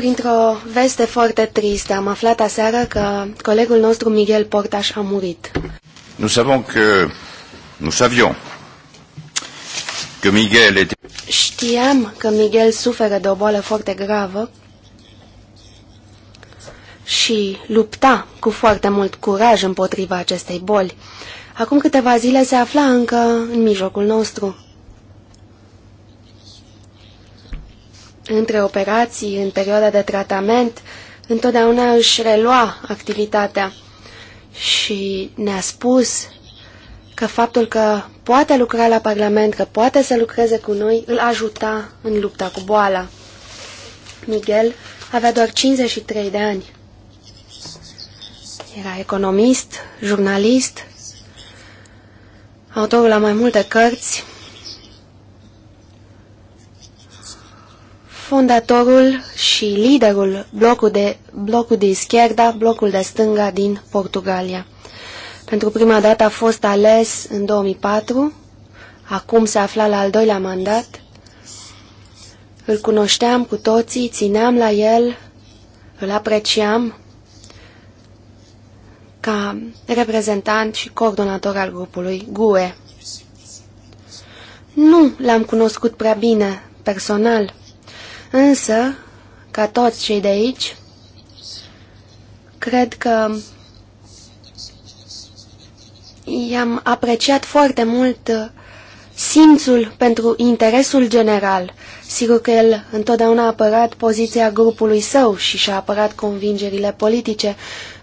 printr-o veste foarte tristă. Am aflat aseară că colegul nostru Miguel Portaș a murit. Nous savons que nous savions că Miguel était... Știam că Miguel suferă de o boală foarte gravă și lupta cu foarte mult curaj împotriva acestei boli. Acum câteva zile se afla încă în mijlocul nostru. între operații, în perioada de tratament, întotdeauna își relua activitatea și ne-a spus că faptul că poate lucra la Parlament, că poate să lucreze cu noi, îl ajuta în lupta cu boala. Miguel avea doar 53 de ani. Era economist, jurnalist, autorul la mai multe cărți, fondatorul și liderul blocul de, blocul de izquierda, blocul de stânga din Portugalia. Pentru prima dată a fost ales în 2004, acum se afla la al doilea mandat. Îl cunoșteam cu toții, țineam la el, îl apreciam ca reprezentant și coordonator al grupului GUE. Nu l-am cunoscut prea bine, personal, Însă, ca toți cei de aici, cred că i-am apreciat foarte mult uh, simțul pentru interesul general. Sigur că el întotdeauna a apărat poziția grupului său și și-a apărat convingerile politice,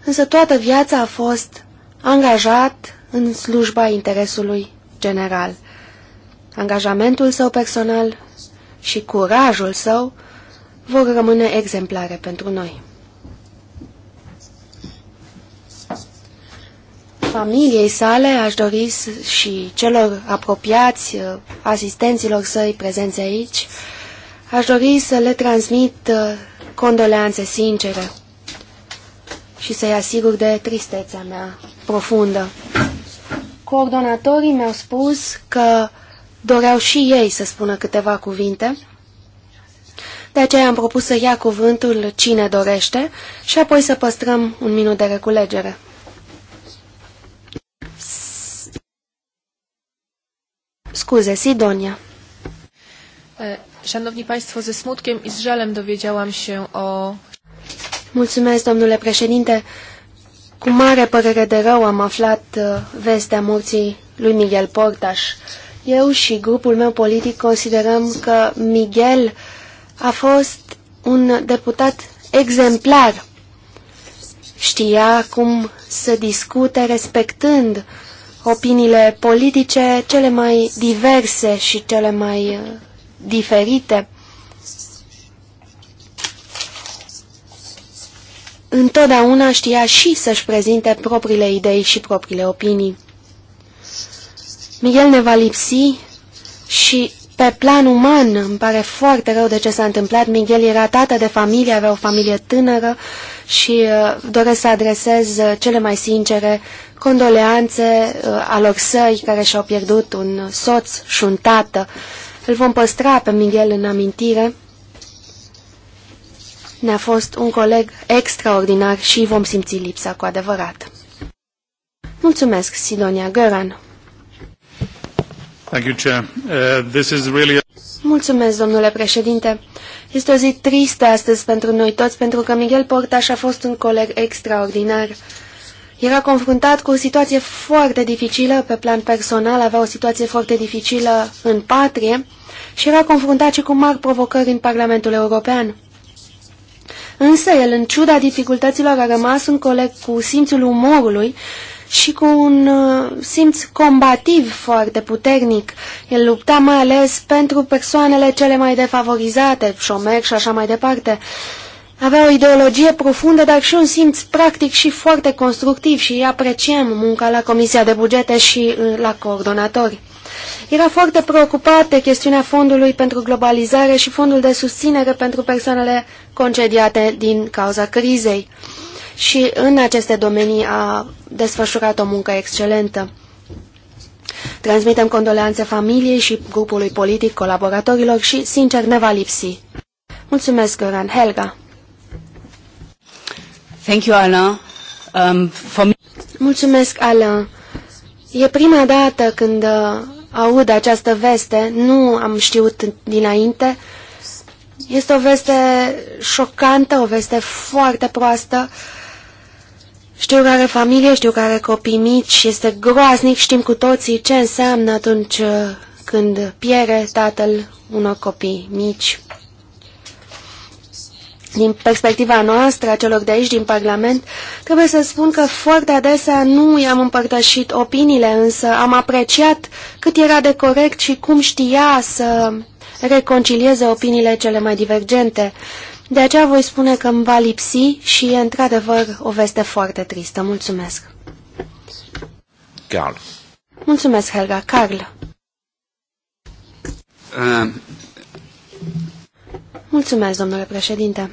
însă toată viața a fost angajat în slujba interesului general. Angajamentul său personal și curajul său vor rămâne exemplare pentru noi. Familiei sale aș dori și celor apropiați, uh, asistenților săi prezenți aici, aș dori să le transmit uh, condoleanțe sincere și să-i asigur de tristețea mea profundă. Coordonatorii mi-au spus că doreau și ei să spună câteva cuvinte. De aceea am propus să ia cuvântul cine dorește și apoi să păstrăm un minut de reculegere. Scuze, Sidonia. Szanowni Państwo, ze smutkiem i z żalem dowiedziałam się o... Mulțumesc, domnule președinte. Cu mare părere de rău am aflat vestea morții lui Miguel Portaș. Eu și grupul meu politic considerăm că Miguel a fost un deputat exemplar. Știa cum să discute respectând opiniile politice cele mai diverse și cele mai uh, diferite. Întotdeauna știa și să-și prezinte propriile idei și propriile opinii. Miguel ne va lipsi și pe plan uman îmi pare foarte rău de ce s-a întâmplat. Miguel era tată de familie, avea o familie tânără și uh, doresc să adresez uh, cele mai sincere condoleanțe uh, alor săi care și-au pierdut un soț și un tată. Îl vom păstra pe Miguel în amintire. Ne-a fost un coleg extraordinar și vom simți lipsa cu adevărat. Mulțumesc, Sidonia Găran. Uh, Mulțumesc, domnule președinte. Este o zi tristă astăzi pentru noi toți, pentru că Miguel Portaș a fost un coleg extraordinar. Era confruntat cu o situație foarte dificilă pe plan personal, avea o situație foarte dificilă în patrie și era confruntat și cu mari provocări în Parlamentul European. Însă el, în ciuda dificultăților, a rămas un coleg cu simțul umorului și cu un uh, simț combativ foarte puternic. El lupta mai ales pentru persoanele cele mai defavorizate, șomer și așa mai departe. Avea o ideologie profundă, dar și un simț practic și foarte constructiv și apreciem munca la Comisia de Bugete și uh, la coordonatori. Era foarte preocupat de chestiunea fondului pentru globalizare și fondul de susținere pentru persoanele concediate din cauza crizei și în aceste domenii a desfășurat o muncă excelentă. Transmitem condoleanțe familiei și grupului politic, colaboratorilor și, sincer, ne va lipsi. Mulțumesc, Goran Helga. Thank you, Alain. Um, for me... Mulțumesc, Alain. E prima dată când uh, aud această veste, nu am știut dinainte. Este o veste șocantă, o veste foarte proastă. Uh, știu că are familie, știu că are copii mici, este groaznic, știm cu toții ce înseamnă atunci uh, când piere tatăl unor copii mici. Din perspectiva noastră, a celor de aici, din Parlament, trebuie să spun că foarte adesea nu i-am împărtășit opiniile, însă am apreciat cât era de corect și cum știa să reconcilieze opiniile cele mai divergente. De aceea voi spune că îmi va lipsi și e într-adevăr o veste foarte tristă. Mulțumesc! Carl. Mulțumesc, Helga. Carl. Uh. Mulțumesc, domnule președinte.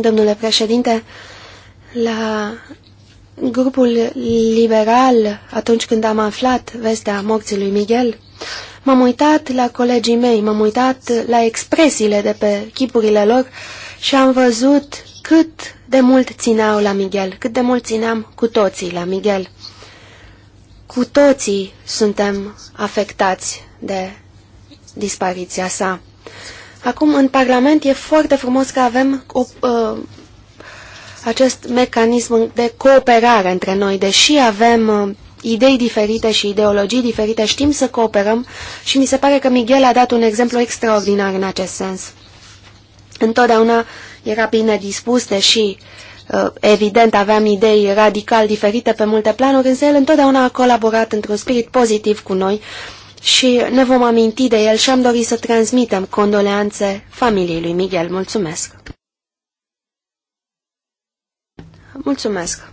Domnule președinte, la grupul liberal, atunci când am aflat vestea morții lui Miguel, M-am uitat la colegii mei, m-am uitat la expresiile de pe chipurile lor și am văzut cât de mult țineau la Miguel, cât de mult țineam cu toții la Miguel. Cu toții suntem afectați de dispariția sa. Acum, în Parlament, e foarte frumos că avem o, uh, acest mecanism de cooperare între noi, deși avem uh, idei diferite și ideologii diferite, știm să cooperăm și mi se pare că Miguel a dat un exemplu extraordinar în acest sens. Întotdeauna era bine dispus, deși uh, evident aveam idei radical diferite pe multe planuri, însă el întotdeauna a colaborat într-un spirit pozitiv cu noi și ne vom aminti de el și am dorit să transmitem condoleanțe familiei lui Miguel. Mulțumesc! Mulțumesc!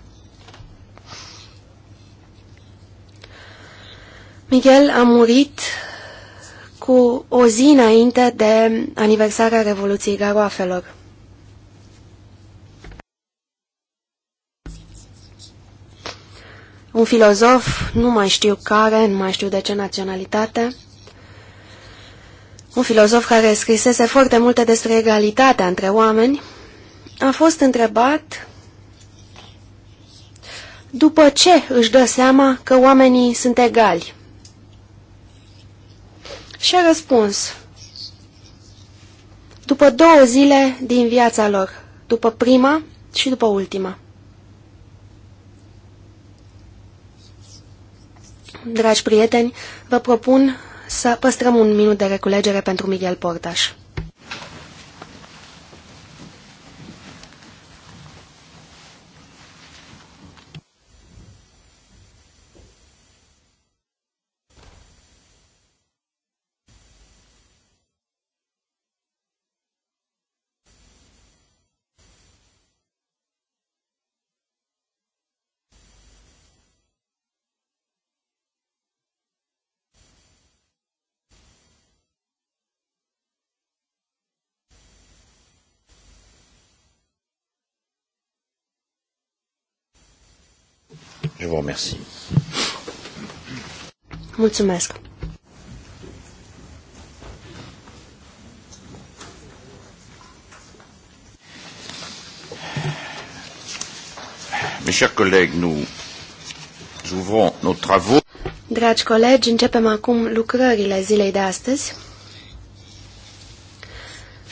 Miguel a murit cu o zi înainte de aniversarea Revoluției Garoafelor. Un filozof, nu mai știu care, nu mai știu de ce naționalitate, un filozof care scrisese foarte multe despre egalitatea între oameni, a fost întrebat după ce își dă seama că oamenii sunt egali și a răspuns după două zile din viața lor, după prima și după ultima. Dragi prieteni, vă propun să păstrăm un minut de reculegere pentru Miguel Portaș. Je vous remercie. Mulțumesc. Mes chers collègues, nous ouvrons nos travaux. Dragi colegi, începem acum lucrările zilei de astăzi.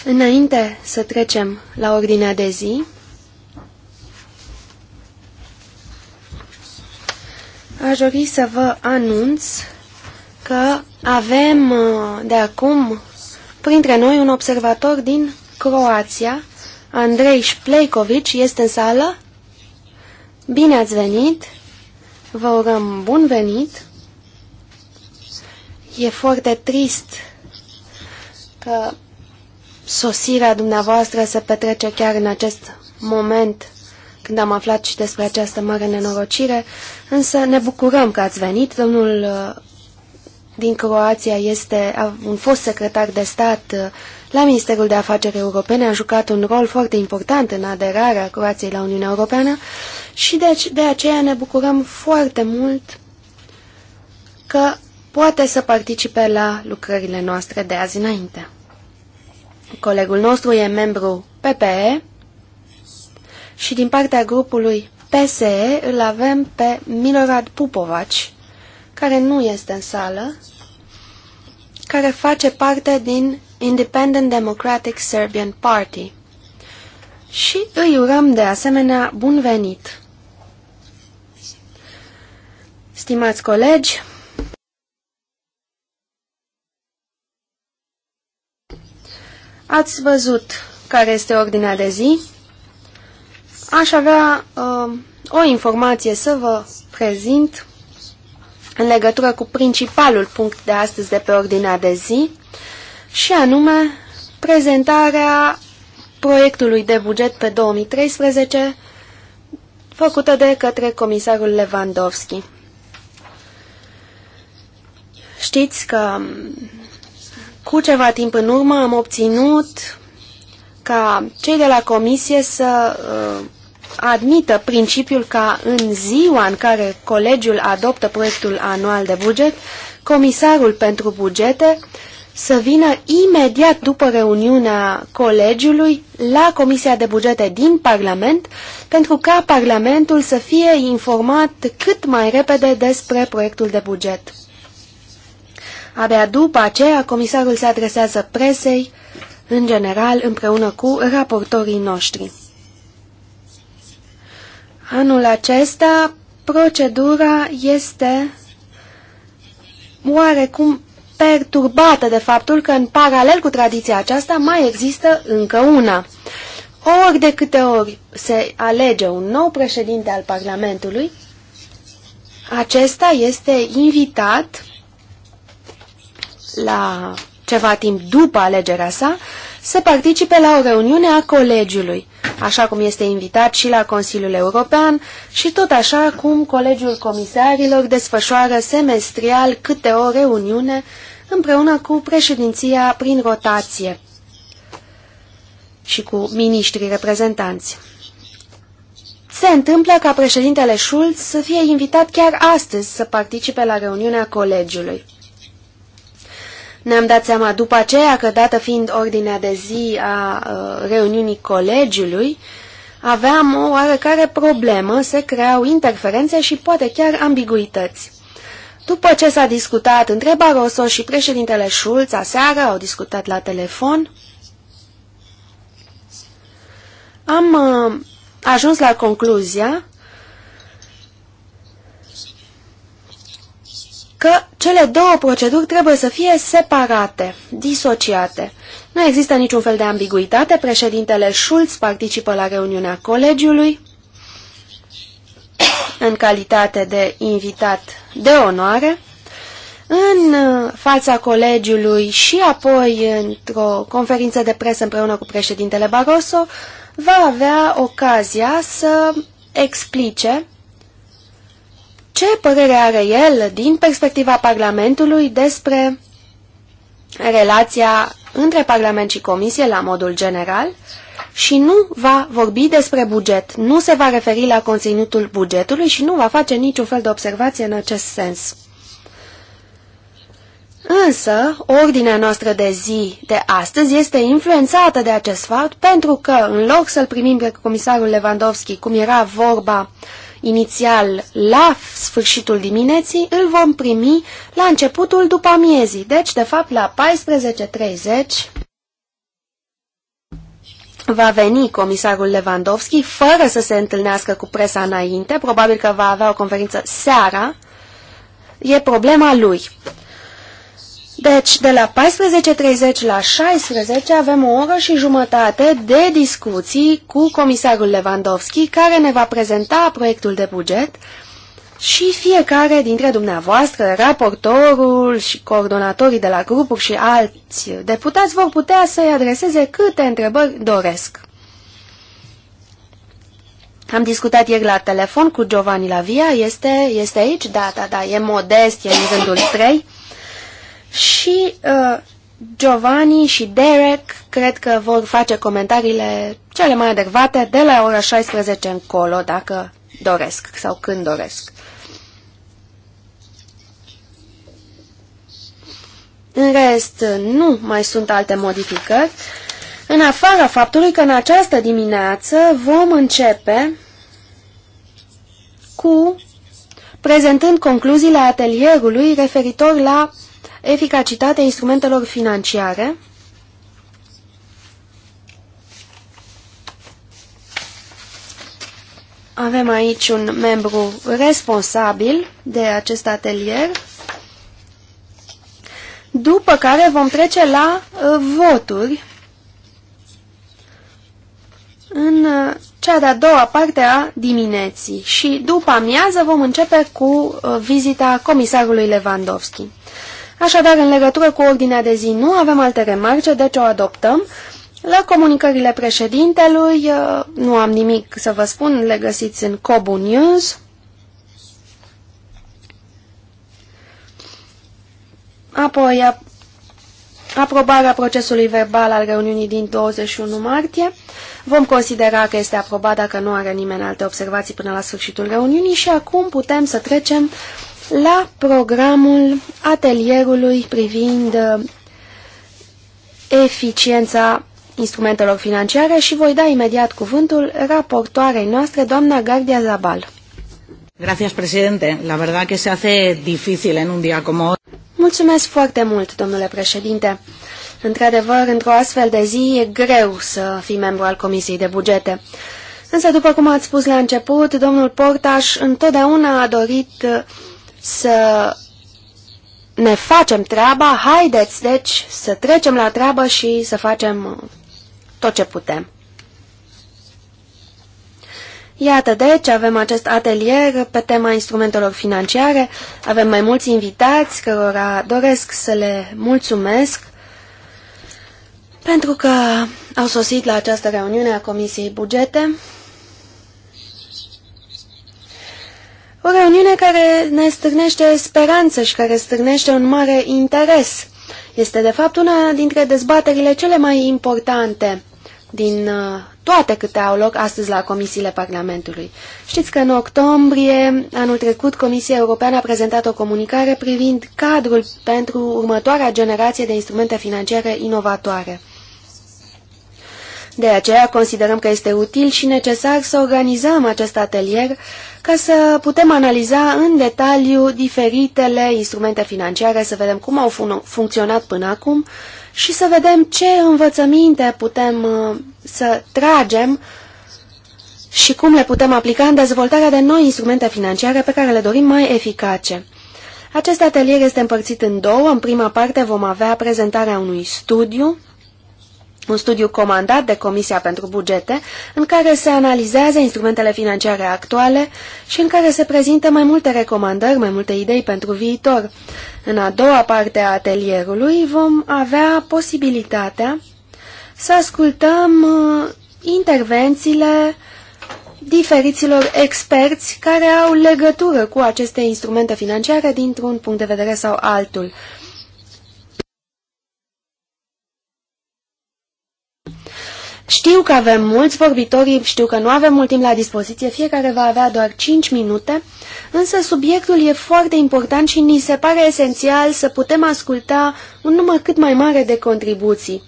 Înainte să trecem la ordinea de zi, Aș dori să vă anunț că avem uh, de acum printre noi un observator din Croația, Andrei Șplejkovic, este în sală. Bine ați venit! Vă urăm bun venit! E foarte trist că sosirea dumneavoastră se petrece chiar în acest moment când am aflat și despre această mare nenorocire, însă ne bucurăm că ați venit. Domnul uh, din Croația este un fost secretar de stat uh, la Ministerul de Afaceri Europene, a jucat un rol foarte important în aderarea Croației la Uniunea Europeană și de, de aceea ne bucurăm foarte mult că poate să participe la lucrările noastre de azi înainte. Colegul nostru e membru PPE și din partea grupului PSE îl avem pe Milorad Pupovaci, care nu este în sală, care face parte din Independent Democratic Serbian Party. Și îi urăm de asemenea bun venit! Stimați colegi, ați văzut care este ordinea de zi. Aș avea uh, o informație să vă prezint în legătură cu principalul punct de astăzi de pe ordinea de zi și anume prezentarea proiectului de buget pe 2013 făcută de către comisarul Lewandowski. Știți că um, cu ceva timp în urmă am obținut ca cei de la comisie să uh, admită principiul ca în ziua în care colegiul adoptă proiectul anual de buget, comisarul pentru bugete să vină imediat după reuniunea colegiului la Comisia de Bugete din Parlament pentru ca Parlamentul să fie informat cât mai repede despre proiectul de buget. Abia după aceea, comisarul se adresează presei, în general împreună cu raportorii noștri. Anul acesta procedura este oarecum perturbată de faptul că în paralel cu tradiția aceasta mai există încă una. Ori de câte ori se alege un nou președinte al Parlamentului, acesta este invitat la ceva timp după alegerea sa să participe la o reuniune a colegiului, așa cum este invitat și la Consiliul European și tot așa cum Colegiul Comisarilor desfășoară semestrial câte o reuniune împreună cu președinția prin rotație și cu miniștrii reprezentanți. Se întâmplă ca președintele Schulz să fie invitat chiar astăzi să participe la reuniunea colegiului. Ne-am dat seama după aceea că, dată fiind ordinea de zi a reuniunii colegiului, aveam o oarecare problemă, se creau interferențe și poate chiar ambiguități. După ce s-a discutat între Barroso și președintele Schulz aseară, au discutat la telefon, am uh, ajuns la concluzia că cele două proceduri trebuie să fie separate, disociate. Nu există niciun fel de ambiguitate, președintele Schulz participă la reuniunea colegiului în calitate de invitat de onoare, în uh, fața colegiului și apoi într-o conferință de presă împreună cu președintele Barroso, va avea ocazia să explice ce părere are el din perspectiva Parlamentului despre relația între Parlament și Comisie la modul general și nu va vorbi despre buget, nu se va referi la conținutul bugetului și nu va face niciun fel de observație în acest sens. Însă, ordinea noastră de zi de astăzi este influențată de acest fapt pentru că, în loc să-l primim pe comisarul Lewandowski, cum era vorba inițial la sfârșitul dimineții, îl vom primi la începutul după amiezii, deci de fapt la 14.30 va veni comisarul Lewandowski fără să se întâlnească cu presa înainte, probabil că va avea o conferință seara, e problema lui. Deci, de la 14.30 la 16 avem o oră și jumătate de discuții cu comisarul Lewandowski, care ne va prezenta proiectul de buget și fiecare dintre dumneavoastră, raportorul și coordonatorii de la grupuri și alți deputați vor putea să-i adreseze câte întrebări doresc. Am discutat ieri la telefon cu Giovanni Lavia, este, este aici? Da, da, da, e modest, e în rândul 3 și uh, Giovanni și Derek cred că vor face comentariile cele mai adecvate de la ora 16 încolo, dacă doresc sau când doresc. În rest, nu mai sunt alte modificări, în afara faptului că în această dimineață vom începe cu prezentând concluziile atelierului referitor la eficacitatea instrumentelor financiare, Avem aici un membru responsabil de acest atelier, după care vom trece la uh, voturi în uh, cea de-a doua parte a dimineții și după amiază vom începe cu uh, vizita comisarului Lewandowski. Așadar, în legătură cu ordinea de zi nu avem alte remarce, deci o adoptăm. La comunicările președintelui uh, nu am nimic să vă spun, le găsiți în Cobu News. Apoi, aprobarea procesului verbal al reuniunii din 21 martie. Vom considera că este aprobat dacă nu are nimeni alte observații până la sfârșitul reuniunii și acum putem să trecem la programul atelierului privind uh, eficiența instrumentelor financiare și voi da imediat cuvântul raportoarei noastre, doamna Gardia Zabal. Gracias, presidente. La verdad que se hace difícil en un día como hoy. Mulțumesc foarte mult, domnule președinte. Într-adevăr, într-o astfel de zi e greu să fii membru al Comisiei de Bugete. Însă, după cum ați spus la început, domnul Portaș întotdeauna a dorit uh, să ne facem treaba, haideți deci să trecem la treabă și să facem uh, tot ce putem. Iată deci, avem acest atelier pe tema instrumentelor financiare, avem mai mulți invitați cărora doresc să le mulțumesc pentru că au sosit la această reuniune a Comisiei Bugete. O reuniune care ne stârnește speranță și care stârnește un mare interes. Este de fapt una dintre dezbaterile cele mai importante din uh, toate câte au loc astăzi la comisiile Parlamentului. Știți că în octombrie anul trecut Comisia Europeană a prezentat o comunicare privind cadrul pentru următoarea generație de instrumente financiare inovatoare. De aceea considerăm că este util și necesar să organizăm acest atelier ca să putem analiza în detaliu diferitele instrumente financiare, să vedem cum au fun funcționat până acum și să vedem ce învățăminte putem uh, să tragem și cum le putem aplica în dezvoltarea de noi instrumente financiare pe care le dorim mai eficace. Acest atelier este împărțit în două. În prima parte vom avea prezentarea unui studiu un studiu comandat de Comisia pentru Bugete, în care se analizează instrumentele financiare actuale și în care se prezintă mai multe recomandări, mai multe idei pentru viitor. În a doua parte a atelierului vom avea posibilitatea să ascultăm uh, intervențiile diferiților experți care au legătură cu aceste instrumente financiare dintr-un punct de vedere sau altul. Știu că avem mulți vorbitori, știu că nu avem mult timp la dispoziție, fiecare va avea doar 5 minute, însă subiectul e foarte important și ni se pare esențial să putem asculta un număr cât mai mare de contribuții,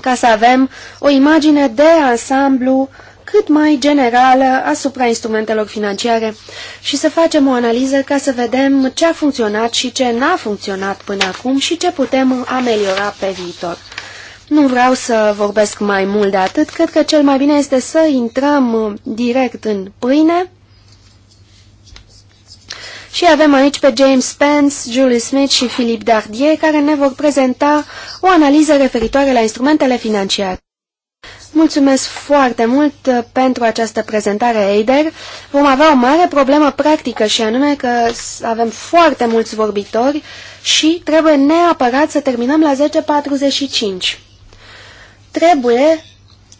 ca să avem o imagine de ansamblu cât mai generală asupra instrumentelor financiare și să facem o analiză ca să vedem ce a funcționat și ce n-a funcționat până acum și ce putem ameliora pe viitor. Nu vreau să vorbesc mai mult de atât, cred că cel mai bine este să intrăm uh, direct în pâine. Și avem aici pe James Spence, Julie Smith și Philip Dardier, care ne vor prezenta o analiză referitoare la instrumentele financiare. Mulțumesc foarte mult uh, pentru această prezentare, Eider. Vom avea o mare problemă practică și anume că avem foarte mulți vorbitori și trebuie neapărat să terminăm la 10.45 trebuie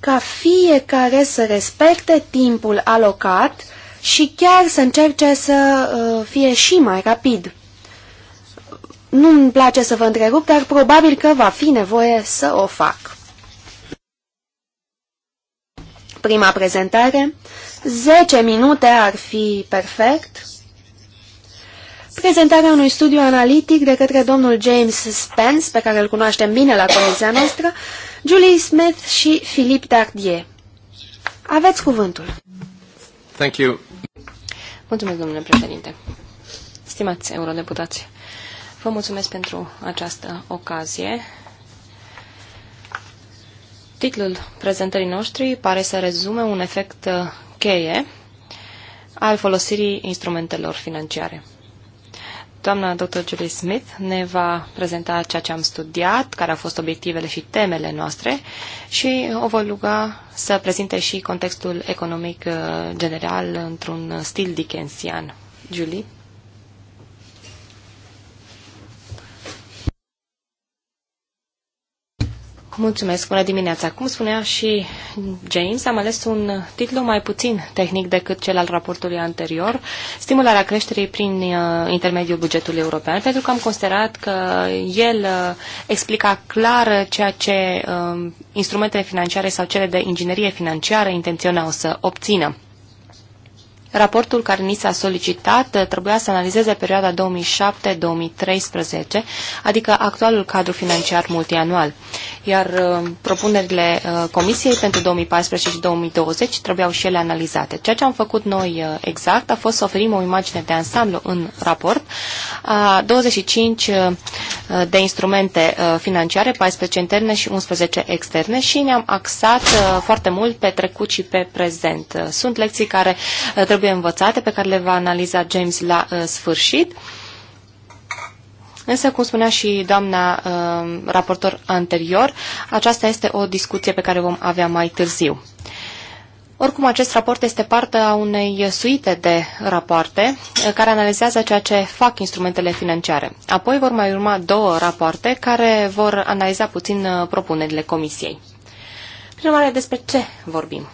ca fiecare să respecte timpul alocat și chiar să încerce să uh, fie și mai rapid. Nu-mi place să vă întrerup, dar probabil că va fi nevoie să o fac. Prima prezentare, 10 minute ar fi perfect. Prezentarea unui studiu analitic de către domnul James Spence, pe care îl cunoaștem bine la comisia noastră, Julie Smith și Philip Dardier. Aveți cuvântul. Thank you. Mulțumesc, domnule președinte. Stimați eurodeputați, vă mulțumesc pentru această ocazie. Titlul prezentării noștri pare să rezume un efect uh, cheie al folosirii instrumentelor financiare. Doamna dr. Julie Smith ne va prezenta ceea ce am studiat, care au fost obiectivele și temele noastre și o voi ruga să prezinte și contextul economic uh, general într-un stil dickensian. Julie? Mulțumesc, bună dimineața. Cum spunea și James, am ales un titlu mai puțin tehnic decât cel al raportului anterior, stimularea creșterii prin uh, intermediul bugetului european, pentru că am considerat că el uh, explica clar ceea ce uh, instrumentele financiare sau cele de inginerie financiară intenționau să obțină. Raportul care ni s-a solicitat eh, trebuia să analizeze perioada 2007-2013, adică actualul cadru financiar multianual, iar eh, propunerile eh, Comisiei pentru 2014 și 2020 trebuiau și ele analizate. Ceea ce am făcut noi exact a fost să oferim o imagine de ansamblu în raport a 25 de instrumente financiare, 14 interne și 11 externe și ne-am axat foarte mult pe trecut și pe prezent. Sunt lecții care trebuie trebuie învățate, pe care le va analiza James la uh, sfârșit. Însă, cum spunea și doamna uh, raportor anterior, aceasta este o discuție pe care vom avea mai târziu. Oricum, acest raport este parte a unei suite de rapoarte uh, care analizează ceea ce fac instrumentele financiare. Apoi vor mai urma două rapoarte care vor analiza puțin uh, propunerile comisiei. Prin urmare, despre ce vorbim?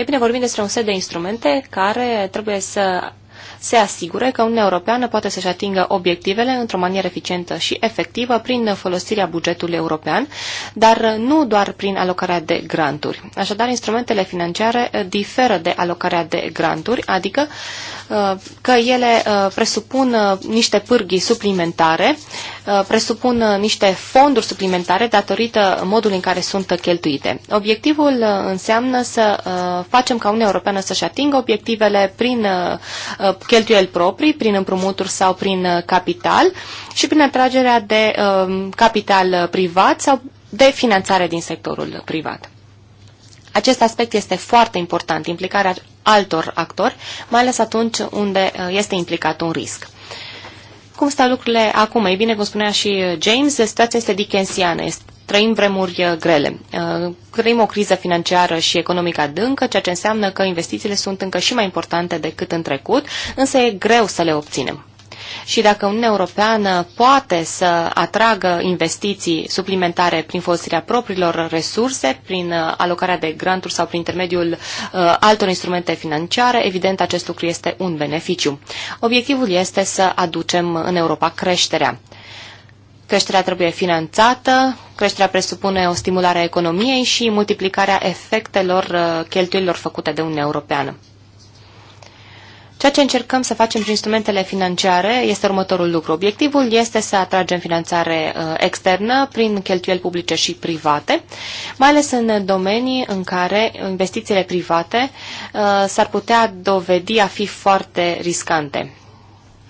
E bine, vorbim despre un set de instrumente care trebuie să se asigure că Uniunea Europeană poate să-și atingă obiectivele într-o manieră eficientă și efectivă prin folosirea bugetului european, dar nu doar prin alocarea de granturi. Așadar, instrumentele financiare eh, diferă de alocarea de granturi, adică eh, că ele eh, presupun niște pârghii suplimentare, presupun niște fonduri suplimentare datorită modului în care sunt cheltuite. Obiectivul înseamnă să facem ca Uniunea Europeană să-și atingă obiectivele prin cheltuieli proprii, prin împrumuturi sau prin uh, capital și prin atragerea de um, capital uh, privat sau de finanțare din sectorul privat. Acest aspect este foarte important, implicarea altor actori, mai ales atunci unde uh, este implicat un risc. Cum stau lucrurile acum? Ei bine, cum spunea și James, situația este dickensiană. Este trăim vremuri uh, grele. Uh, trăim o criză financiară și economică adâncă, ceea ce înseamnă că investițiile sunt încă și mai importante decât în trecut, însă e greu să le obținem. Și dacă Uniunea Europeană poate să atragă investiții suplimentare prin folosirea propriilor resurse, prin uh, alocarea de granturi sau prin intermediul uh, altor instrumente financiare, evident acest lucru este un beneficiu. Obiectivul este să aducem în Europa creșterea. Creșterea trebuie finanțată, creșterea presupune o stimulare a economiei și multiplicarea efectelor uh, cheltuielilor făcute de Uniunea Europeană. Ceea ce încercăm să facem prin instrumentele financiare este următorul lucru. Obiectivul este să atragem finanțare uh, externă prin cheltuieli publice și private, mai ales în domenii în care investițiile private uh, s-ar putea dovedi a fi foarte riscante,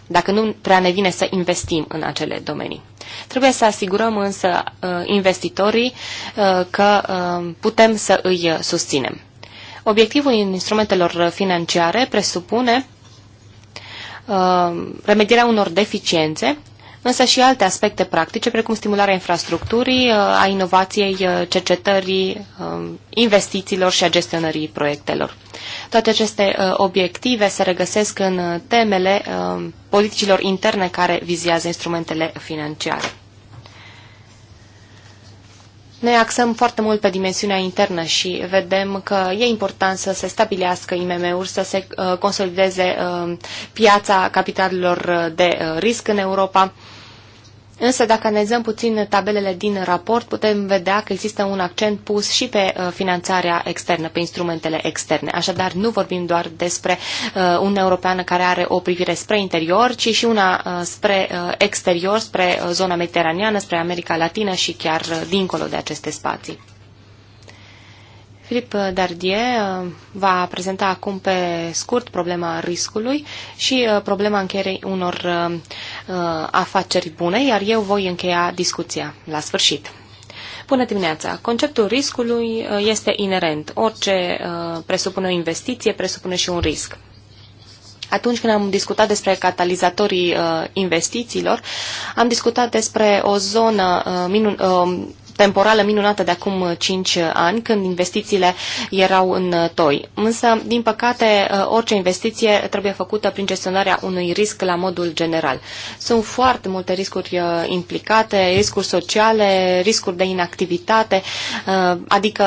dacă nu prea ne vine să investim în acele domenii. Trebuie să asigurăm însă uh, investitorii uh, că uh, putem să îi susținem. Obiectivul instrumentelor financiare presupune remedierea unor deficiențe, însă și alte aspecte practice, precum stimularea infrastructurii, a inovației, cercetării, investițiilor și a gestionării proiectelor. Toate aceste uh, obiective se regăsesc în uh, temele uh, politicilor interne care vizează instrumentele financiare. Ne axăm foarte mult pe dimensiunea internă și vedem că e important să se stabilească IMM-uri, să se consolideze piața capitalilor de risc în Europa, Însă, dacă analizăm puțin tabelele din raport, putem vedea că există un accent pus și pe uh, finanțarea externă, pe instrumentele externe. Așadar, nu vorbim doar despre uh, Uniunea Europeană care are o privire spre interior, ci și una uh, spre exterior, spre zona mediteraneană, spre America Latină și chiar dincolo de aceste spații. Filip Dardie uh, va prezenta acum pe scurt problema riscului și uh, problema încheierei unor uh, afaceri bune, iar eu voi încheia discuția la sfârșit. Bună dimineața! Conceptul riscului este inerent. Orice presupune o investiție presupune și un risc. Atunci când am discutat despre catalizatorii investițiilor, am discutat despre o zonă uh, temporală minunată de acum 5 uh, uh, ani, când investițiile erau în uh, toi. Însă, din păcate, orice investiție trebuie făcută prin gestionarea unui risc la modul general. Sunt foarte multe riscuri implicate, riscuri sociale, riscuri de inactivitate, adică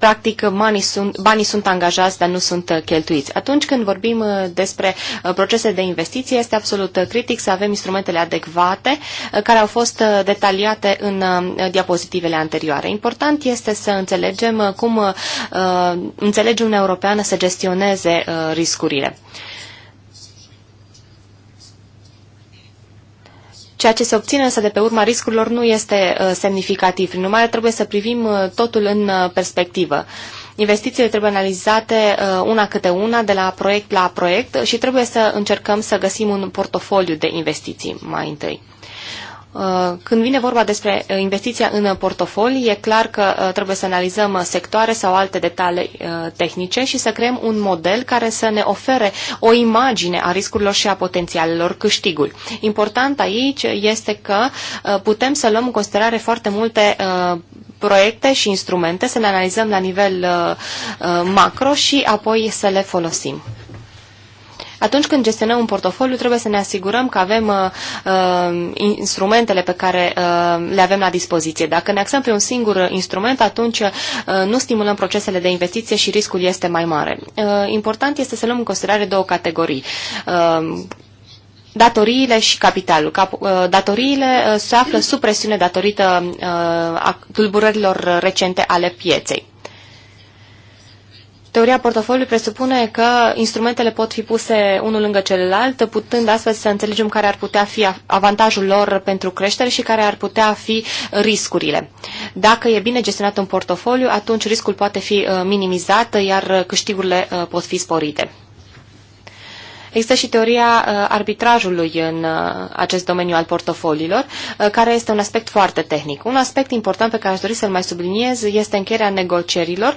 practic banii sunt, banii sunt angajați, dar nu sunt uh, cheltuiți. Atunci când vorbim uh, despre uh, procese de investiție, este absolut critic să avem instrumentele adecvate care au fost detaliate în diapozitivele anterioare. Important este să înțelegem cum înțelege Uniunea Europeană să gestioneze riscurile. Ceea ce se obține însă de pe urma riscurilor nu este uh, semnificativ. Prin urmare, trebuie să privim uh, totul în uh, perspectivă. Investițiile trebuie analizate una câte una, de la proiect la proiect și trebuie să încercăm să găsim un portofoliu de investiții mai întâi. Uh, când vine vorba despre uh, investiția în portofolii, e clar că uh, trebuie să analizăm sectoare sau alte detalii tehnice și să creăm un model care să ne ofere o imagine a riscurilor și a potențialelor câștiguri. Important aici este că putem să luăm în considerare foarte multe proiecte și instrumente, să le analizăm la nivel macro și apoi să le folosim. Atunci când gestionăm un portofoliu, trebuie să ne asigurăm că avem uh, uh instrumentele pe care uh, le avem la dispoziție. Dacă ne axăm pe un singur instrument, atunci uh, nu stimulăm procesele de investiție și riscul este mai mare. Uh, important este să luăm în considerare două categorii. Uh, datoriile și capitalul. Uh, datoriile uh, se află sub presiune datorită tulburărilor recente ale pieței. Teoria portofoliului presupune că instrumentele pot fi puse unul lângă celălalt, putând astfel să înțelegem care ar putea fi avantajul lor pentru creștere și care ar putea fi riscurile. Dacă e bine gestionat un portofoliu, atunci riscul poate fi uh, minimizat, iar câștigurile uh, pot fi sporite. Există și teoria uh, arbitrajului în acest domeniu al portofoliilor, care este un aspect foarte tehnic. Un aspect important pe care aș dori să-l mai subliniez este încheierea negocierilor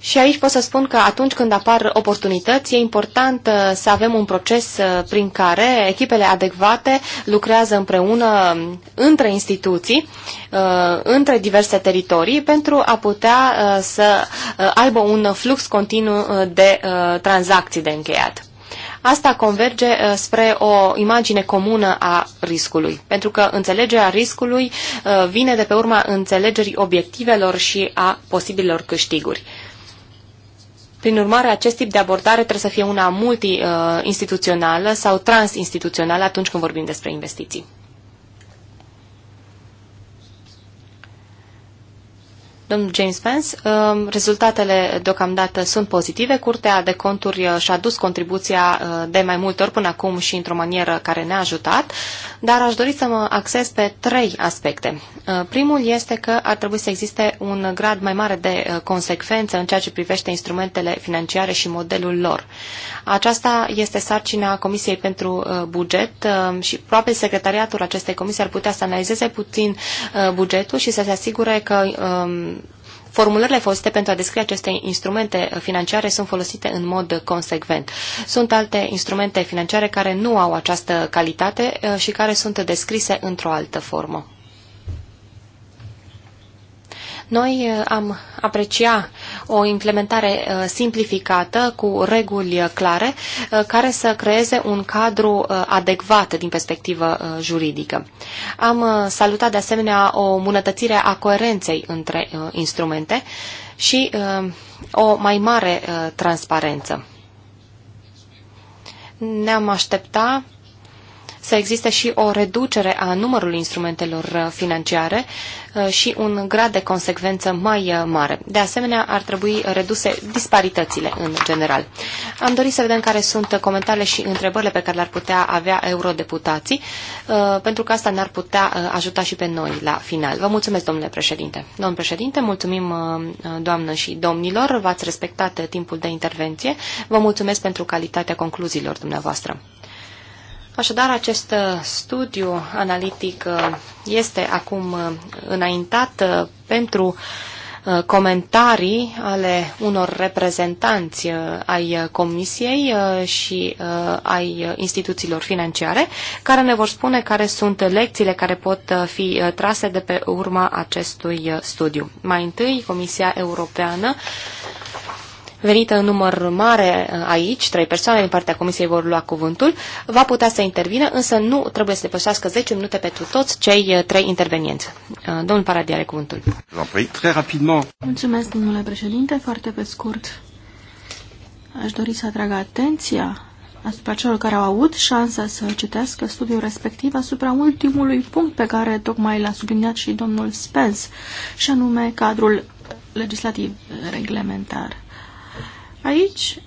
și aici pot să spun că atunci când apar oportunități, e important uh, să avem un proces uh, prin care echipele adecvate lucrează împreună um, între instituții, uh, între diverse teritorii, pentru a putea să aibă un flux continuu de tranzacții de încheiat. Asta converge spre o imagine comună a riscului, pentru că înțelegerea riscului vine de pe urma înțelegerii obiectivelor și a posibilor câștiguri. Prin urmare, acest tip de abordare trebuie să fie una multi-instituțională uh, sau transinstituțională atunci când vorbim despre investiții. Domnul James Pence, um, rezultatele deocamdată sunt pozitive. Curtea de conturi uh, și-a dus contribuția uh, de mai multe ori până acum și într-o manieră care ne-a ajutat, dar aș dori să mă acces pe trei aspecte. Uh, primul este că ar trebui să existe un grad mai mare de consecvență în ceea ce privește instrumentele financiare și modelul lor. Aceasta este sarcina Comisiei pentru Buget um, și probabil secretariatul acestei comisii ar putea să analizeze puțin bugetul și să se asigure că um, Formulările folosite pentru a descrie aceste instrumente financiare sunt folosite în mod consecvent. Sunt alte instrumente financiare care nu au această calitate uh, și care sunt descrise într-o altă formă. Noi uh, am apreciat o implementare uh, simplificată cu reguli uh, clare uh, care să creeze un cadru adecvat din perspectivă juridică. Am salutat de asemenea o îmbunătățire a coerenței între instrumente și o mai mare transparență. Ne-am aștepta să existe și o reducere a numărului instrumentelor uh, financiare uh, și un grad de consecvență mai uh, mare. De asemenea, ar trebui reduse disparitățile în general. Am dorit să vedem care sunt comentariile și întrebările pe care le-ar putea avea eurodeputații, pentru că asta ne-ar putea ajuta și pe noi la final. Vă mulțumesc, domnule președinte. Domnul președinte, mulțumim doamnă și domnilor, v-ați respectat timpul de intervenție. Vă mulțumesc pentru calitatea concluziilor dumneavoastră. Așadar, acest uh, studiu analitic uh, este acum uh, înaintat pentru comentarii ale unor reprezentanți ai Comisiei și ai instituțiilor financiare, care ne vor spune care sunt lecțiile care pot fi trase de pe urma acestui studiu. Mai întâi, Comisia Europeană venită în număr mare uh, aici, trei persoane din partea Comisiei vor lua cuvântul, va putea să intervină, însă nu trebuie să depășească 10 minute pentru toți cei uh, trei intervenienți. Uh, domnul Paradia are cuvântul. Mulțumesc, domnule președinte, foarte pe scurt. Aș dori să atrag atenția asupra celor care au avut șansa să citească studiul respectiv asupra ultimului punct pe care tocmai l-a subliniat și domnul Spence, și anume cadrul legislativ reglementar. Aici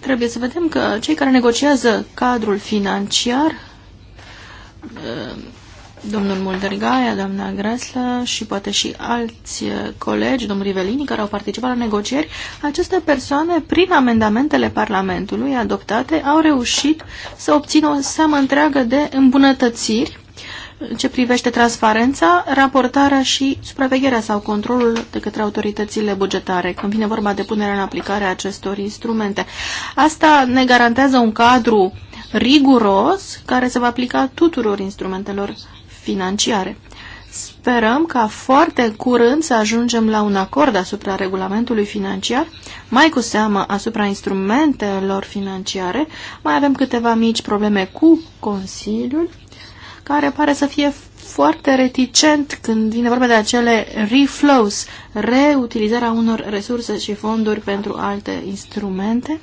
trebuie să vedem că cei care negociază cadrul financiar, eh, domnul Muldergaia, doamna Greslă și poate și alți eh, colegi, domnul Rivelini, care au participat la negocieri, aceste persoane, prin amendamentele Parlamentului adoptate, au reușit să obțină o seamă întreagă de îmbunătățiri în ce privește transparența, raportarea și supravegherea sau controlul de către autoritățile bugetare, când vine vorba de punerea în aplicare a acestor instrumente. Asta ne garantează un cadru riguros care se va aplica tuturor instrumentelor financiare. Sperăm ca foarte curând să ajungem la un acord asupra regulamentului financiar, mai cu seamă asupra instrumentelor financiare. Mai avem câteva mici probleme cu Consiliul care pare să fie foarte reticent când vine vorba de acele reflows, reutilizarea unor resurse și fonduri pentru alte instrumente.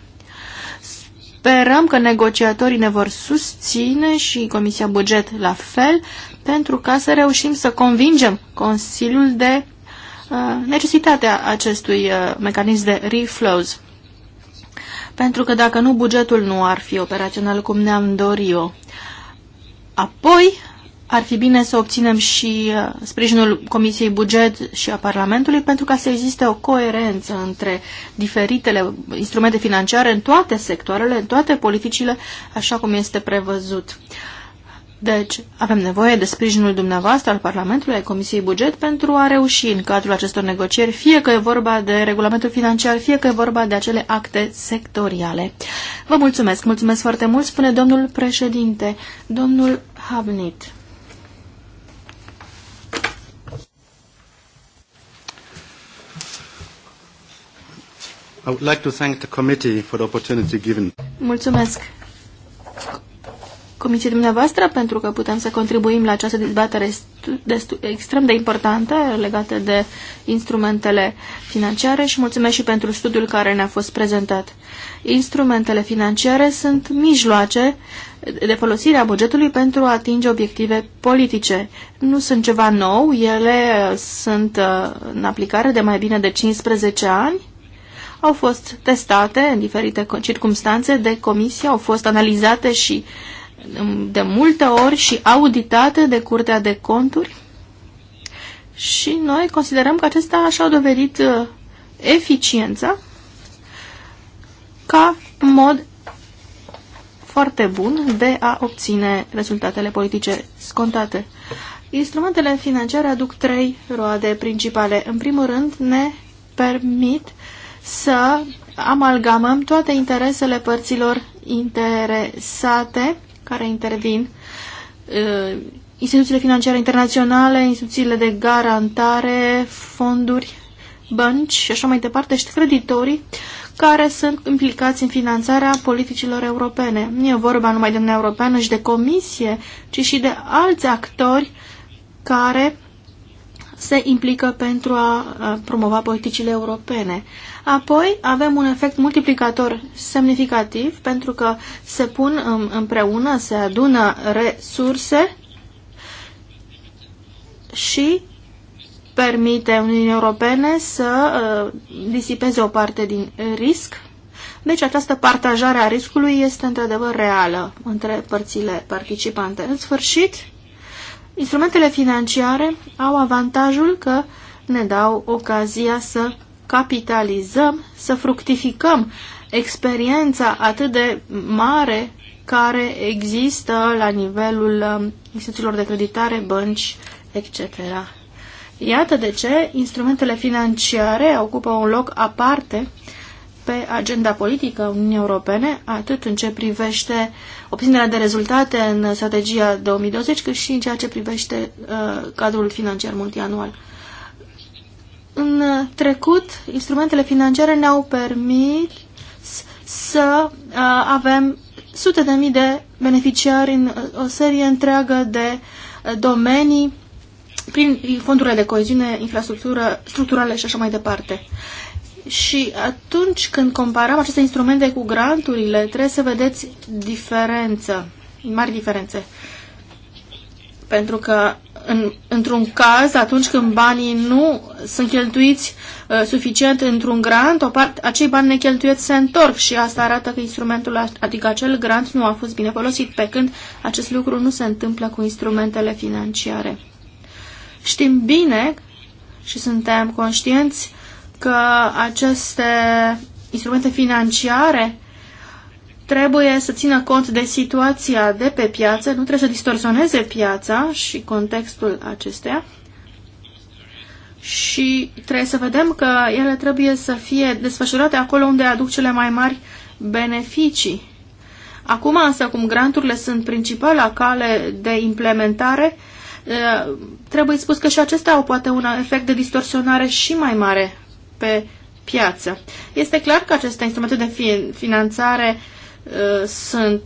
Sperăm că negociatorii ne vor susține și Comisia Buget la fel, pentru ca să reușim să convingem Consiliul de uh, necesitatea acestui uh, mecanism de reflows. Pentru că dacă nu, bugetul nu ar fi operațional cum ne-am dorit eu. Apoi, ar fi bine să obținem și uh, sprijinul Comisiei Buget și a Parlamentului pentru ca să existe o coerență între diferitele instrumente financiare în toate sectoarele, în toate politicile, așa cum este prevăzut. Deci, avem nevoie de sprijinul dumneavoastră al Parlamentului, al Comisiei Buget, pentru a reuși în cadrul acestor negocieri, fie că e vorba de regulamentul financiar, fie că e vorba de acele acte sectoriale. Vă mulțumesc, mulțumesc foarte mult, spune domnul președinte. Domnul Habnit. I would like to thank the committee for the opportunity given. Mulțumesc comisiei dumneavoastră pentru că putem să contribuim la această dezbatere extrem de importantă legată de instrumentele financiare și mulțumesc și pentru studiul care ne-a fost prezentat. Instrumentele financiare sunt mijloace de folosire a bugetului pentru a atinge obiective politice. Nu sunt ceva nou, ele sunt uh, în aplicare de mai bine de 15 ani au fost testate în diferite circumstanțe de comisie, au fost analizate și uh, de multe ori și auditate de Curtea de Conturi și noi considerăm că acesta și-au dovedit uh, eficiența ca mod foarte bun de a obține rezultatele politice scontate. Instrumentele financiare aduc trei roade principale. În primul rând, ne permit să amalgamăm toate interesele părților interesate care intervin, uh, instituțiile financiare internaționale, instituțiile de garantare, fonduri, bănci și așa mai departe, și creditorii care sunt implicați în finanțarea politicilor europene. Nu e vorba numai de Uniunea Europeană și de Comisie, ci și de alți actori care se implică pentru a promova politicile europene. Apoi avem un efect multiplicator semnificativ pentru că se pun împreună, se adună resurse și permite Uniunii Europene să uh, disipeze o parte din risc. Deci această partajare a riscului este într-adevăr reală între părțile participante. În sfârșit, instrumentele financiare au avantajul că ne dau ocazia să capitalizăm, să fructificăm experiența atât de mare care există la nivelul um, instituțiilor de creditare, bănci, etc. Iată de ce instrumentele financiare ocupă un loc aparte pe agenda politică a Uniunii Europene, atât în ce privește obținerea de rezultate în strategia 2020, cât și în ceea ce privește uh, cadrul financiar multianual. În trecut, instrumentele financiare ne-au permis să avem sute de mii de beneficiari în o serie întreagă de domenii prin fondurile de coeziune, infrastructură, structurale și așa mai departe. Și atunci când comparăm aceste instrumente cu granturile, trebuie să vedeți diferență, mari diferențe. Pentru că în, într-un caz, atunci când banii nu sunt cheltuiți uh, suficient într-un grant, o parte, acei bani necheltuiți se întorc și asta arată că instrumentul, adică acel grant nu a fost bine folosit, pe când acest lucru nu se întâmplă cu instrumentele financiare. Știm bine și suntem conștienți că aceste instrumente financiare trebuie să țină cont de situația de pe piață, nu trebuie să distorsioneze piața și contextul acesteia. Și trebuie să vedem că ele trebuie să fie desfășurate acolo unde aduc cele mai mari beneficii. Acum însă, cum granturile sunt principala cale de implementare, trebuie spus că și acestea au poate un efect de distorsionare și mai mare pe piață. Este clar că aceste instrumente de finanțare uh, sunt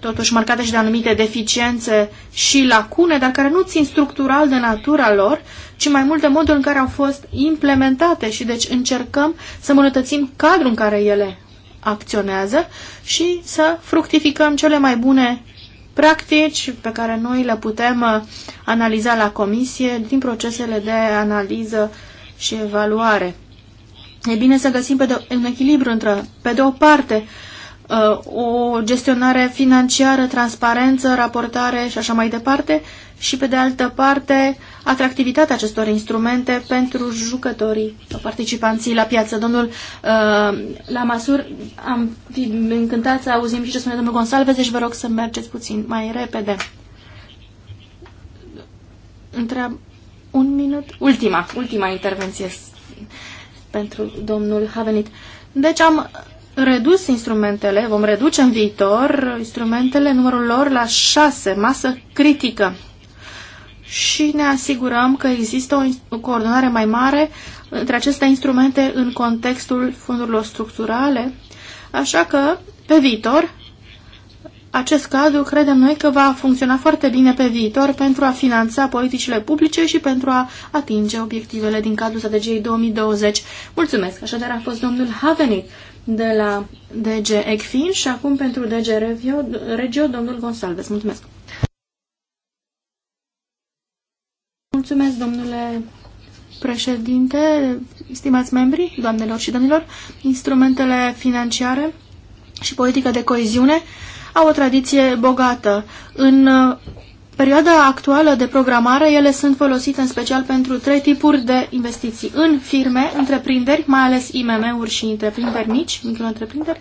totuși marcate și de anumite deficiențe și lacune, dar care nu țin structural de natura lor, ci mai mult de modul în care au fost implementate și deci încercăm să îmbunătățim cadrul în care ele acționează și să fructificăm cele mai bune practici pe care noi le putem uh, analiza la comisie din procesele de analiză și evaluare e bine să găsim pe de, un echilibru între, pe de o parte, uh, o gestionare financiară, transparență, raportare și așa mai departe și, pe de altă parte, atractivitatea acestor instrumente pentru jucătorii, participanții la piață. Domnul uh, la masur, am fi încântat să auzim și ce spune domnul Gonsalves, deci vă rog să mergeți puțin mai repede. Întreab un minut. Ultima, ultima intervenție pentru domnul Havenit. Deci am redus instrumentele, vom reduce în viitor instrumentele, numărul lor la șase, masă critică. Și ne asigurăm că există o coordonare mai mare între aceste instrumente în contextul fundurilor structurale, așa că pe viitor acest cadru credem noi că va funcționa foarte bine pe viitor pentru a finanța politicile publice și pentru a atinge obiectivele din cadrul strategiei 2020. Mulțumesc! Așadar a fost domnul Havenit de la DG ECFIN și acum pentru DG Regio, Regio domnul Gonsalves. Mulțumesc! Mulțumesc, domnule președinte, stimați membri, doamnelor și domnilor, instrumentele financiare și politica de coeziune au o tradiție bogată. În uh, perioada actuală de programare, ele sunt folosite în special pentru trei tipuri de investiții. În firme, întreprinderi, mai ales IMM-uri și întreprinderi mici, micro-întreprinderi,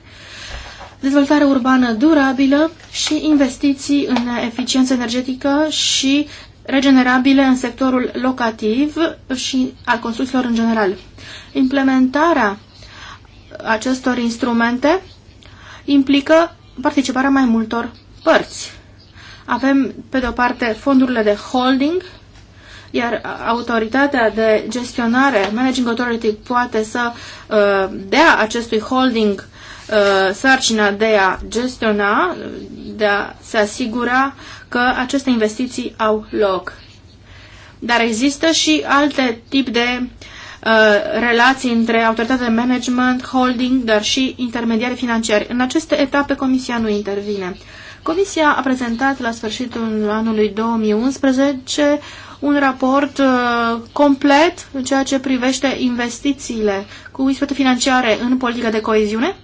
dezvoltare urbană durabilă și investiții în eficiență energetică și regenerabile în sectorul locativ și al construcțiilor în general. Implementarea acestor instrumente implică participarea mai multor părți. Avem, pe de-o parte, fondurile de holding, iar autoritatea de gestionare, Managing Authority, poate să uh, dea acestui holding uh, sarcina de a gestiona, de a se asigura că aceste investiții au loc. Dar există și alte tip de uh, Uh, relații între autoritatea de management, holding, dar și intermediari financiari. În aceste etape Comisia nu intervine. Comisia a prezentat la sfârșitul anului 2011 un raport uh, complet în ceea ce privește investițiile cu ispite financiare în politica de coeziune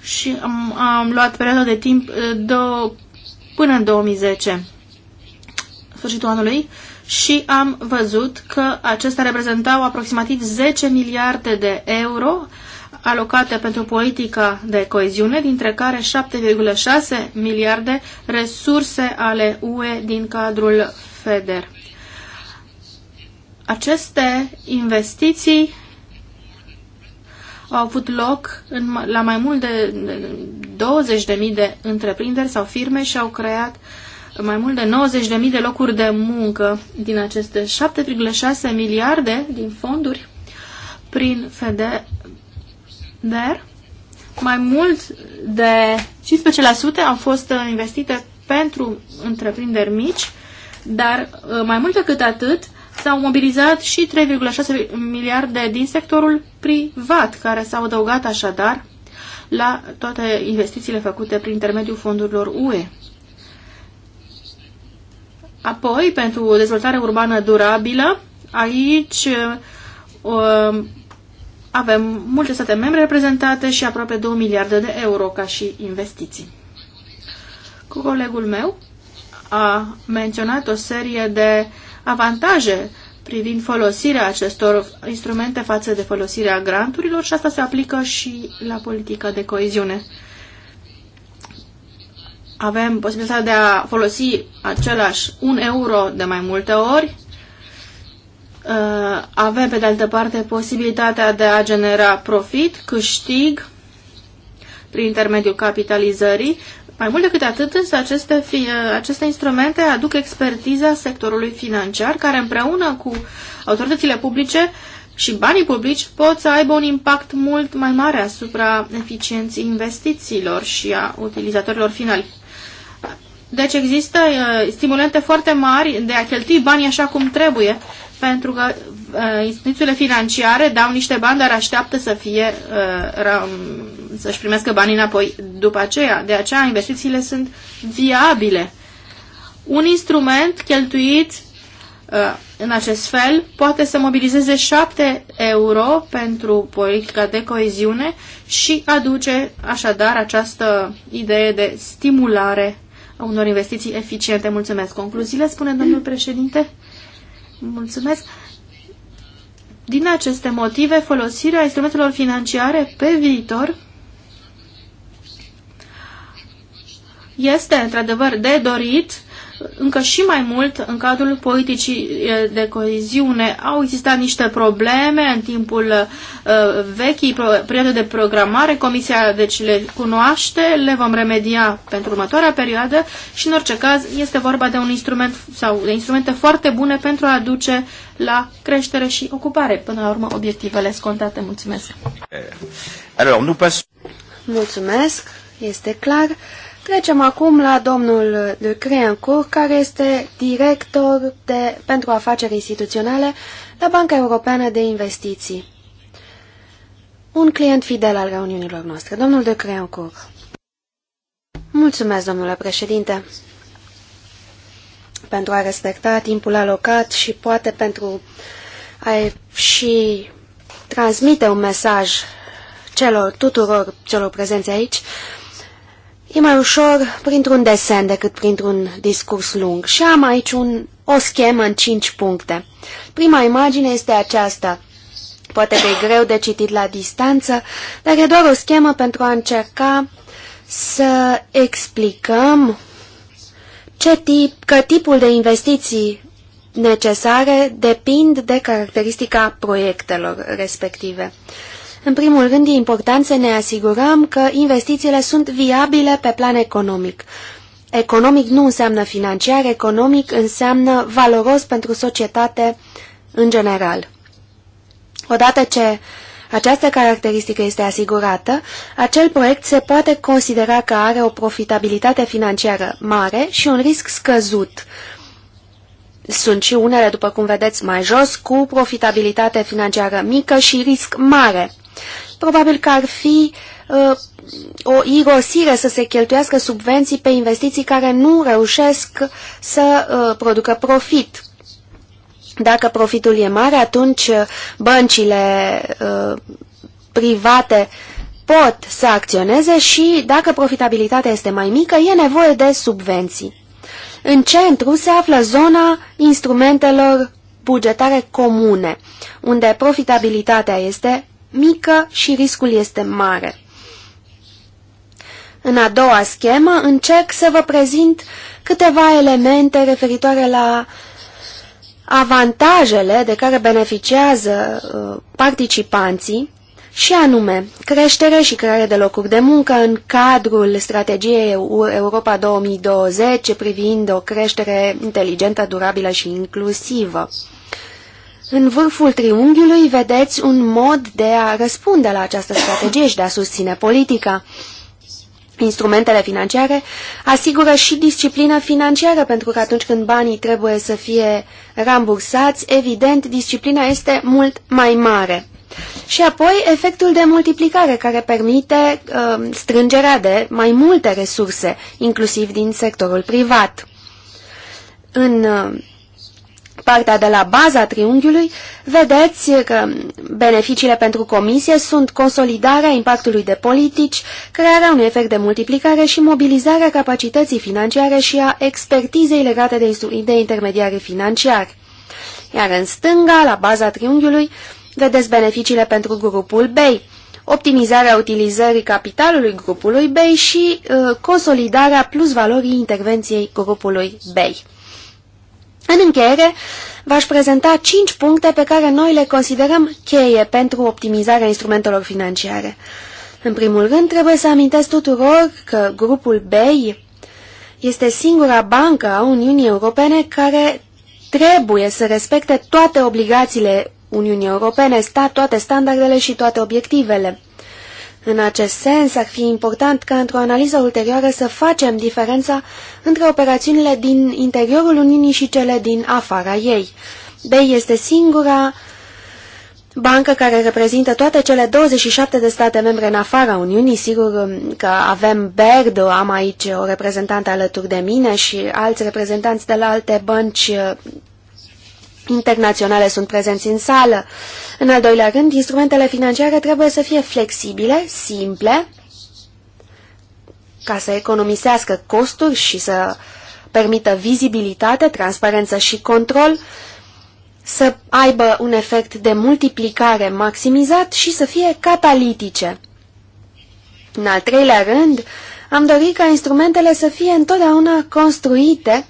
și am, am luat perioada de timp uh, do, până în 2010, sfârșitul anului. Uh, și am văzut că acestea reprezentau aproximativ 10 miliarde de euro alocate pentru politica de coeziune, dintre care 7,6 miliarde resurse ale UE din cadrul FEDER. Aceste investiții au avut loc în, la mai mult de 20.000 de întreprinderi sau firme și au creat uh, mai mult de 90.000 de locuri de muncă din aceste 7,6 miliarde din fonduri prin FEDER. Mai mult de 15% au fost uh, investite pentru întreprinderi mici, dar uh, mai mult decât atât s-au mobilizat și 3,6 miliarde din sectorul privat, care s-au adăugat așadar la toate investițiile făcute prin intermediul fondurilor UE. Apoi, pentru dezvoltare urbană durabilă, aici um, avem multe state membre reprezentate și aproape 2 miliarde de euro ca și investiții. Cu colegul meu a menționat o serie de avantaje privind folosirea acestor instrumente față de folosirea granturilor și asta se aplică și la politica de coeziune avem posibilitatea de a folosi același un euro de mai multe ori, uh, avem pe de altă parte posibilitatea de a genera profit, câștig prin intermediul capitalizării. Mai mult decât atât, însă, aceste, uh, aceste instrumente aduc expertiza sectorului financiar, care împreună cu autoritățile publice și banii publici pot să aibă un impact mult mai mare asupra eficienței investițiilor și a utilizatorilor finali. Deci există uh, stimulente foarte mari de a cheltui banii așa cum trebuie, pentru că uh, instituțiile financiare dau niște bani, dar așteaptă să fie uh, să-și primească banii înapoi după aceea. De aceea investițiile sunt viabile. Un instrument cheltuit uh, în acest fel poate să mobilizeze 7 euro pentru politica de coeziune și aduce așadar această idee de stimulare a unor investiții eficiente. Mulțumesc. Concluziile, spune domnul președinte. Mulțumesc. Din aceste motive, folosirea instrumentelor financiare pe viitor este într-adevăr de dorit încă și mai mult în cadrul politicii de coeziune. Au existat niște probleme în timpul uh, vechii perioade de programare. Comisia deci le cunoaște, le vom remedia pentru următoarea perioadă și în orice caz este vorba de un instrument sau de instrumente foarte bune pentru a aduce la creștere și ocupare. Până la urmă, obiectivele scontate. Mulțumesc! Eh, Mulțumesc! Este clar. Trecem acum la domnul de Creancourt, care este director de, pentru afaceri instituționale la Banca Europeană de Investiții. Un client fidel al reuniunilor noastre, domnul de Creancourt. Mulțumesc, domnule președinte. Pentru a respecta timpul alocat și poate pentru a și transmite un mesaj celor tuturor celor prezenți aici, uh, E mai ușor printr-un desen decât printr-un discurs lung și am aici un, o schemă în cinci puncte. Prima imagine este aceasta. Poate că e greu de citit la distanță, dar e doar o schemă pentru a încerca să explicăm ce tip, că tipul de investiții necesare depind de caracteristica proiectelor respective. În primul rând, e important să ne asigurăm că investițiile sunt viabile pe plan economic. Economic nu înseamnă financiar, economic înseamnă valoros pentru societate în general. Odată ce această caracteristică este asigurată, acel proiect se poate considera că are o profitabilitate financiară mare și un risc scăzut. Sunt și unele, după cum vedeți mai jos, cu profitabilitate financiară mică și risc mare. Probabil că ar fi uh, o irosire să se cheltuiască subvenții pe investiții care nu reușesc să uh, producă profit. Dacă profitul e mare, atunci uh, băncile uh, private pot să acționeze și, dacă profitabilitatea este mai mică, e nevoie de subvenții. În centru se află zona instrumentelor bugetare comune, unde profitabilitatea este mică și riscul este mare. În a doua schemă încerc să vă prezint câteva elemente referitoare la avantajele de care beneficiază uh, participanții și anume creștere și creare de locuri de muncă în cadrul strategiei Europa 2020 privind o creștere inteligentă, durabilă și inclusivă. În vârful triunghiului vedeți un mod de a răspunde la această strategie și de a susține politica. Instrumentele financiare asigură și disciplină financiară, pentru că atunci când banii trebuie să fie rambursați, evident, disciplina este mult mai mare. Și apoi efectul de multiplicare care permite uh, strângerea de mai multe resurse, inclusiv din sectorul privat. În uh, partea de la baza triunghiului, vedeți că beneficiile pentru comisie sunt consolidarea impactului de politici, crearea unui efect de multiplicare și mobilizarea capacității financiare și a expertizei legate de, de intermediari financiari. Iar în stânga, la baza triunghiului, vedeți beneficiile pentru grupul BEI, optimizarea utilizării capitalului grupului BEI și uh, consolidarea valorii intervenției grupului BEI. În încheiere, v-aș prezenta cinci puncte pe care noi le considerăm cheie pentru optimizarea instrumentelor financiare. În primul rând, trebuie să amintesc tuturor că grupul BEI este singura bancă a Uniunii Europene care trebuie să respecte toate obligațiile Uniunii Europene, sta toate standardele și toate obiectivele. În acest sens, ar fi important ca într-o analiză ulterioară să facem diferența între operațiunile din interiorul Uniunii și cele din afara ei. BEI este singura bancă care reprezintă toate cele 27 de state membre în afara Uniunii. Sigur um, că avem BERD, am aici o reprezentantă alături de mine și alți reprezentanți de la alte bănci uh, internaționale sunt prezenți în sală. În al doilea rând, instrumentele financiare trebuie să fie flexibile, simple, ca să economisească costuri și să permită vizibilitate, transparență și control, să aibă un efect de multiplicare maximizat și să fie catalitice. În al treilea rând, am dorit ca instrumentele să fie întotdeauna construite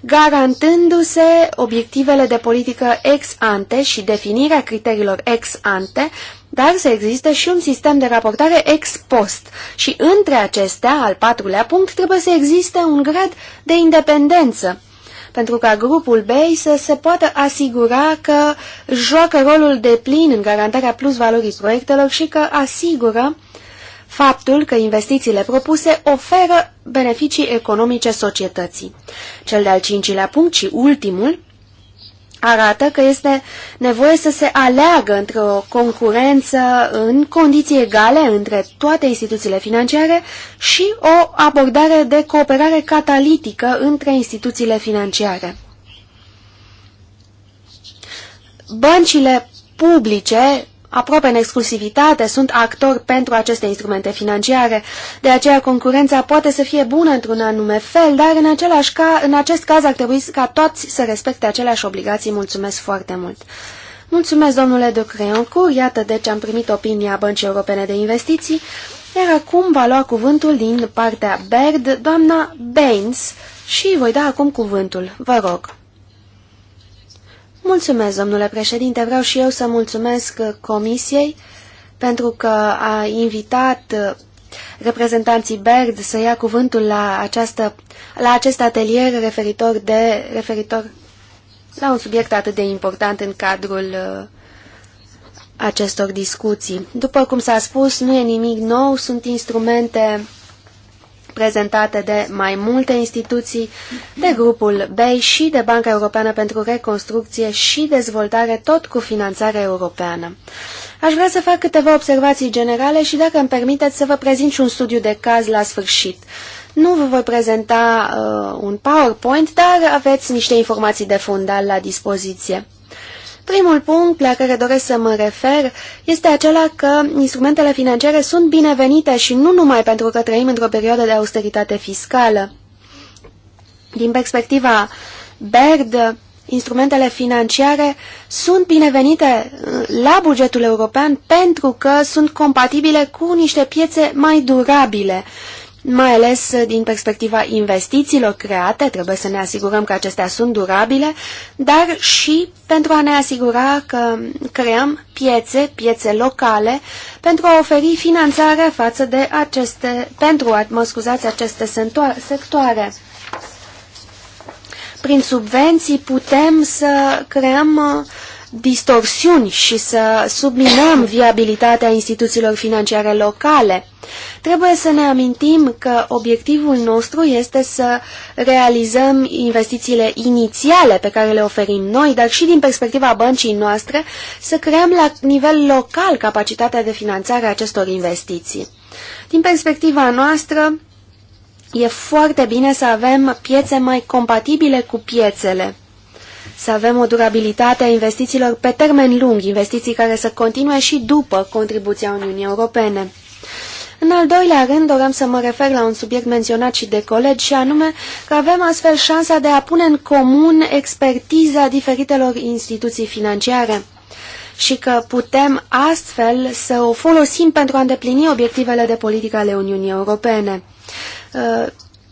garantându-se obiectivele de politică ex ante și definirea criteriilor ex ante, dar să existe și un sistem de raportare ex post și între acestea, al patrulea punct, trebuie să existe un grad de independență pentru ca grupul BEI să se poată asigura că joacă rolul de plin în garantarea plus valorii proiectelor și că asigură faptul că investițiile propuse oferă beneficii economice societății. Cel de-al cincilea punct și ultimul arată că este nevoie să se aleagă între o concurență în condiții egale între toate instituțiile financiare și o abordare de cooperare catalitică între instituțiile financiare. Băncile publice aproape în exclusivitate sunt actori pentru aceste instrumente financiare. De aceea concurența poate să fie bună într-un anume fel, dar în, același ca, în acest caz ar trebui ca toți să respecte aceleași obligații. Mulțumesc foarte mult! Mulțumesc, domnule de Creoncur, iată deci am primit opinia Băncii Europene de Investiții, iar acum va lua cuvântul din partea BERD, doamna Baines, și voi da acum cuvântul. Vă rog! Mulțumesc, domnule președinte. Vreau și eu să mulțumesc uh, comisiei pentru că a invitat uh, reprezentanții BERD să ia cuvântul la, această, la acest atelier referitor, de, referitor la un subiect atât de important în cadrul uh, acestor discuții. După cum s-a spus, nu e nimic nou, sunt instrumente prezentate de mai multe instituții, de grupul BEI și de Banca Europeană pentru Reconstrucție și Dezvoltare, tot cu finanțare europeană. Aș vrea să fac câteva observații generale și, dacă îmi permiteți, să vă prezint și un studiu de caz la sfârșit. Nu vă voi prezenta uh, un PowerPoint, dar aveți niște informații de fundal la dispoziție. Primul punct la care doresc să mă refer este acela că instrumentele financiare sunt binevenite și nu numai pentru că trăim într-o perioadă de austeritate fiscală. Din perspectiva BERD, instrumentele financiare sunt binevenite uh, la bugetul european pentru că sunt compatibile cu niște piețe mai durabile mai ales uh, din perspectiva investițiilor create, trebuie să ne asigurăm că acestea sunt durabile, dar și pentru a ne asigura că creăm piețe, piețe locale, pentru a oferi finanțare față de aceste, pentru, mă scuzați, aceste sectoare. Prin subvenții putem să creăm uh, distorsiuni și să subminăm viabilitatea instituțiilor financiare locale. Trebuie să ne amintim că obiectivul nostru este să realizăm investițiile inițiale pe care le oferim noi, dar și din perspectiva băncii noastre, să creăm la nivel local capacitatea de finanțare a acestor investiții. Din perspectiva noastră, e foarte bine să avem piețe mai compatibile cu piețele să avem o durabilitate a investițiilor pe termen lung, investiții care să continue și după contribuția Uniunii Europene. În al doilea rând, doream să mă refer la un subiect menționat și de colegi, și anume că avem astfel șansa de a pune în comun expertiza diferitelor instituții financiare și că putem astfel să o folosim pentru a îndeplini obiectivele de politică ale Uniunii Europene. Uh,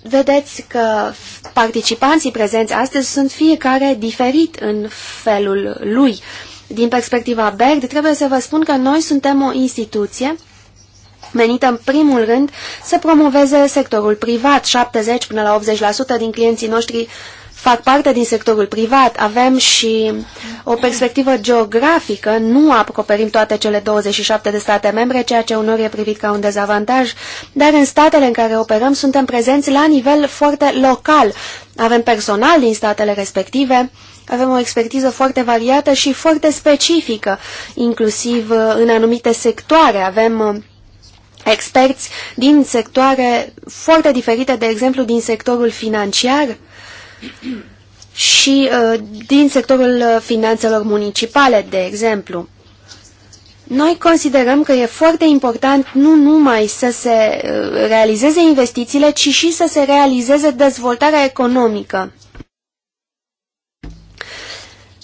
Vedeți că participanții prezenți astăzi sunt fiecare diferit în felul lui. Din perspectiva Berg, trebuie să vă spun că noi suntem o instituție menită în primul rând să promoveze sectorul privat. 70 până la 80% din clienții noștri fac parte din sectorul privat, avem și o perspectivă geografică, nu acoperim toate cele 27 de state membre, ceea ce unor e privit ca un dezavantaj, dar în statele în care operăm suntem prezenți la nivel foarte local. Avem personal din statele respective, avem o expertiză foarte variată și foarte specifică, inclusiv uh, în anumite sectoare. Avem uh, experți din sectoare foarte diferite, de exemplu din sectorul financiar, și uh, din sectorul uh, finanțelor municipale, de exemplu. Noi considerăm că e foarte important nu numai să se uh, realizeze investițiile, ci și să se realizeze dezvoltarea economică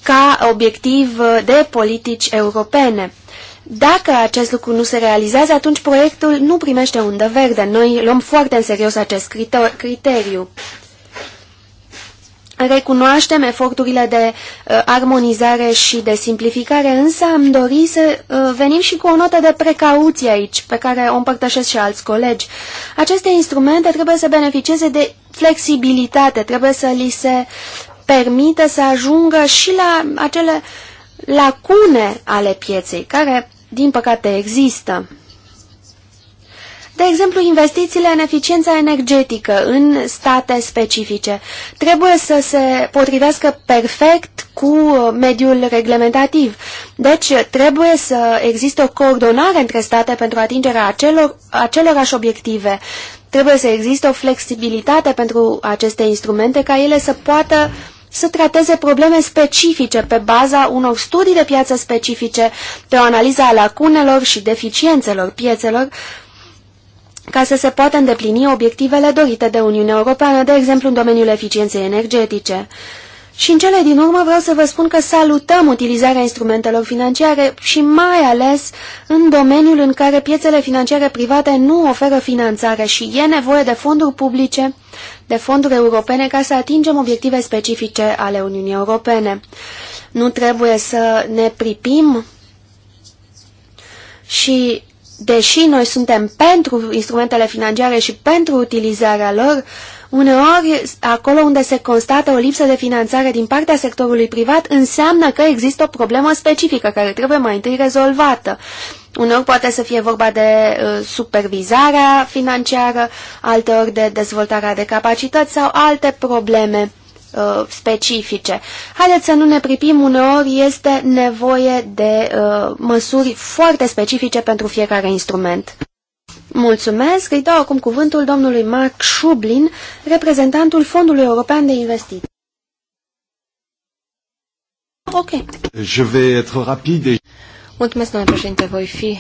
ca obiectiv de politici europene. Dacă acest lucru nu se realizează, atunci proiectul nu primește undă verde. Noi luăm foarte în serios acest criteriu. Recunoaștem eforturile de uh, armonizare și de simplificare, însă am dori să uh, venim și cu o notă de precauție aici, pe care o împărtășesc și alți colegi. Aceste instrumente trebuie să beneficieze de flexibilitate, trebuie să li se permită să ajungă și la acele lacune ale pieței, care, din păcate, există. De exemplu, investițiile în eficiența energetică în state specifice trebuie să se potrivească perfect cu mediul reglementativ. Deci, trebuie să existe o coordonare între state pentru atingerea acelor, acelorași obiective. Trebuie să existe o flexibilitate pentru aceste instrumente ca ele să poată să trateze probleme specifice pe baza unor studii de piață specifice, pe o analiză a lacunelor și deficiențelor piețelor, ca să se poată îndeplini obiectivele dorite de Uniunea Europeană, de exemplu în domeniul eficienței energetice. Și în cele din urmă vreau să vă spun că salutăm utilizarea instrumentelor financiare și mai ales în domeniul în care piețele financiare private nu oferă finanțare și e nevoie de fonduri publice, de fonduri europene ca să atingem obiective specifice ale Uniunii Europene. Nu trebuie să ne pripim și deși noi suntem pentru instrumentele financiare și pentru utilizarea lor, uneori acolo unde se constată o lipsă de finanțare din partea sectorului privat, înseamnă că există o problemă specifică care trebuie mai întâi rezolvată. Uneori poate să fie vorba de uh, supervizarea financiară, alteori de dezvoltarea de capacități sau alte probleme uh, specifice. Haideți să nu ne pripim, uneori este nevoie de uh, măsuri foarte specifice pentru fiecare instrument. Mulțumesc, îi dau acum cuvântul domnului Mark Schublin, reprezentantul Fondului European de Investiții. Ok. Je vais être Mulțumesc, domnule președinte, voi fi uh,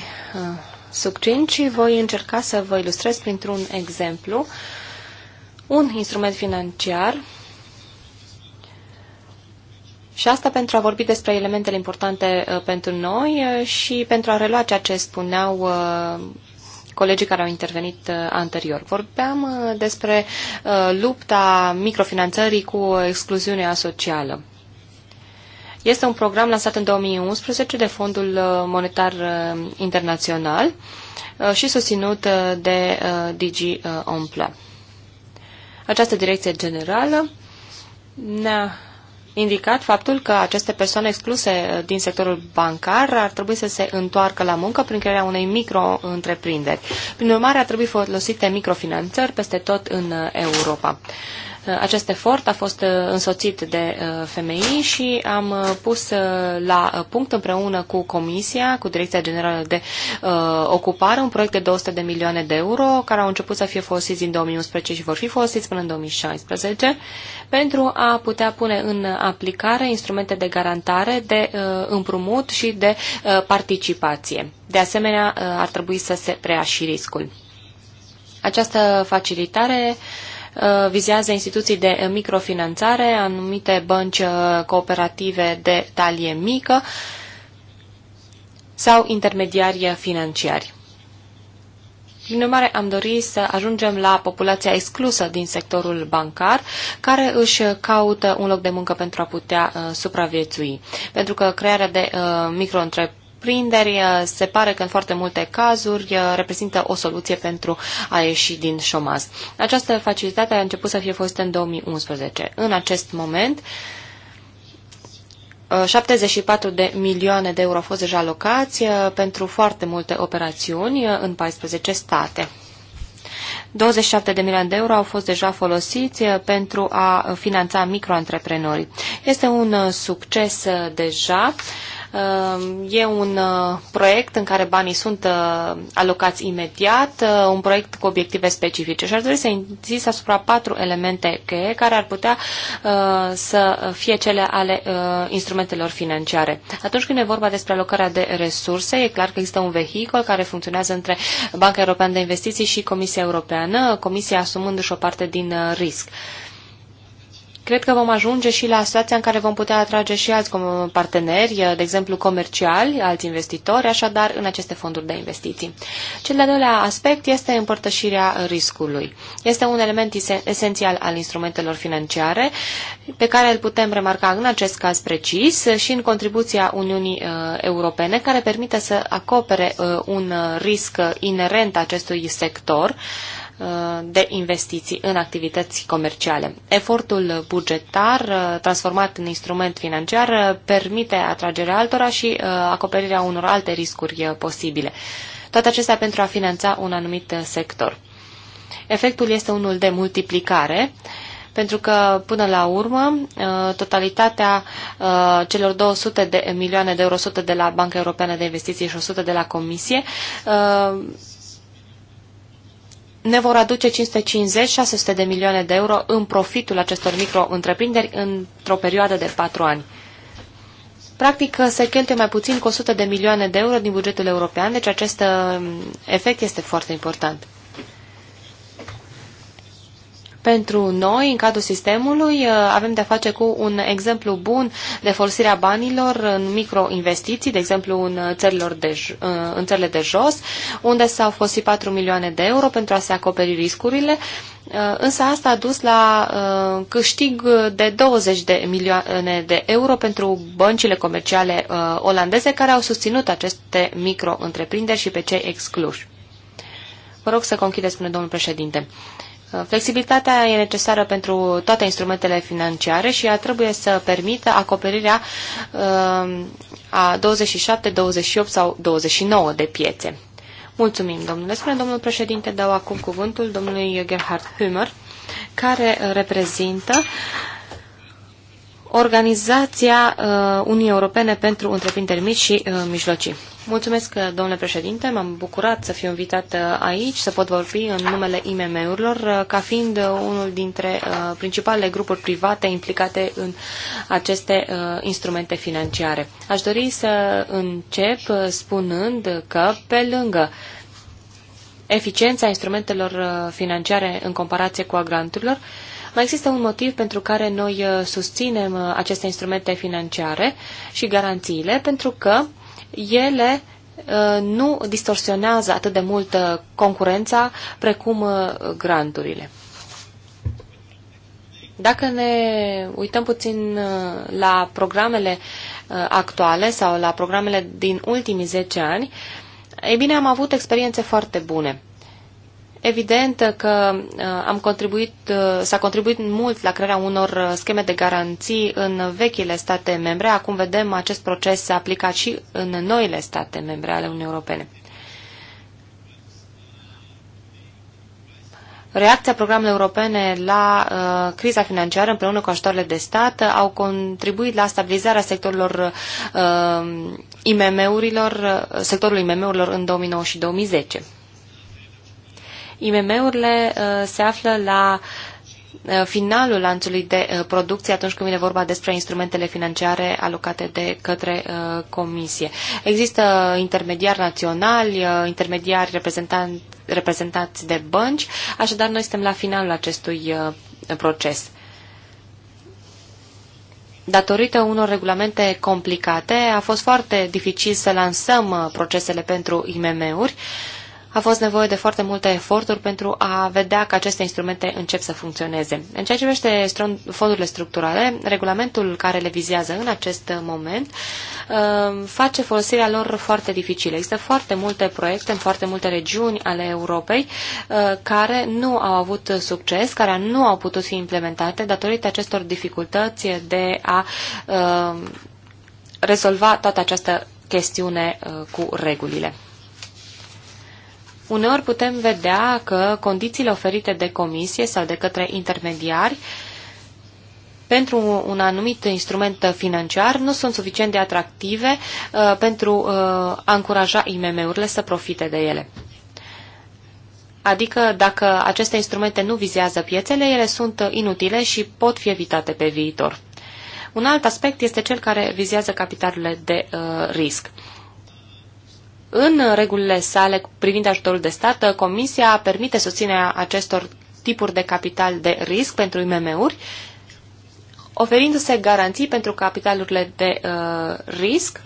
succint și voi încerca să vă ilustrez printr-un exemplu un instrument financiar și asta pentru a vorbi despre elementele importante uh, pentru noi uh, și pentru a relua ceea ce spuneau uh, colegii care au intervenit anterior. Vorbeam despre lupta microfinanțării cu excluziunea socială. Este un program lansat în 2011 de Fondul Monetar Internațional și susținut de DG Omple. Această direcție generală ne-a indicat faptul că aceste persoane excluse din sectorul bancar ar trebui să se întoarcă la muncă prin crearea unei micro-întreprinderi. Prin urmare, ar trebui folosite microfinanțări peste tot în Europa. Acest efort a fost uh, însoțit de uh, femei și am uh, pus la punct împreună cu Comisia, cu Direcția Generală de Ocupare, un proiect de 200 de milioane de euro, care au început să fie folosiți din 2011 și vor fi folosiți până în 2016, pentru a putea pune în aplicare instrumente de garantare, de împrumut și de participație. De asemenea, ar trebui să se preia și riscul. Această facilitare uh, Uh, vizează instituții de microfinanțare, anumite bănci uh, cooperative de talie mică sau intermediari financiari. Prin urmare, am dorit să ajungem la populația exclusă din sectorul bancar, care își caută un loc de muncă pentru a putea uh, supraviețui. Pentru că crearea de uh, micro surprinderi, uh, se pare că în foarte multe cazuri uh, reprezintă o soluție pentru a ieși din șomaz. Această facilitate a început să fie fost în 2011. În acest moment, 74 uh, de milioane de euro au fost deja alocați pentru foarte multe operațiuni în 14 state. 27 de milioane de euro au fost deja folosiți pentru a finanța microantreprenori. Este un succes deja Um, e un uh, proiect în care banii sunt uh, alocați imediat, uh, un proiect cu obiective specifice și ar trebui să insist asupra patru elemente cheie care ar putea să fie cele ale instrumentelor financiare. Atunci când e vorba despre alocarea de resurse, e clar că există un vehicul care funcționează între Banca Europeană de Investiții și Comisia Europeană, Comisia asumându-și o parte din risc. Cred că vom ajunge și la situația în care vom putea atrage și alți parteneri, de exemplu comerciali, alți investitori, așadar în aceste fonduri de investiții. Cel de-al doilea aspect este împărtășirea riscului. Este un element esențial al instrumentelor financiare pe care îl putem remarca în acest caz precis și în contribuția Uniunii uh, Europene care permite să acopere uh, un uh, risc inerent acestui sector, Uh, de investiții în activități comerciale. Efortul bugetar uh, transformat în instrument financiar uh, permite atragerea altora și acoperirea unor alte riscuri posibile. Toate acestea pentru a finanța un anumit sector. Efectul este unul de multiplicare pentru că, până la urmă, totalitatea celor 200 de milioane de euro, 100 de la Banca Europeană de Investiții și 100 de la Comisie, ne vor aduce 550-600 de milioane de euro în profitul acestor micro-întreprinderi într-o perioadă de 4 ani. Practic, se cheltuie mai puțin cu 100 de milioane de euro din bugetul european, deci acest um, efect este foarte important. Pentru noi, în cadrul sistemului, uh, avem de-a face cu un exemplu bun de folosirea banilor în microinvestiții, de exemplu în, uh, țărilor de, uh, în țările de jos, unde s-au folosit 4 milioane de euro pentru a se acoperi riscurile, însă asta a dus la câștig de 20 de milioane de euro pentru băncile comerciale olandeze care au susținut aceste micro-întreprinderi și pe cei excluși. Vă rog să conchideți, spune domnul președinte. Uh, Flexibilitatea e necesară pentru toate instrumentele financiare și ea trebuie să permită acoperirea um, a 27, 28 sau 29 de piețe. Mulțumim, domnule. Spune domnul președinte, dau acum cuvântul domnului Gerhard Hümer, care reprezintă uh, Organizația uh, Unii Europene pentru Întreprinderi Mici și uh, Mijlocii. Mulțumesc, uh, domnule președinte, m-am bucurat să fiu invitat aici, să pot vorbi în numele IMM-urilor, ca fiind unul dintre principalele grupuri private implicate în aceste instrumente financiare. Aș dori să încep spunând că, pe lângă eficiența instrumentelor financiare în comparație cu a granturilor, mai există un motiv pentru care noi uh, susținem uh, aceste instrumente financiare și garanțiile, pentru că ele uh, nu distorsionează atât de mult concurența precum granturile. Dacă ne uităm puțin la programele actuale sau la programele din ultimii 10 ani, ei bine, am avut experiențe foarte bune. Evident că uh, am contribuit, uh, s-a contribuit mult la crearea unor uh, scheme de garanții în vechile state membre. Acum vedem acest proces aplicat și în noile state membre ale Uniunii Europene. Reacția programelor europene la uh, criza financiară împreună cu ajutoarele de stat au contribuit la stabilizarea sectorilor uh, IMM-urilor, sectorului IMM-urilor în 2009 și 2010. IMM-urile uh, se află la uh, finalul lanțului de uh, producție atunci când vine vorba despre instrumentele financiare alocate de către comisie. Există intermediari naționali, intermediari reprezentați de bănci, așadar noi suntem la finalul acestui proces. Datorită unor regulamente complicate, a fost foarte dificil să lansăm procesele pentru IMM-uri. Uh, a fost nevoie de foarte multe eforturi pentru a vedea că aceste instrumente încep să funcționeze. În ceea ce privește fondurile structurale, regulamentul care le vizează în acest moment uh, face folosirea lor foarte dificilă. Există foarte multe proiecte în foarte multe regiuni ale Europei uh, care nu au avut succes, care nu au putut fi implementate datorită acestor dificultăți de a uh, rezolva toată această chestiune cu regulile uneori putem vedea că condițiile oferite de comisie sau de către intermediari pentru un anumit instrument financiar nu sunt suficient de atractive uh, pentru uh, a încuraja IMM-urile să profite de ele. Adică dacă aceste instrumente nu vizează piețele, ele sunt inutile și pot fi evitate pe viitor. Un alt aspect este cel care vizează capitalurile de uh, risc. În regulile sale privind ajutorul de stat, Comisia permite susținerea acestor tipuri de capital de risc pentru IMM-uri, oferindu-se garanții pentru capitalurile de uh, risc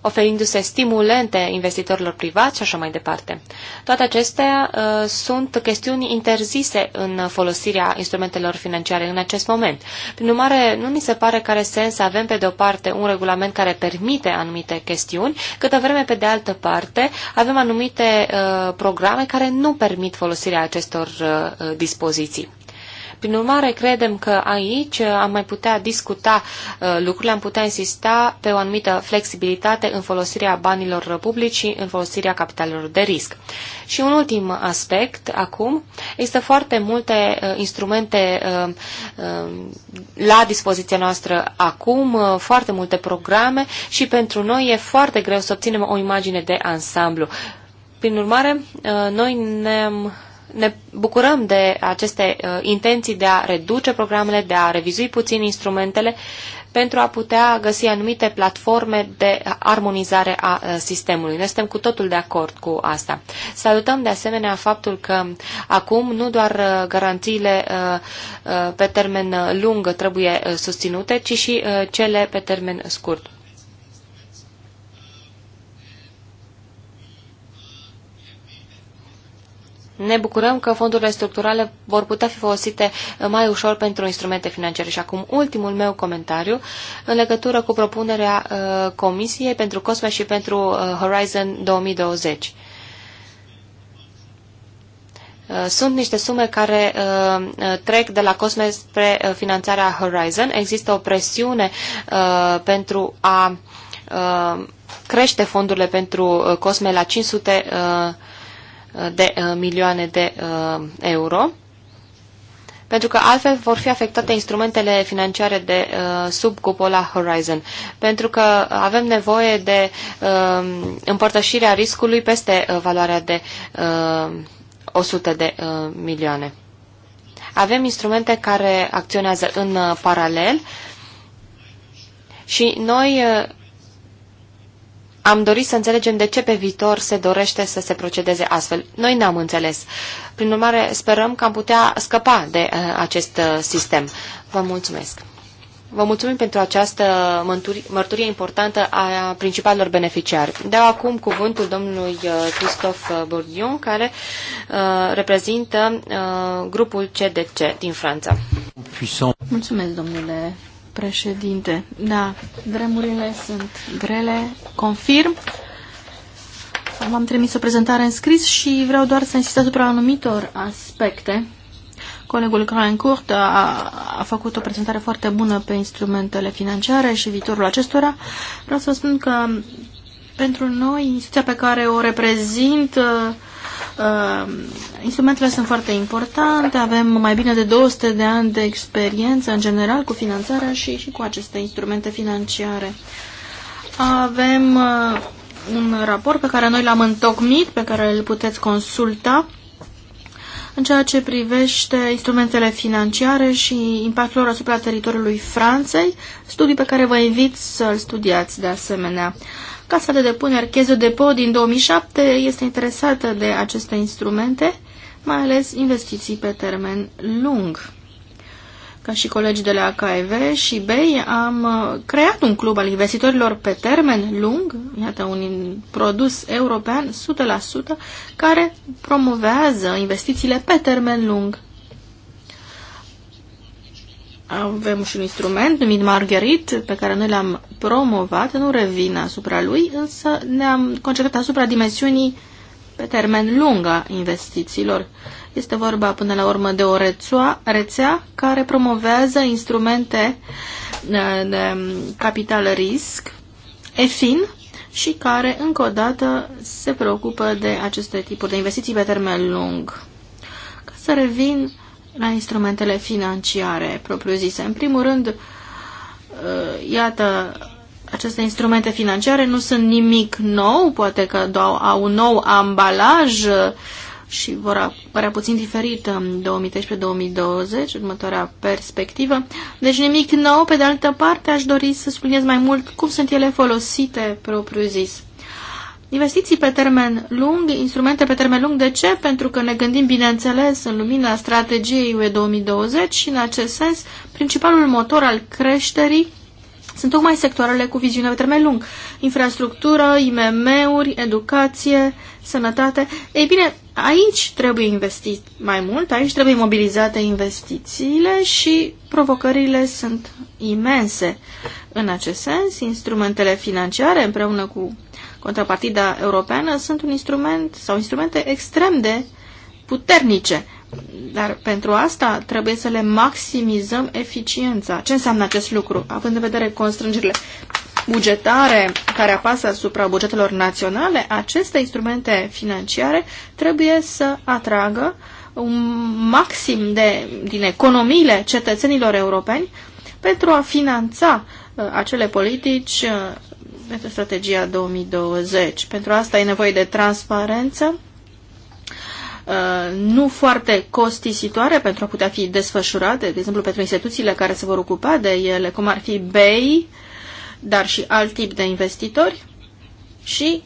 oferindu-se stimulente investitorilor privați și așa mai departe. Toate acestea uh, sunt chestiuni interzise în folosirea instrumentelor financiare în acest moment. Prin urmare, nu ni se pare care sens să avem pe de o parte un regulament care permite anumite chestiuni, câtă vreme pe de altă parte avem anumite uh, programe care nu permit folosirea acestor uh, uh dispoziții. Prin urmare, credem că aici am mai putea discuta uh, lucrurile, am putea insista pe o anumită flexibilitate în folosirea banilor publici și în folosirea capitalelor de risc. Și un ultim aspect, acum, există foarte multe uh, instrumente uh, la dispoziția noastră acum, foarte multe programe și pentru noi e foarte greu să obținem o imagine de ansamblu. Prin urmare, noi ne-am ne bucurăm de aceste uh, intenții de a reduce programele, de a revizui puțin instrumentele, pentru a putea găsi anumite platforme de armonizare a uh, sistemului. Noi suntem cu totul de acord cu asta. Salutăm de asemenea faptul că acum nu doar uh, garanțiile uh, pe termen lung trebuie susținute, ci și cele pe termen scurt. Ne bucurăm că fondurile structurale vor putea fi folosite uh, mai ușor pentru instrumente financiare. Și acum ultimul meu comentariu în legătură cu propunerea uh, Comisiei pentru COSME și pentru uh, Horizon 2020. Uh, sunt niște sume care uh, uh, trec de la COSME spre uh, finanțarea Horizon. Există o presiune uh, pentru a uh, crește fondurile pentru COSME la 500 uh, de uh, milioane de uh, euro, pentru că altfel vor fi afectate instrumentele financiare de uh, sub cupola Horizon, pentru că avem nevoie de uh, împărtășirea riscului peste uh, valoarea de uh, 100 de uh, milioane. Avem instrumente care acționează în uh, paralel și noi uh, am dorit să înțelegem de ce pe viitor se dorește să se procedeze astfel. Noi n-am înțeles. Prin urmare, sperăm că am putea scăpa de uh, acest uh, sistem. Vă mulțumesc! Vă mulțumim pentru această mărturie importantă a principalilor beneficiari. Dau acum cuvântul domnului uh, Christophe Bourdieu, care uh, reprezintă uh, grupul CDC din Franța. Mulțumesc, domnule președinte. Da, vremurile sunt grele, confirm. V-am trimis o prezentare în scris și vreau doar să insist asupra anumitor aspecte. Colegul Craincourt a, a făcut o prezentare foarte bună pe instrumentele financiare și viitorul acestora. Vreau să vă spun că pentru noi, instituția pe care o reprezint, uh, uh Instrumentele sunt foarte importante, avem mai bine de 200 de ani de experiență în general cu finanțarea și, și cu aceste instrumente financiare. Avem uh, un raport pe care noi l-am întocmit, pe care îl puteți consulta în ceea ce privește instrumentele financiare și impactul lor asupra teritoriului Franței, studii pe care vă invit să-l studiați de asemenea. Casa de depuneri Chezo Depo din 2007 este interesată de aceste instrumente mai ales investiții pe termen lung. Ca și colegi de la KV și BEI, am uh, creat un club al investitorilor pe termen lung, iată un produs european 100%, care promovează investițiile pe termen lung. Avem și un instrument numit Margherit, pe care noi l-am promovat, nu revin asupra lui, însă ne-am concentrat asupra dimensiunii uh, pe termen lung a investițiilor. Este vorba până la urmă de o rețea, rețea care promovează instrumente de capital risc, EFIN, și care încă o dată se preocupă de aceste tipuri de investiții pe termen lung. Ca să revin la instrumentele financiare propriu-zise. În primul rând, uh, iată, aceste instrumente financiare nu sunt nimic nou, poate că au un nou ambalaj uh, și vor apărea puțin diferit în 2013-2020, următoarea perspectivă. Deci nimic nou, pe de altă parte aș dori să subliniez mai mult cum sunt ele folosite propriu-zis. Investiții pe termen lung, instrumente pe termen lung, de ce? Pentru că ne gândim, bineînțeles, în lumina strategiei UE 2020 și, în acest sens, principalul motor al creșterii sunt tocmai sectoarele cu viziune pe termen lung. Infrastructură, IMM-uri, educație, sănătate. Ei bine, aici trebuie investit mai mult, aici trebuie mobilizate investițiile și provocările sunt imense. În acest sens, instrumentele financiare împreună cu contrapartida europeană sunt un instrument sau instrumente extrem de puternice dar pentru asta trebuie să le maximizăm eficiența. Ce înseamnă acest lucru, având în vedere constrângerile bugetare care apasă asupra bugetelor naționale, aceste instrumente financiare trebuie să atragă un maxim de, din economiile cetățenilor europeni pentru a finanța uh, acele politici uh, pentru strategia 2020. Pentru asta e nevoie de transparență, Uh, nu foarte costisitoare pentru a putea fi desfășurate, de exemplu pentru instituțiile care se vor ocupa de ele, cum ar fi BEI, dar și alt tip de investitori. Și,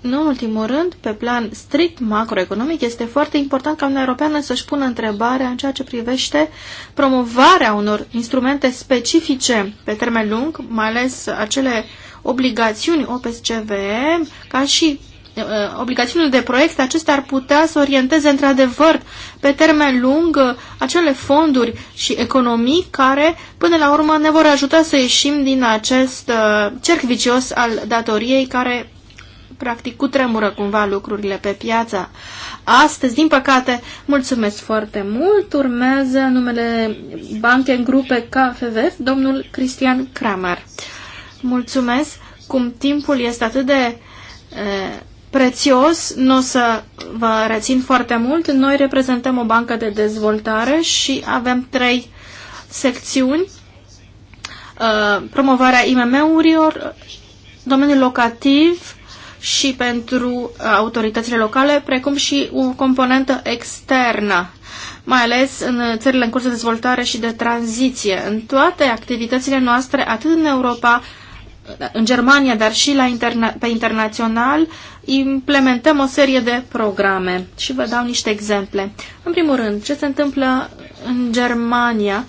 nu în ultimul rând, pe plan strict macroeconomic, este foarte important ca Uniunea Europeană să-și pună întrebarea în ceea ce privește promovarea unor instrumente specifice pe termen lung, mai ales acele obligațiuni OPSCVM, ca și Uh, obligațiunile de proiect, acestea ar putea să orienteze într-adevăr pe termen lung acele fonduri și economii care până la urmă ne vor ajuta să ieșim din acest uh, cerc vicios al datoriei care practic cutremură cumva lucrurile pe piața. Astăzi, din păcate, mulțumesc foarte mult. Urmează numele Banche în grupe KFV, domnul Cristian Kramer. Mulțumesc. Cum timpul este atât de uh, prețios, nu o să vă rețin foarte mult. Noi reprezentăm o bancă de dezvoltare și avem trei secțiuni. Uh, promovarea IMM-urilor, domeniul locativ și pentru uh, autoritățile locale, precum și o componentă externă mai ales în țările în curs de dezvoltare și de tranziție. În toate activitățile noastre, atât în Europa, în Germania, dar și la interna pe internațional, implementăm o serie de programe și vă dau niște exemple. În primul rând, ce se întâmplă în Germania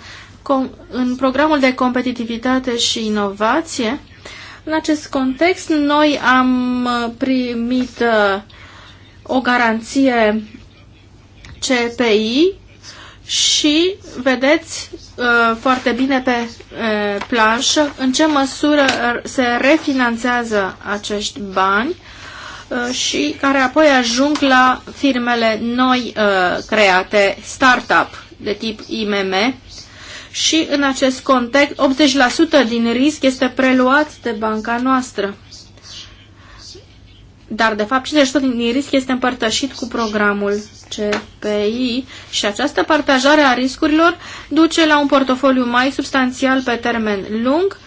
în programul de competitivitate și inovație. În acest context, noi am primit uh, o garanție CPI și vedeți uh, foarte bine pe uh, planșă în ce măsură se refinanțează acești bani Uh, și care apoi ajung la firmele noi uh, create, startup de tip IMM și în acest context 80% din risc este preluat de banca noastră. Dar, de fapt, 50% din risc este împărtășit cu programul CPI și această partajare a riscurilor duce la un portofoliu mai substanțial pe termen lung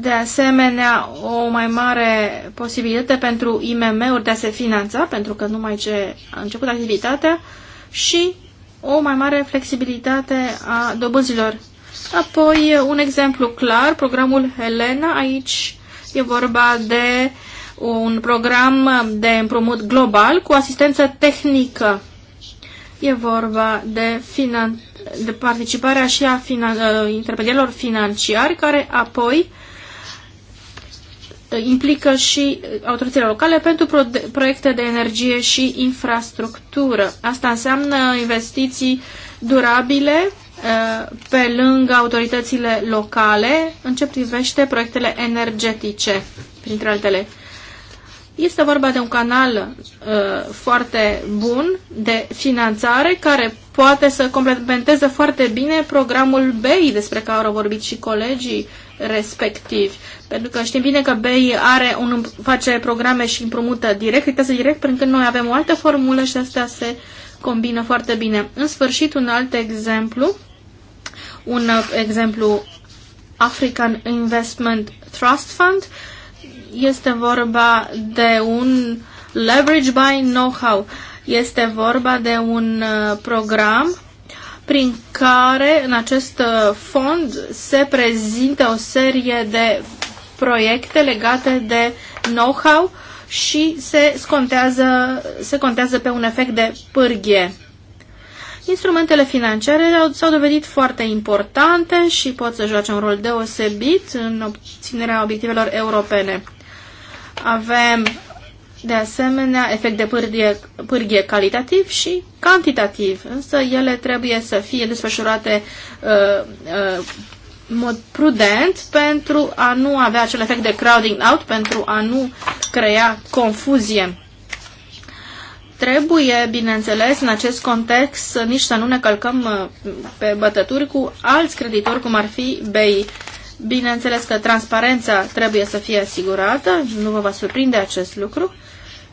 de asemenea o mai mare posibilitate pentru IMM-uri de a se finanța, pentru că numai ce a început activitatea, și o mai mare flexibilitate a dobânzilor. Apoi, un exemplu clar, programul Helena, aici e vorba de un program de împrumut global cu asistență tehnică. E vorba de, finan- de participarea și a finan- uh, intermediarilor financiari care apoi implică și autoritățile locale pentru proiecte de energie și infrastructură. Asta înseamnă investiții durabile uh, pe lângă autoritățile locale în ce privește proiectele energetice, printre altele. Este vorba de un canal uh, foarte bun de finanțare care poate să complementeze foarte bine programul BEI despre care au vorbit și colegii respectivi. Pentru că știm bine că BEI are un, face programe și împrumută direct, critează direct, pentru că noi avem o altă formulă și astea se combină foarte bine. În sfârșit, un alt exemplu, un uh, exemplu African Investment Trust Fund, uh, este vorba de un leverage by know-how. Este vorba de un uh, program prin care în acest uh, fond se prezintă o serie de proiecte legate de know-how și se contează, se contează pe un efect de pârghie. Instrumentele financiare s-au dovedit foarte importante și pot să joace un rol deosebit în obținerea obiectivelor europene. Avem de asemenea efect de pârghie, pârghie calitativ și cantitativ, însă ele trebuie să fie desfășurate uh, uh, mod prudent pentru a nu avea acel efect de crowding out, pentru a nu crea confuzie. Trebuie, bineînțeles, în acest context, nici să nu ne călcăm uh, pe bătături cu alți creditori, cum ar fi BEI. Bineînțeles că transparența trebuie să fie asigurată, nu vă va surprinde acest lucru,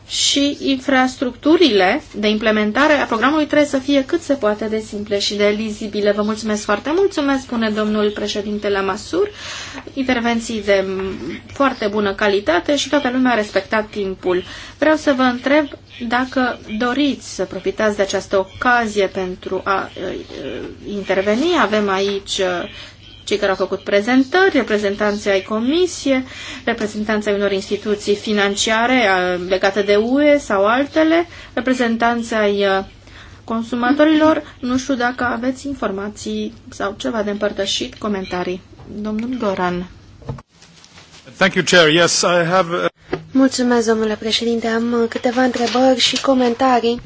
și infrastructurile de implementare a programului trebuie să fie cât se poate de simple și de lizibile. Vă mulțumesc foarte mult, mulțumesc, spune domnul președinte la masur, intervenții de foarte bună calitate și toată lumea a respectat timpul. Vreau să vă întreb dacă doriți să profitați de această ocazie pentru a uh, uh, interveni. Avem aici uh, cei care au făcut prezentări, reprezentanții ai comisie, reprezentanții unor instituții financiare legate de UE sau altele, reprezentanții ai consumatorilor. Nu știu dacă aveți informații sau ceva de împărtășit, comentarii. Domnul Goran. Thank you, Chair. Yes, I have... Uh, Mulțumesc, domnule președinte. Am câteva întrebări și comentarii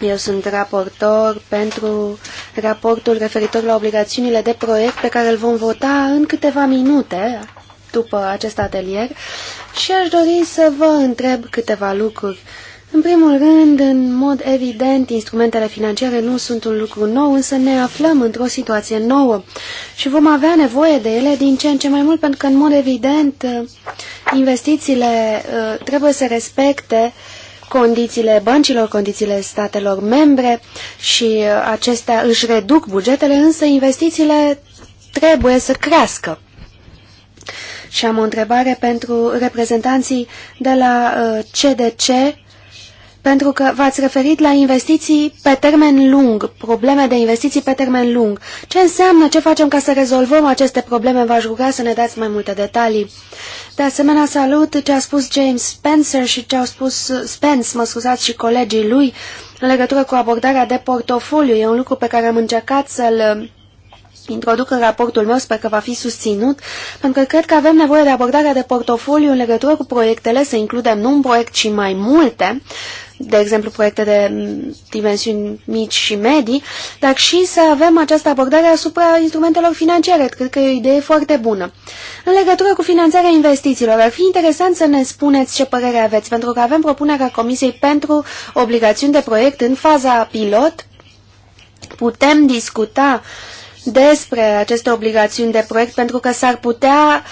eu sunt raportor pentru raportul referitor la obligațiunile de proiect pe care îl vom vota în câteva minute după acest atelier și aș dori să vă întreb câteva lucruri. În primul rând, în mod evident, instrumentele financiare nu sunt un lucru nou, însă ne aflăm într-o situație nouă și vom avea nevoie de ele din ce în ce mai mult, pentru că, în mod evident, investițiile uh, trebuie să respecte uh, condițiile băncilor, condițiile statelor membre și uh, acestea își reduc bugetele, însă investițiile trebuie să crească. Și am o întrebare pentru reprezentanții de la CDC uh, pentru că v-ați referit la investiții pe termen lung, probleme de investiții pe termen lung. Ce înseamnă, ce facem ca să rezolvăm aceste probleme? V-aș ruga să ne dați mai multe detalii. De asemenea, salut ce a spus James Spencer și ce au spus Spence, mă scuzați, și colegii lui în legătură cu abordarea de portofoliu. E un lucru pe care am încercat să-l uh, introduc în raportul meu, sper că va fi susținut, pentru că cred că avem nevoie de abordarea de portofoliu în legătură cu proiectele, să includem nu un proiect, ci mai multe de exemplu, proiecte de dimensiuni mici și medii, dar și să avem această abordare asupra instrumentelor financiare. Cred că e o idee foarte bună. În legătură cu finanțarea investițiilor, ar fi interesant să ne spuneți ce părere aveți, pentru că avem propunerea Comisiei pentru obligațiuni de proiect în faza pilot. Putem discuta despre aceste obligațiuni de proiect pentru că s-ar putea uh,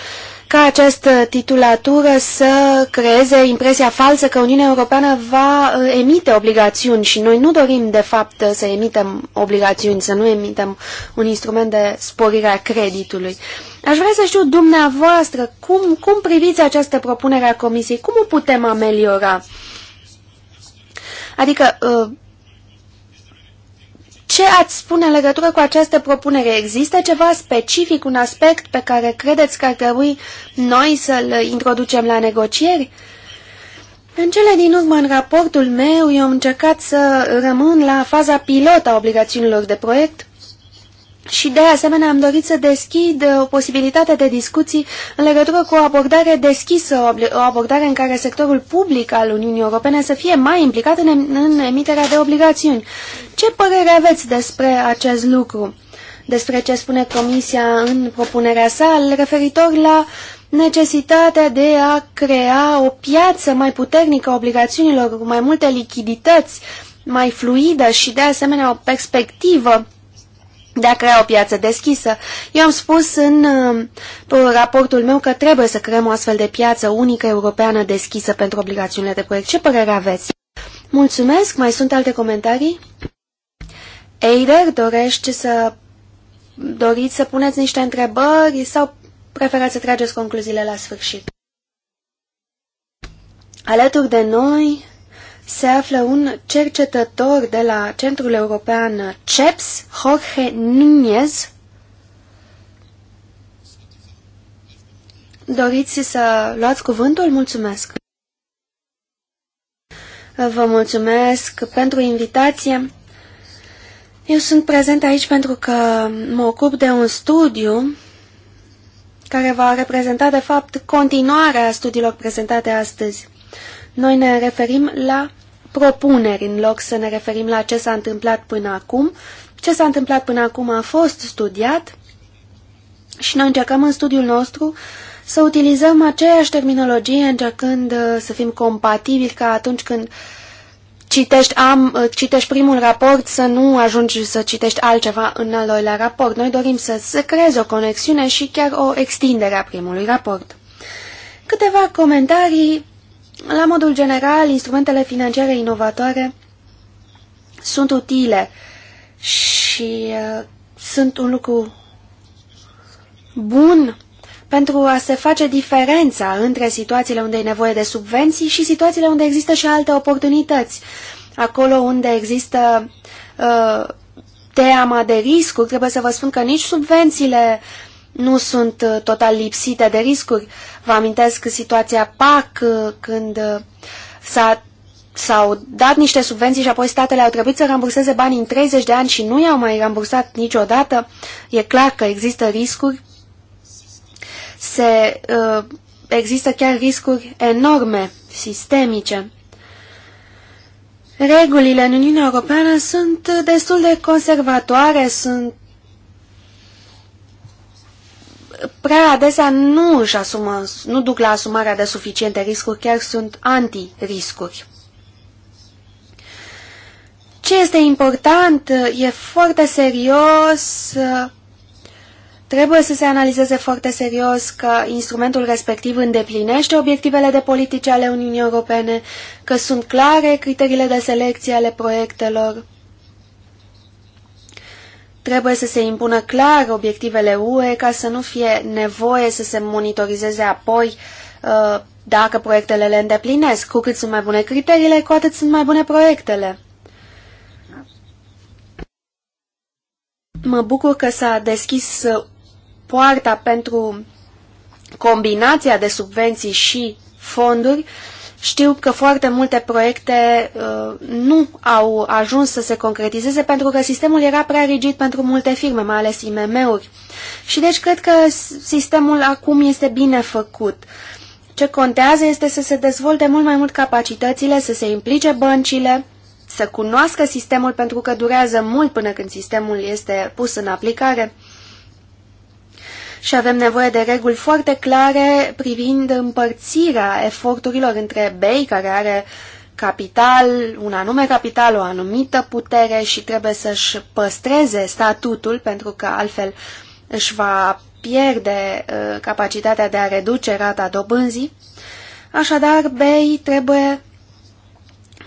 ca această titulatură să creeze impresia falsă că Uniunea Europeană va uh, emite obligațiuni și noi nu dorim, de fapt, să emitem obligațiuni, să nu emitem un instrument de sporire a creditului. Aș vrea să știu dumneavoastră cum, cum priviți această propunere a Comisiei, cum o putem ameliora? Adică, uh, ce ați spune în legătură cu această propunere? Există ceva specific, un aspect pe care credeți că ar trebui noi să-l introducem la negocieri? În cele din urmă, în raportul meu, eu am încercat să rămân la faza pilot a obligațiunilor de proiect și de asemenea am dorit să deschid o uh, posibilitate de discuții în legătură cu o abordare deschisă, o abordare în care sectorul public al Uniunii Europene să fie mai implicat în, în emiterea de obligațiuni. Ce părere aveți despre acest lucru? Despre ce spune Comisia în propunerea sa referitor la necesitatea de a crea o piață mai puternică a obligațiunilor, cu mai multe lichidități, mai fluidă și de asemenea o perspectivă de a crea o piață deschisă. Eu am spus în uh, raportul meu că trebuie să creăm o astfel de piață unică europeană deschisă pentru obligațiunile de proiect. Ce părere aveți? Mulțumesc! Mai sunt alte comentarii? Eider, dorești să... doriți să puneți niște întrebări sau preferați să trageți concluziile la sfârșit? Alături de noi se află un cercetător de la Centrul European CEPS, Jorge Núñez. Doriți să luați cuvântul? Mulțumesc! Vă mulțumesc pentru invitație. Eu sunt prezent aici pentru că mă ocup de un studiu care va reprezenta, de fapt, continuarea studiilor prezentate astăzi. Noi ne referim la propuneri în loc să ne referim la ce s-a întâmplat până acum. Ce s-a întâmplat până acum a fost studiat și noi încercăm în studiul nostru să utilizăm aceeași terminologie încercând uh, să fim compatibili ca atunci când citești, am, uh, citești primul raport să nu ajungi să citești altceva în al doilea raport. Noi dorim să se creeze o conexiune și chiar o extindere a primului raport. Câteva comentarii la modul general, instrumentele financiare inovatoare sunt utile și uh, sunt un lucru bun pentru a se face diferența între situațiile unde e nevoie de subvenții și situațiile unde există și alte oportunități. Acolo unde există uh, teama de riscuri, trebuie să vă spun că nici subvențiile nu sunt uh, total lipsite de riscuri. Vă amintesc situația PAC uh, când uh, s-a s-au dat niște subvenții și apoi statele au trebuit să ramburseze banii în 30 de ani și nu i-au mai rambursat niciodată, e clar că există riscuri. Se, uh, există chiar riscuri enorme, sistemice. Regulile în Uniunea Europeană sunt destul de conservatoare, sunt prea adesea nu își asumă, nu duc la asumarea de suficiente riscuri, chiar sunt anti-riscuri. Ce este important? E foarte serios, trebuie să se analizeze foarte serios că instrumentul respectiv îndeplinește obiectivele de politice ale Uniunii Europene, că sunt clare criteriile de selecție ale proiectelor, Trebuie să se impună clar obiectivele UE ca să nu fie nevoie să se monitorizeze apoi uh, dacă proiectele le îndeplinesc. Cu cât sunt mai bune criteriile, cu atât sunt mai bune proiectele. Mă bucur că s-a deschis uh, poarta pentru combinația de subvenții și fonduri știu că foarte multe proiecte uh, nu au ajuns să se concretizeze pentru că sistemul era prea rigid pentru multe firme, mai ales IMM-uri. Și deci cred că sistemul acum este bine făcut. Ce contează este să se dezvolte mult mai mult capacitățile, să se implice băncile, să cunoască sistemul pentru că durează mult până când sistemul este pus în aplicare și avem nevoie de reguli foarte clare privind împărțirea eforturilor între BEI, care are capital, un anume capital, o anumită putere și trebuie să-și păstreze statutul, pentru că altfel își va pierde uh, capacitatea de a reduce rata dobânzii. Așadar, BEI trebuie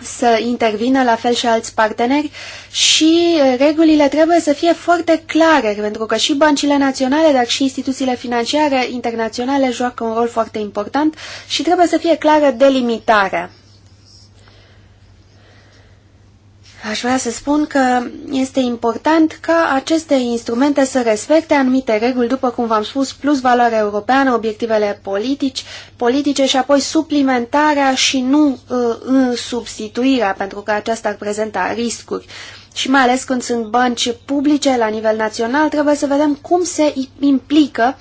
să intervină, la fel și alți parteneri și regulile trebuie să fie foarte clare, pentru că și băncile naționale, dar și instituțiile financiare internaționale joacă un rol foarte important și trebuie să fie clară delimitarea. Aș vrea să spun că este important ca aceste instrumente să respecte anumite reguli, după cum v-am spus, plus valoarea europeană, obiectivele politici, politice și apoi suplimentarea și nu uh, substituirea, pentru că aceasta ar prezenta riscuri. Și mai ales când sunt bănci publice la nivel național, trebuie să vedem cum se implică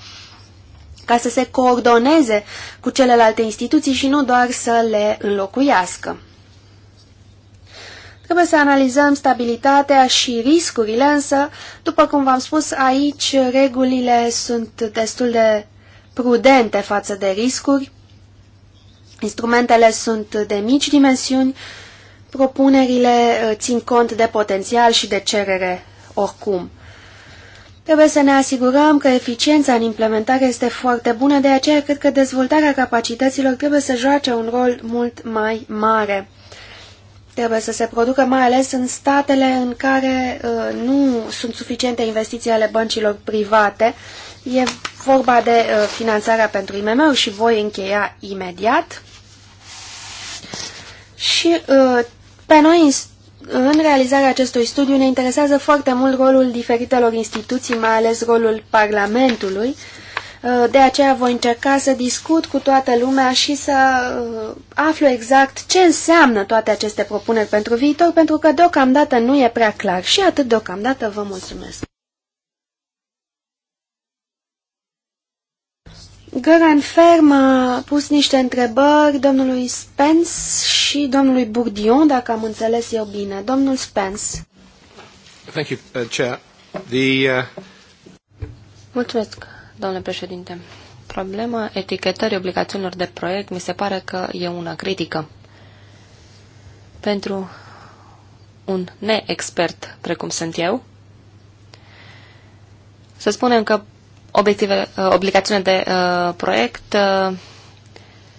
ca să se coordoneze cu celelalte instituții și nu doar să le înlocuiască. Trebuie să analizăm stabilitatea și riscurile, însă, după cum v-am spus, aici regulile sunt destul de prudente față de riscuri. Instrumentele sunt de mici dimensiuni, propunerile uh, țin cont de potențial și de cerere oricum. Trebuie să ne asigurăm că eficiența în implementare este foarte bună, de aceea cred că dezvoltarea capacităților trebuie să joace un rol mult mai mare trebuie să se producă, mai ales în statele în care uh, nu sunt suficiente investiții ale băncilor private. E vorba de uh, finanțarea pentru IMM-uri și voi încheia imediat. Și uh, pe noi, în realizarea acestui studiu, ne interesează foarte mult rolul diferitelor instituții, mai ales rolul Parlamentului, Uh, de aceea voi încerca să discut cu toată lumea și să uh, aflu exact ce înseamnă toate aceste propuneri pentru viitor, pentru că deocamdată nu e prea clar. Și atât deocamdată vă mulțumesc. Găran Ferm a pus niște întrebări domnului Spence și domnului Bourdion, dacă am înțeles eu bine. Domnul Spence. Thank you, uh, Chair. The, uh... Mulțumesc domnule președinte. Problema etichetării obligațiunilor de proiect mi se pare că e una critică. Pentru un neexpert precum sunt eu, să spunem că obiective, uh, obligațiunea de uh, proiect uh,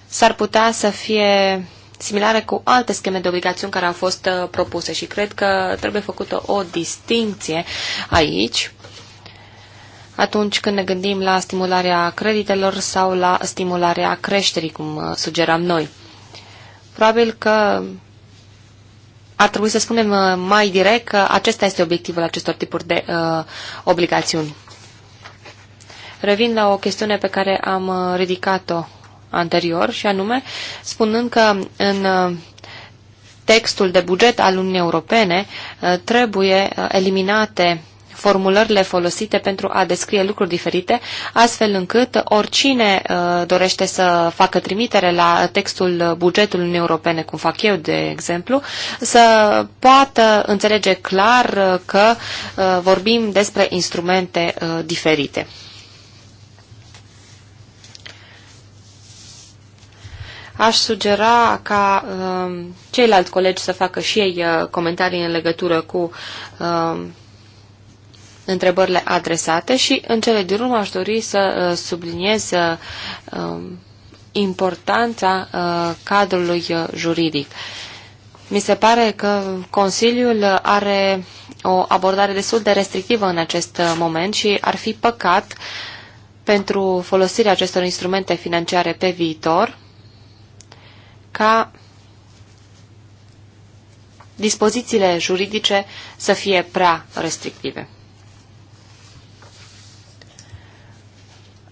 s-ar putea să fie similare cu alte scheme de obligațiuni care au fost uh, propuse și cred că trebuie făcută o distinție aici atunci când ne gândim la stimularea creditelor sau la stimularea creșterii, cum uh, sugeram noi. Probabil că ar trebui să spunem uh, mai direct că acesta este obiectivul acestor tipuri de uh, obligațiuni. Revin la o chestiune pe care am uh, ridicat-o anterior și anume spunând că în textul de buget al Uniunii Europene trebuie eliminate formulările folosite pentru a descrie lucruri diferite, astfel încât oricine uh, dorește să facă trimitere la textul bugetului Uniunii Europene, cum fac eu, de exemplu, să poată înțelege clar uh, că uh, vorbim despre instrumente diferite. aș sugera ca uh, ceilalți colegi să facă și ei uh, comentarii în legătură cu uh, întrebările adresate și în cele din urmă aș dori să uh, subliniez uh, um, importanța uh, cadrului juridic. Mi se pare că Consiliul are o abordare destul de restrictivă în acest moment și ar fi păcat pentru folosirea acestor instrumente financiare pe viitor ca dispozițiile juridice să fie prea restrictive.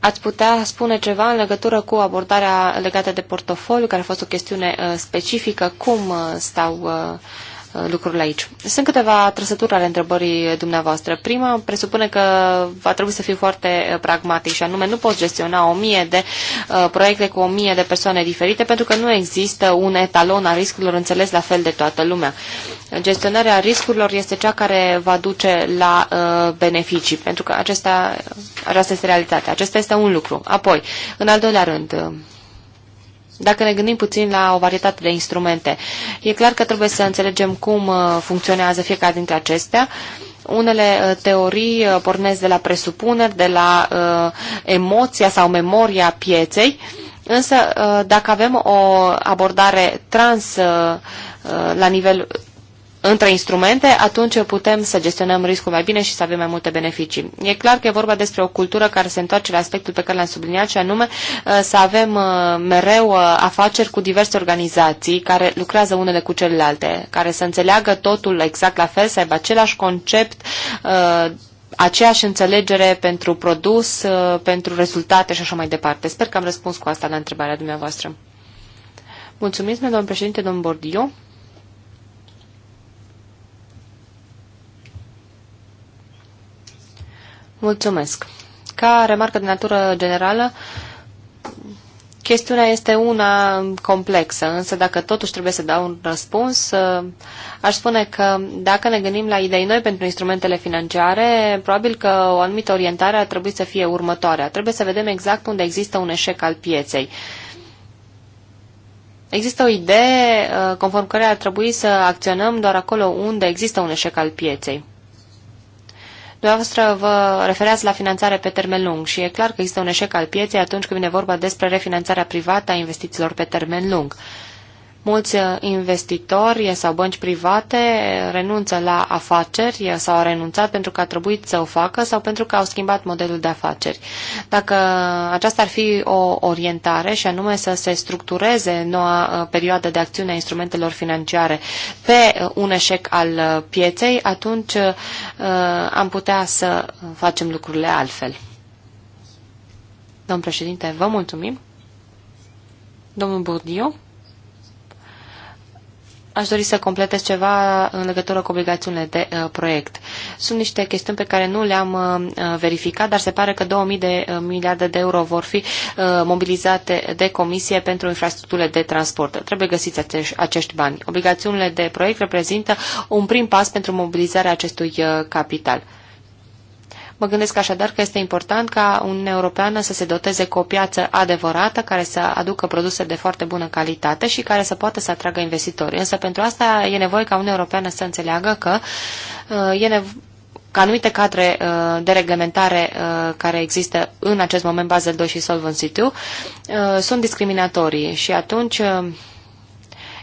Ați putea spune ceva în legătură cu abordarea legată de portofoliu, care a fost o chestiune uh, specifică, cum uh, stau uh, Uh, lucrurile aici. Sunt câteva trăsături ale întrebării dumneavoastră. Prima presupune că va trebui să fii foarte uh, pragmatic și anume nu poți gestiona o mie de uh, proiecte cu o mie de persoane diferite pentru că nu există un etalon a riscurilor înțeles la fel de toată lumea. Gestionarea riscurilor este cea care va duce la uh, beneficii pentru că acesta, aceasta este realitatea. Acesta este un lucru. Apoi, în al doilea rând, uh, dacă ne gândim puțin la o varietate de instrumente, e clar că trebuie să înțelegem cum uh, funcționează fiecare dintre acestea. Unele uh, teorii uh, pornesc de la presupuneri, de la emoția sau memoria pieței, însă dacă avem o abordare trans la nivel între instrumente, atunci putem să gestionăm riscul mai bine și să avem mai multe beneficii. E clar că e vorba despre o cultură care se întoarce la aspectul pe care l-am subliniat și anume uh, să avem uh, mereu uh, afaceri cu diverse organizații care lucrează unele cu celelalte, care să înțeleagă totul exact la fel, să aibă același concept aceeași înțelegere pentru produs, pentru rezultate și așa mai departe. Sper că am răspuns cu asta la întrebarea dumneavoastră. Mulțumim, domnul președinte, domnul Bordiu. Mulțumesc. Ca remarcă de natură generală, chestiunea este una complexă, însă dacă totuși trebuie să dau un răspuns, uh, aș spune că dacă ne gândim la idei noi pentru instrumentele financiare, probabil că o anumită orientare ar trebui să fie următoarea. Trebuie să vedem exact unde există un eșec al pieței. Există o idee uh, conform care ar trebui să acționăm doar acolo unde există un eșec al pieței. Dumneavoastră vă refereați la finanțare pe termen lung și e clar că există un eșec al pieței atunci când vine vorba despre refinanțarea privată a investițiilor pe termen lung. Mulți uh, investitori uh, sau bănci private uh, renunță la afaceri sau au renunțat pentru că a trebuit să o facă sau pentru că au schimbat modelul de afaceri. Dacă aceasta ar fi o orientare și anume să se structureze noua perioadă de acțiune a instrumentelor financiare pe un eșec al pieței, atunci am putea să facem lucrurile altfel. Domn președinte, vă mulțumim. Domnul Bourdieu. Aș dori să completez ceva în legătură cu obligațiunile de uh, proiect. Sunt niște chestiuni pe care nu le-am uh, verificat, dar se pare că 2000 de uh, miliarde de euro vor fi uh, mobilizate de comisie pentru infrastructurile de transport. Trebuie găsiți acești, acești bani. Obligațiunile de proiect reprezintă un prim pas pentru mobilizarea acestui uh, capital. Mă gândesc așadar că este important ca Uniunea Europeană să se doteze cu o piață adevărată, care să aducă produse de foarte bună calitate și care să poată să atragă investitori. Însă pentru asta e nevoie ca Uniunea Europeană să înțeleagă că uh, e nevoie ca anumite cadre uh, de reglementare uh, care există în acest moment Basel 2 și Solvency 2 uh, sunt discriminatorii și atunci uh,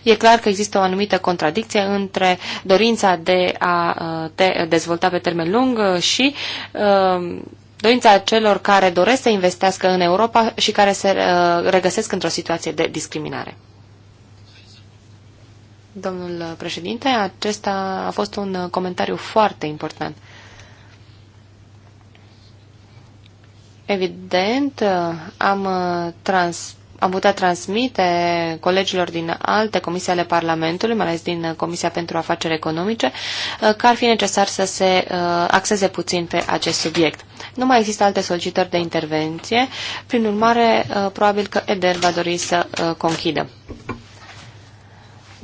E clar că există o anumită contradicție între dorința de a uh, te dezvolta pe termen lung uh, și uh, dorința celor care doresc să investească în Europa și care se regăsesc într-o situație de discriminare. Domnul președinte, acesta a fost un comentariu foarte important. Evident, am trans am putea transmite colegilor din alte comisii ale Parlamentului, mai ales din Comisia pentru Afaceri Economice, uh, că ar fi necesar să se uh, axeze puțin pe acest subiect. Nu mai există alte solicitări de intervenție, prin urmare, uh, probabil că EDER va dori să conchidă.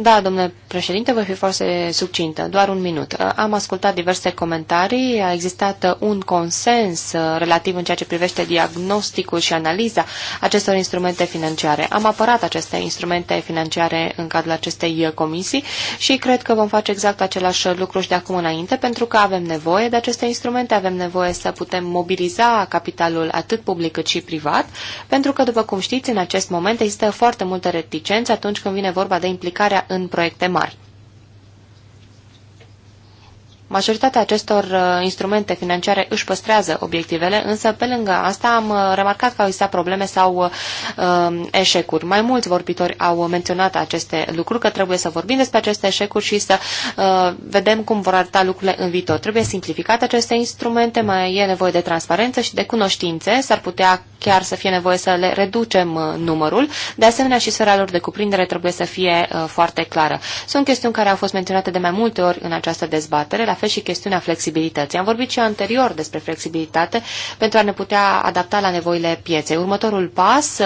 Da, domnule președinte, voi fi foarte succintă, doar un minut. Am ascultat diverse comentarii, a existat un consens relativ în ceea ce privește diagnosticul și analiza acestor instrumente financiare. Am apărat aceste instrumente financiare în cadrul acestei comisii și cred că vom face exact același lucru și de acum înainte, pentru că avem nevoie de aceste instrumente, avem nevoie să putem mobiliza capitalul atât public cât și privat, pentru că, după cum știți, în acest moment există foarte multă reticență atunci când vine vorba de implicarea în proiecte mari. Majoritatea acestor uh, instrumente financiare își păstrează obiectivele, însă pe lângă asta am uh, remarcat că au existat probleme sau uh, um, eșecuri. Mai mulți vorbitori au menționat aceste lucruri, că trebuie să vorbim despre aceste eșecuri și să uh, vedem cum vor arăta lucrurile în viitor. Trebuie simplificate aceste instrumente, mai e nevoie de transparență și de cunoștințe, s-ar putea chiar să fie nevoie să le reducem uh, numărul. De asemenea, și sfera lor de cuprindere trebuie să fie uh, foarte clară. Sunt chestiuni care au fost menționate de mai multe ori în această dezbatere, la fel și chestiunea flexibilității. Am vorbit și anterior despre flexibilitate pentru a ne putea adapta la nevoile pieței. Următorul pas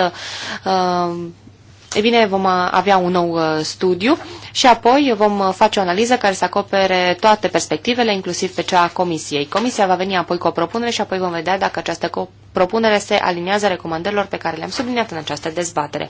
uh, E bine, vom avea un nou uh, studiu și apoi vom face o analiză care să acopere toate perspectivele, inclusiv pe cea a Comisiei. Comisia va veni apoi cu o propunere și apoi vom vedea dacă această propunere se aliniază recomandărilor pe care le-am subliniat în această dezbatere.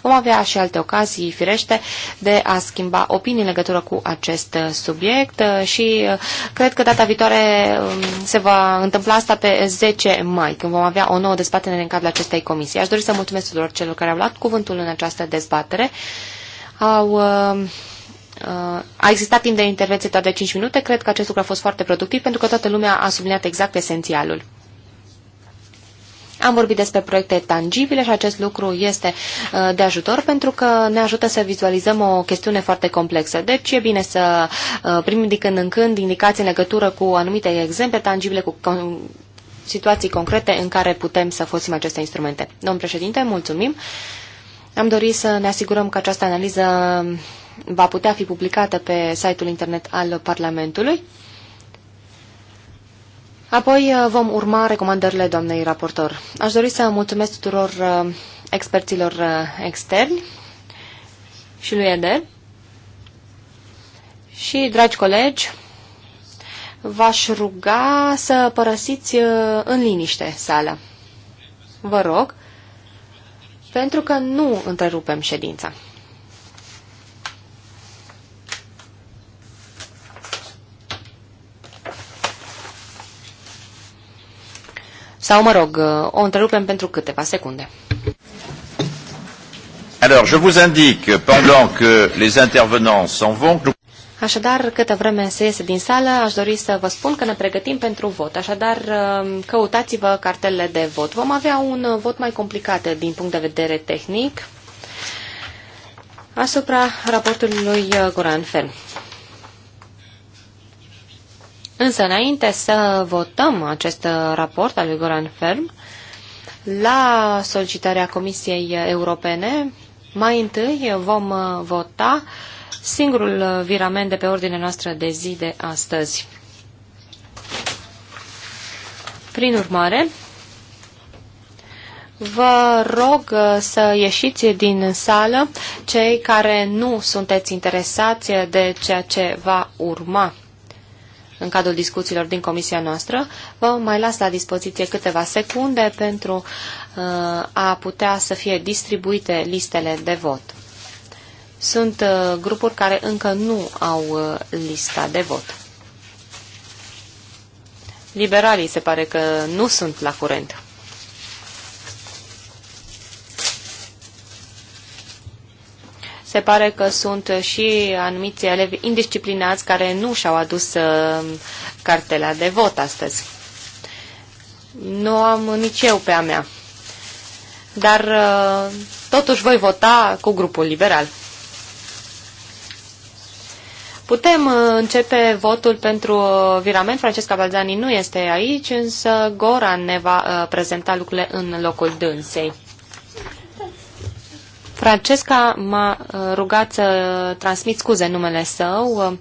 Vom avea și alte ocazii, firește, de a schimba opinii în legătură cu acest uh, subiect uh, și uh, cred că data viitoare um, se va întâmpla asta pe 10 mai, când vom avea o nouă dezbatere în cadrul acestei comisii. Aș dori să mulțumesc tuturor celor care au luat cuvântul în această dezbatere. Au a existat timp de intervenție doar de 5 minute, cred că acest lucru a fost foarte productiv pentru că toată lumea a subliniat exact esențialul. Am vorbit despre proiecte tangibile și acest lucru este uh, de ajutor pentru că ne ajută să vizualizăm o chestiune foarte complexă. Deci e bine să uh, primim din când în când indicații în legătură cu anumite exemple tangibile, cu situații concrete în care putem să folosim aceste instrumente. Domn președinte, mulțumim. Am dorit să ne asigurăm că această analiză va putea fi publicată pe site-ul internet al Parlamentului. Apoi uh, vom urma recomandările doamnei raportor. Aș dori să mulțumesc tuturor uh, experților uh, externi și lui Eder. Și, dragi colegi, v-aș ruga să părăsiți în liniște sala. Vă rog, pentru că nu întrerupem ședința. Sau, mă rog, o întrerupem pentru câteva secunde. Alors, je vous indique, pendant que les intervenants s'en vont, Așadar, câtă vreme se iese din sală, aș dori să vă spun că ne pregătim pentru vot. Așadar, um, căutați-vă cartelele de vot. Vom avea un uh, vot mai complicat din punct de vedere tehnic asupra raportului lui uh, Goran Fern. Însă, înainte să votăm acest raport al lui Goran Ferm, la solicitarea Comisiei Europene, mai întâi vom vota singurul virament de pe ordinea noastră de zi de astăzi. Prin urmare, Vă rog să ieșiți din sală cei care nu sunteți interesați de ceea ce va urma în cadrul discuțiilor din comisia noastră. Vă mai las la dispoziție câteva secunde pentru uh, a putea să fie distribuite listele de vot. Sunt uh, grupuri care încă nu au uh, lista de vot. Liberalii se pare că nu sunt la curent. se pare că sunt și anumiți elevi indisciplinați care nu și-au adus uh, cartela de vot astăzi. Nu am nici eu pe a mea. Dar uh, totuși voi vota cu grupul liberal. Putem uh, începe votul pentru virament. Francesca Balzani nu este aici, însă Goran ne va prezenta lucrurile în locul dânsei. Francesca m-a uh, rugat să transmit scuze numele său uh,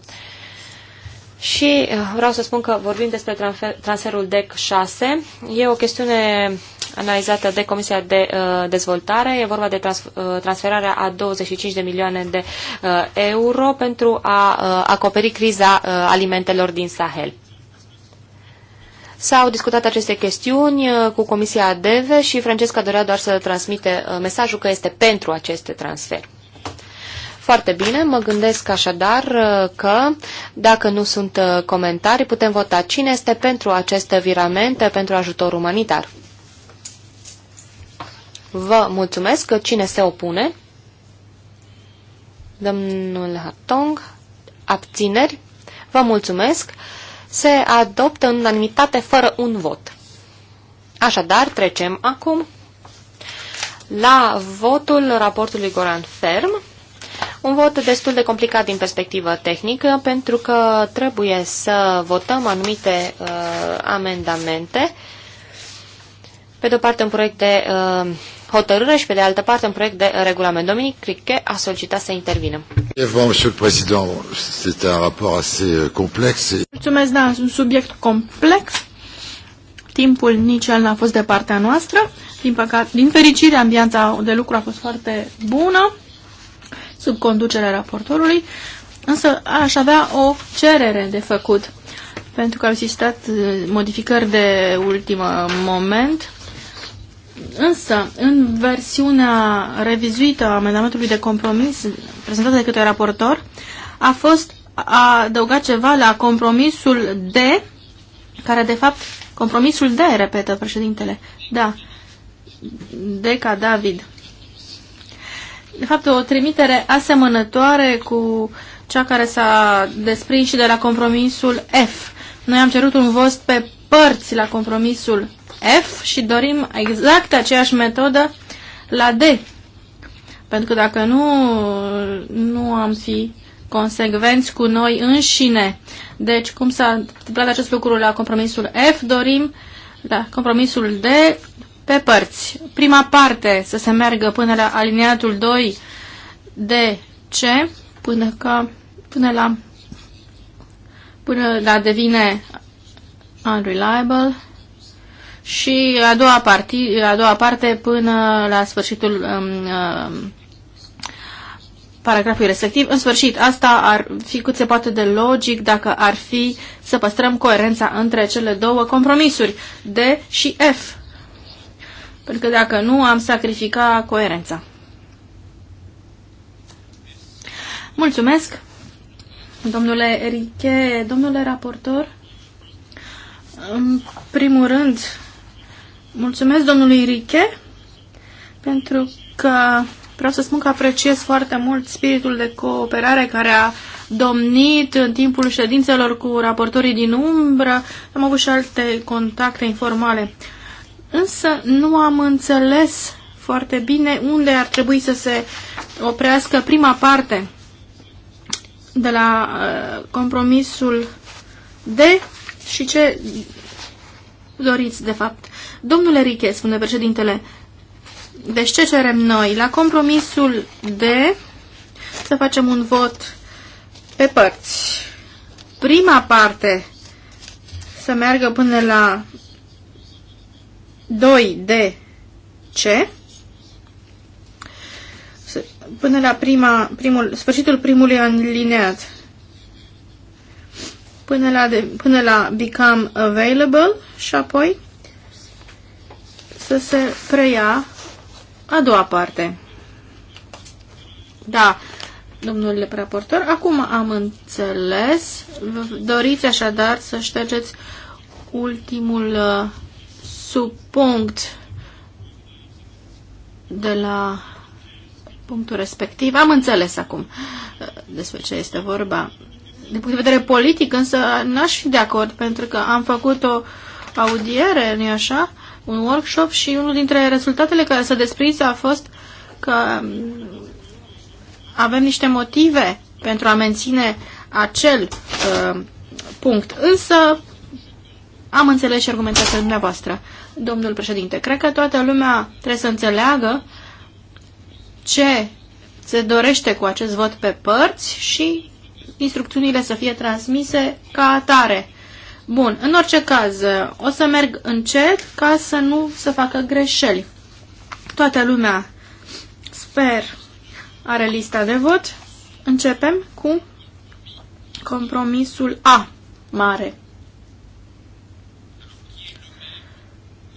și uh, vreau să spun că vorbim despre transferul DEC 6. E o chestiune analizată de Comisia de Dezvoltare. E vorba de transferarea a 25 de milioane de euro pentru a acoperi criza alimentelor din Sahel. S-au discutat aceste chestiuni uh, cu Comisia DEVE și Francesca dorea doar să transmite uh, mesajul că este pentru aceste transfer. Foarte bine, mă gândesc așadar uh, că dacă nu sunt comentarii, putem vota cine este pentru aceste viramente pentru ajutor umanitar. Vă mulțumesc că cine se opune. Domnul Hartong, abțineri, vă mulțumesc se adoptă în unanimitate fără un vot. Așadar, trecem acum la votul raportului Goran Ferm. Un vot destul de complicat din perspectivă tehnică, pentru că trebuie să votăm anumite uh, amendamente. Pe de o parte, un proiect de uh, hotărâre și, pe de altă parte, un proiect de regulament. Dominic Criche a solicitat să intervină. Euh, Mulțumesc, da, un subiect complex. Timpul nici el n-a fost de partea noastră. Din, păcat, din fericire, ambianța de lucru a fost foarte bună sub conducerea raportorului, însă aș avea o cerere de făcut pentru că au existat uh, modificări de ultim moment Însă, în versiunea revizuită a amendamentului de compromis prezentată de către raportor, a fost adăugat ceva la compromisul D, care de fapt, compromisul D, repetă președintele, da, D ca David. De fapt, o trimitere asemănătoare cu cea care s-a desprins și de la compromisul F. Noi am cerut un vost pe părți la compromisul F și dorim exact aceeași metodă la D. Pentru că dacă nu, nu am fi consecvenți cu noi înșine. Deci, cum s-a întâmplat acest lucru la compromisul F, dorim la compromisul D pe părți. Prima parte să se meargă până la aliniatul 2 de C, până, ca, până la până la devine unreliable și a doua, parti, a doua parte până la sfârșitul um, um, paragrafului respectiv. În sfârșit, asta ar fi cât se poate de logic dacă ar fi să păstrăm coerența între cele două compromisuri, D și F. Pentru că dacă nu, am sacrifica coerența. Mulțumesc, domnule Eriche, domnule raportor. În primul rând, Mulțumesc domnului Riche pentru că vreau să spun că apreciez foarte mult spiritul de cooperare care a domnit în timpul ședințelor cu raportorii din umbră. Am avut și alte contacte informale. Însă nu am înțeles foarte bine unde ar trebui să se oprească prima parte de la uh, compromisul D și ce doriți, de fapt. Domnule Riche, spune președintele, deci ce cerem noi? La compromisul de să facem un vot pe părți. Prima parte să meargă până la 2 de C până la prima, primul, sfârșitul primului alineat până la, de, până la become available și apoi să se preia a doua parte. Da, domnule preaportor, acum am înțeles. Doriți așadar să ștergeți ultimul uh, subpunct de la punctul respectiv. Am înțeles acum uh, despre ce este vorba. De punct de vedere politic, însă n-aș fi de acord, pentru că am făcut o audiere, nu-i așa? un workshop și unul dintre rezultatele care s-a desprins a fost că um, avem niște motive pentru a menține acel uh, punct. Însă am înțeles și argumentația dumneavoastră, domnul președinte. Cred că toată lumea trebuie să înțeleagă ce se dorește cu acest vot pe părți și instrucțiunile să fie transmise ca atare. Bun, în orice caz, o să merg încet ca să nu să facă greșeli. Toată lumea, sper, are lista de vot. Începem cu compromisul A, mare.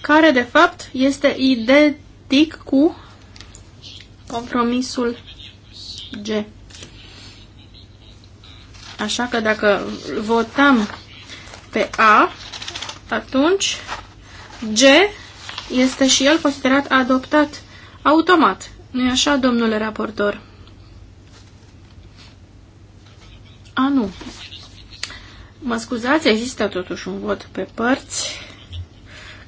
Care, de fapt, este identic cu compromisul G. Așa că dacă votăm pe A, atunci G este și el considerat adoptat automat. nu e așa, domnule raportor? A, nu. Mă scuzați, există totuși un vot pe părți.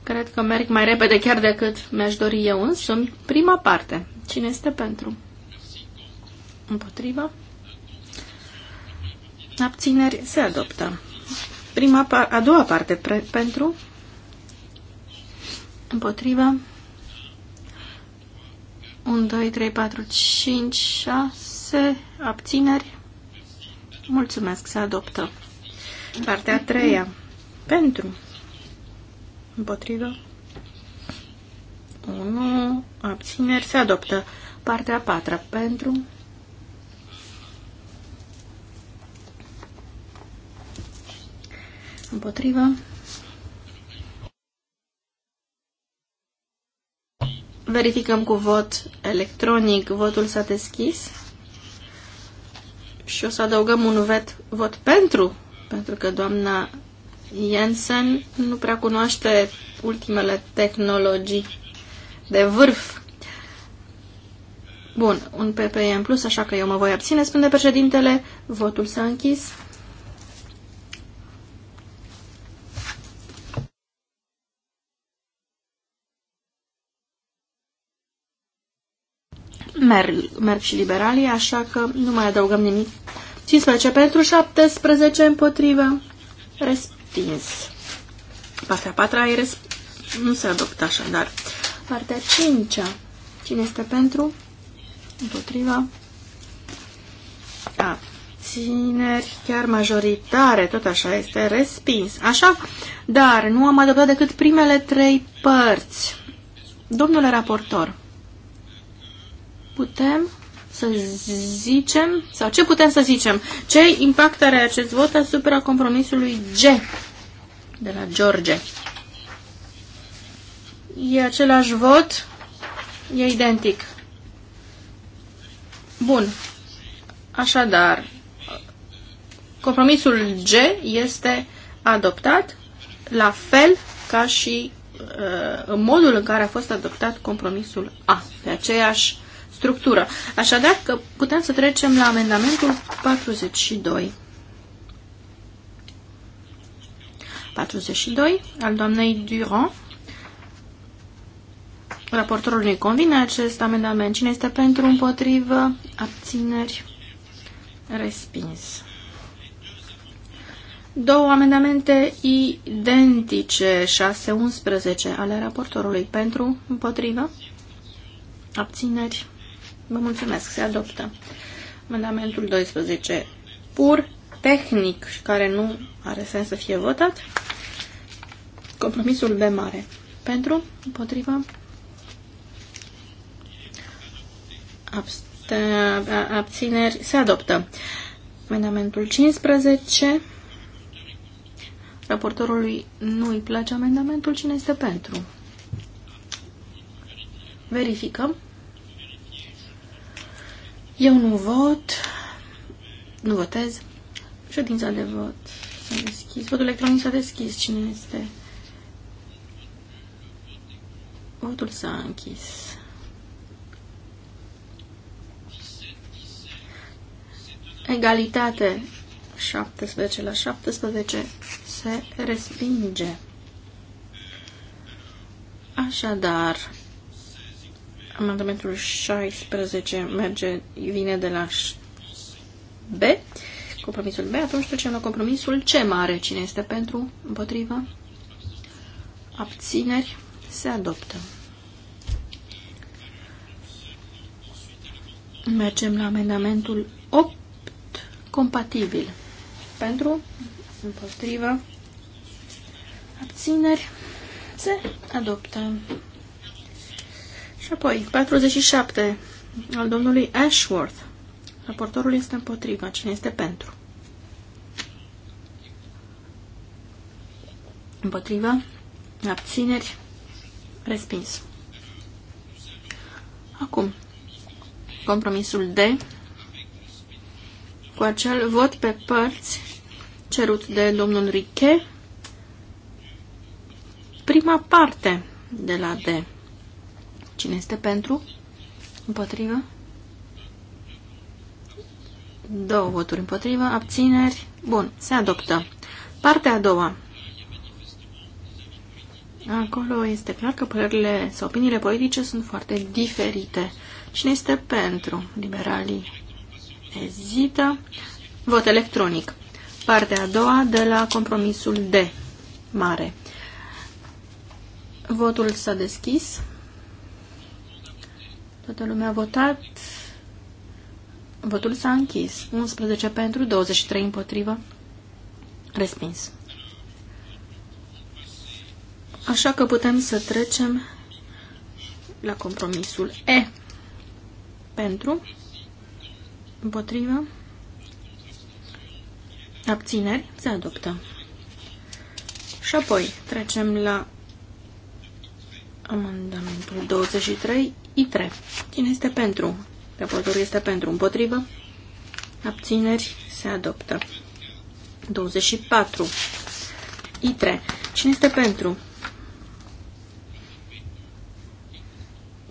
Cred că merg mai repede chiar decât mi-aș dori eu însumi. Prima parte. Cine este pentru? Împotriva? Abțineri se adoptă. Prima, par a doua parte pre, pentru, împotriva, 1, 2, 3, 4, 5, 6, abțineri. Mulțumesc, se adoptă. Partea a treia. Pentru. împotriva 1. Abțineri se adoptă. Partea a patra. Pentru. Împotrivă. Verificăm cu vot electronic. Votul s-a deschis. Și o să adăugăm un vet, vot pentru, pentru că doamna Jensen nu prea cunoaște ultimele tehnologii de vârf. Bun, un PPE în plus, așa că eu mă voi abține, spune președintele. Votul s-a închis. merg, merg și liberalii, așa că nu mai adăugăm nimic. 15 pentru 17 împotrivă. Respins. Partea 4 e resp, nu se adoptă așa, dar partea 5 -a. Cine este pentru? Împotriva. Țineri, chiar majoritare, tot așa este, respins. Așa, dar nu am adoptat decât primele trei părți. Domnule raportor, putem să zicem, sau ce putem să zicem, ce impact are acest vot asupra compromisului G de la George. E același vot, e identic. Bun. Așadar, compromisul G este adoptat la fel ca și uh, în modul în care a fost adoptat compromisul A, pe aceeași uh, structură. Așadar că putem să trecem la amendamentul 42. 42 al doamnei Durand. Raportorul nu-i convine acest amendament. Cine este pentru, împotrivă, abțineri, respins. Două amendamente identice, 6-11, ale raportorului. Pentru, împotrivă, abțineri, Vă mulțumesc, se adoptă. Amendamentul 12, pur tehnic și care nu are sens să fie votat. Compromisul B mare. Pentru, împotriva, abțineri, se adoptă. Amendamentul 15. Raportorului nu îi place amendamentul. Cine este pentru? Verificăm. Eu nu vot. Nu votez. Ședința de vot s-a deschis. Votul electronic s-a deschis. Cine este? Votul s-a închis. Egalitate 17 la 17 se respinge. Așadar, Amendamentul 16 merge, vine de la B, compromisul B, atunci trecem la compromisul C mare. Cine este pentru, împotrivă, abțineri, se adoptă. Mergem la amendamentul 8, compatibil. Pentru, împotrivă, abțineri, se adoptă. Și apoi, 47 al domnului Ashworth. Raportorul este împotriva. Cine este pentru? Împotriva. Abțineri. Respins. Acum, compromisul D cu acel vot pe părți cerut de domnul Riche. Prima parte de la D. Cine este pentru? Împotrivă? Două voturi împotrivă. Abțineri? Bun, se adoptă. Partea a doua. Acolo este clar că părerile sau opiniile politice sunt foarte diferite. Cine este pentru? Liberalii ezită. Vot electronic. Partea a doua de la compromisul D. Mare. Votul s-a deschis. Toată lumea a votat. Votul s-a închis. 11 pentru, 23 împotrivă. Respins. Așa că putem să trecem la compromisul E. Pentru, împotrivă, abțineri, se adoptă. Și apoi trecem la amendamentul 23 I3. Cine este pentru? Raportorul este pentru. Împotrivă? Abțineri? Se adoptă. 24. I3. Cine este pentru?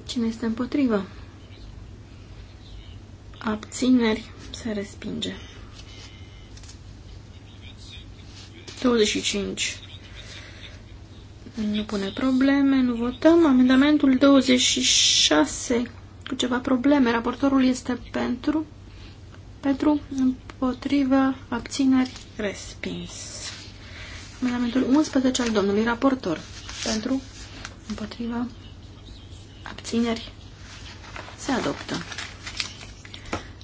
Cine este împotrivă? Abțineri? Se respinge. 25 nu pune probleme, nu votăm. Amendamentul 26 cu ceva probleme. Raportorul este pentru, pentru, împotrivă, abțineri, respins. Amendamentul 11 al domnului raportor. Pentru, împotrivă, abțineri, se adoptă.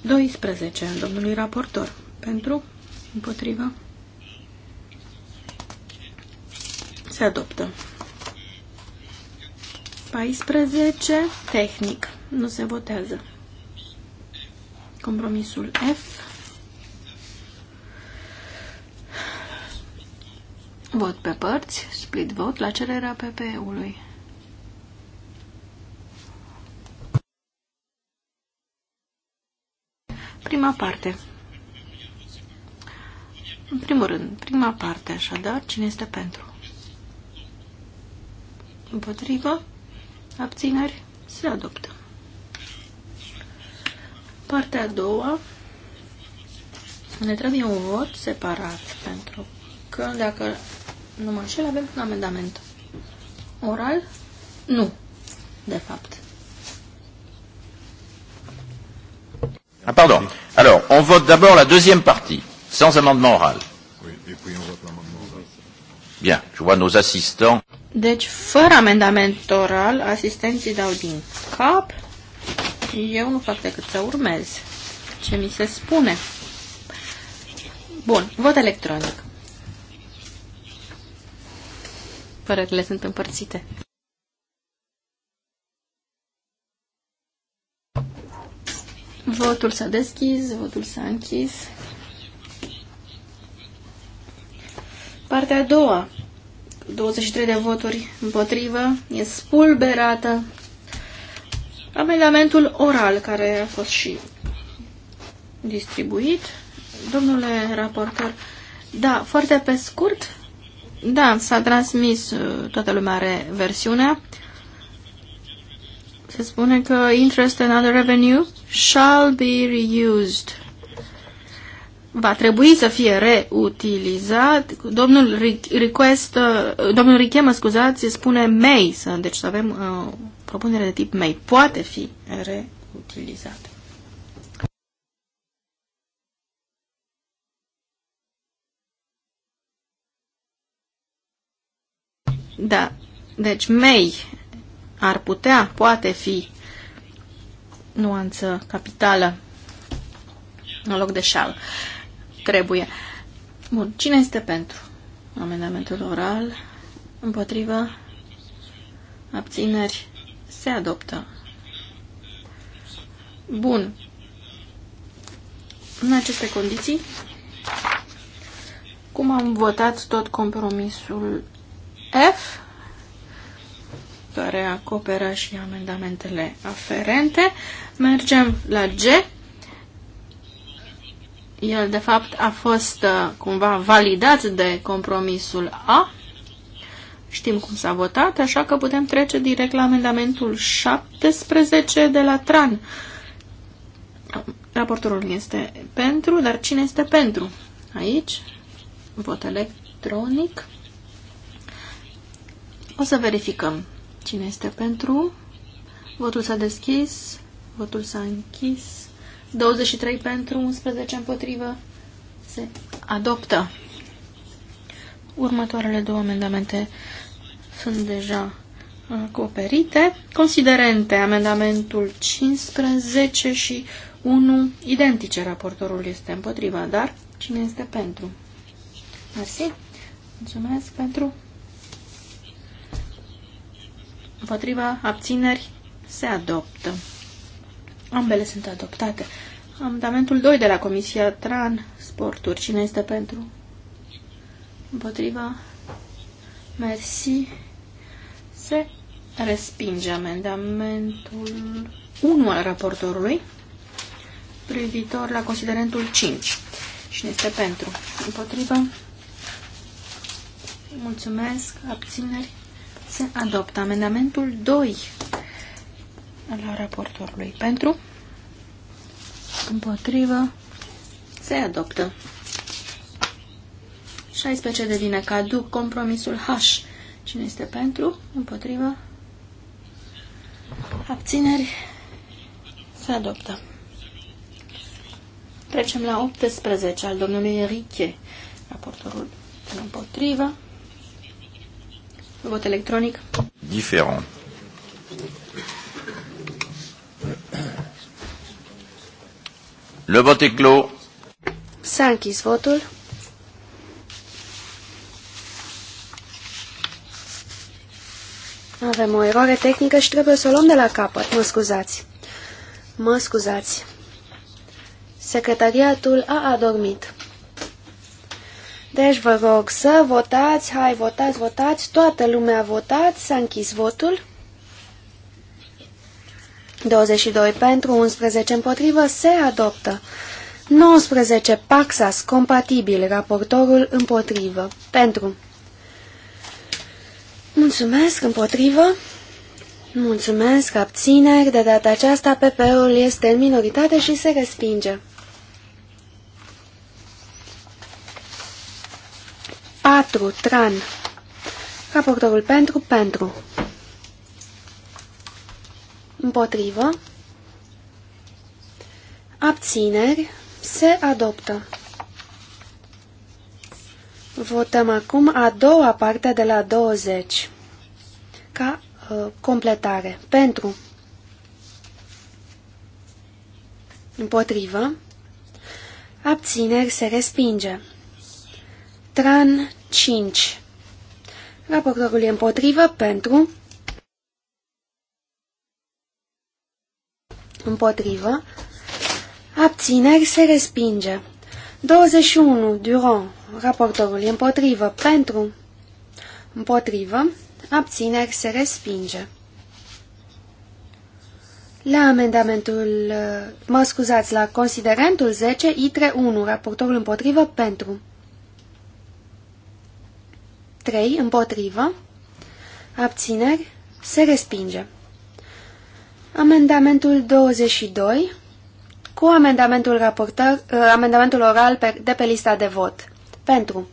12 al domnului raportor. Pentru, împotrivă, Se adoptă. 14. Tehnic. Nu se votează. Compromisul F. Vot pe părți. Split vot, la cererea PPE-ului. Prima parte. În primul rând, prima parte, așadar, cine este pentru? Împotrivă. Abțineri. Se adoptă. Partea a doua. Ne trebuie un vot separat pentru că dacă nu mă înșel, avem un amendament. Oral? Nu, de fapt. Ah, pardon. Alors, on vote d'abord la deuxième partie, sans amendement oral. Oui, et puis on vote l'amendement oral. Bien, je vois nos assistants. Deci, fără amendament oral, asistenții dau din cap. Eu nu fac decât să urmez ce mi se spune. Bun, vot electronic. Părerile sunt împărțite. Votul s-a deschis, votul s-a închis. Partea a doua 23 de voturi împotrivă, e spulberată. Amendamentul oral care a fost și distribuit. Domnule raportor, da, foarte pe scurt, da, s-a transmis, uh, toată lumea are versiunea. Se spune că interest and other revenue shall be reused va trebui să fie reutilizat. Domnul request, uh, domnul Riche, mă scuzați, spune may, să, deci să avem o uh, propunere de tip may. Poate fi reutilizat. Da, deci may ar putea, poate fi nuanță capitală în loc de shall. Uh, trebuie. Bun, cine este pentru amendamentul oral? Împotrivă? Abțineri? Se adoptă. Bun. În aceste condiții, cum am votat tot compromisul F, care acoperă și amendamentele aferente, mergem la G, el, de fapt, a fost uh, cumva validat de compromisul A. Știm cum s-a votat, așa că putem trece direct la amendamentul 17 de la TRAN. Raportorul este pentru, dar cine este pentru? Aici, vot electronic. O să verificăm cine este pentru. Votul s-a deschis, votul s-a închis. 23 pentru, 11 împotrivă. Se adoptă. Următoarele două amendamente sunt deja acoperite. Considerente amendamentul 15 și 1 identice. Raportorul este împotriva, dar cine este pentru? Mersi. Mulțumesc pentru. Împotriva abțineri se adoptă. Ambele sunt adoptate. Amendamentul 2 de la Comisia TRAN Sporturi. Cine este pentru? Împotriva? Mersi. Se respinge amendamentul 1 al raportorului privitor la considerentul 5. Cine este pentru? Împotriva? Mulțumesc. Abțineri. Se adoptă amendamentul 2 la raportorului pentru, împotrivă, se adoptă. 16 devine caduc compromisul H. Cine este pentru, împotrivă, abțineri, se adoptă. Trecem la 18 al domnului Riche, raportorul împotrivă, vot electronic. Diferent. Le vote est clos. S-a închis votul. Avem o eroare tehnică și trebuie să o luăm de la capăt. Mă scuzați. Mă scuzați. Secretariatul a adormit. Deci vă rog să votați, hai votați, votați, toată lumea a votat, s-a închis votul. 22 pentru, 11 împotrivă, se adoptă. 19. Paxas, compatibil, raportorul împotrivă. Pentru. Mulțumesc, împotrivă. Mulțumesc, abțineri. De data aceasta, PP-ul este în minoritate și se respinge. 4. Tran. Raportorul pentru, pentru. Împotrivă. Abțineri. Se adoptă. Votăm acum a doua parte de la 20 ca uh, completare. Pentru. Împotrivă. Abțineri se respinge. Tran 5. Raportorul e împotrivă pentru. Împotrivă. Abțineri se respinge. 21. Durand. Raportorul e împotrivă. Pentru. Împotrivă. Abțineri se respinge. La amendamentul, mă scuzați, la considerentul 10, ITRE 1, raportorul împotrivă, pentru. 3. Împotrivă. Abțineri. Se respinge. Amendamentul 22 cu amendamentul, raportor, uh, amendamentul oral pe, de pe lista de vot. Pentru.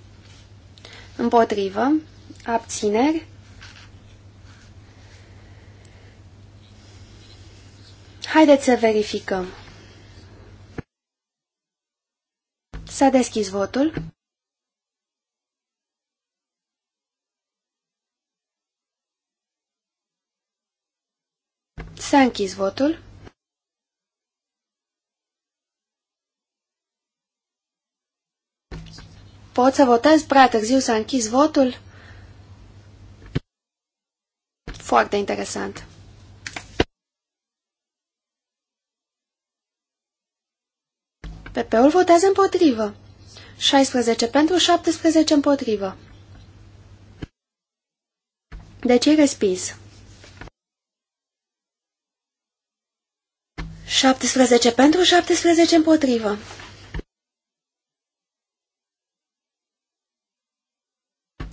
Împotrivă. Abțineri. Haideți să verificăm. S-a deschis votul. S-a închis votul. Pot să votez prea târziu s-a închis votul? Foarte interesant. PP-ul votează împotrivă. 16 pentru, 17 împotrivă. Deci e respins. 17 pentru, 17 împotrivă.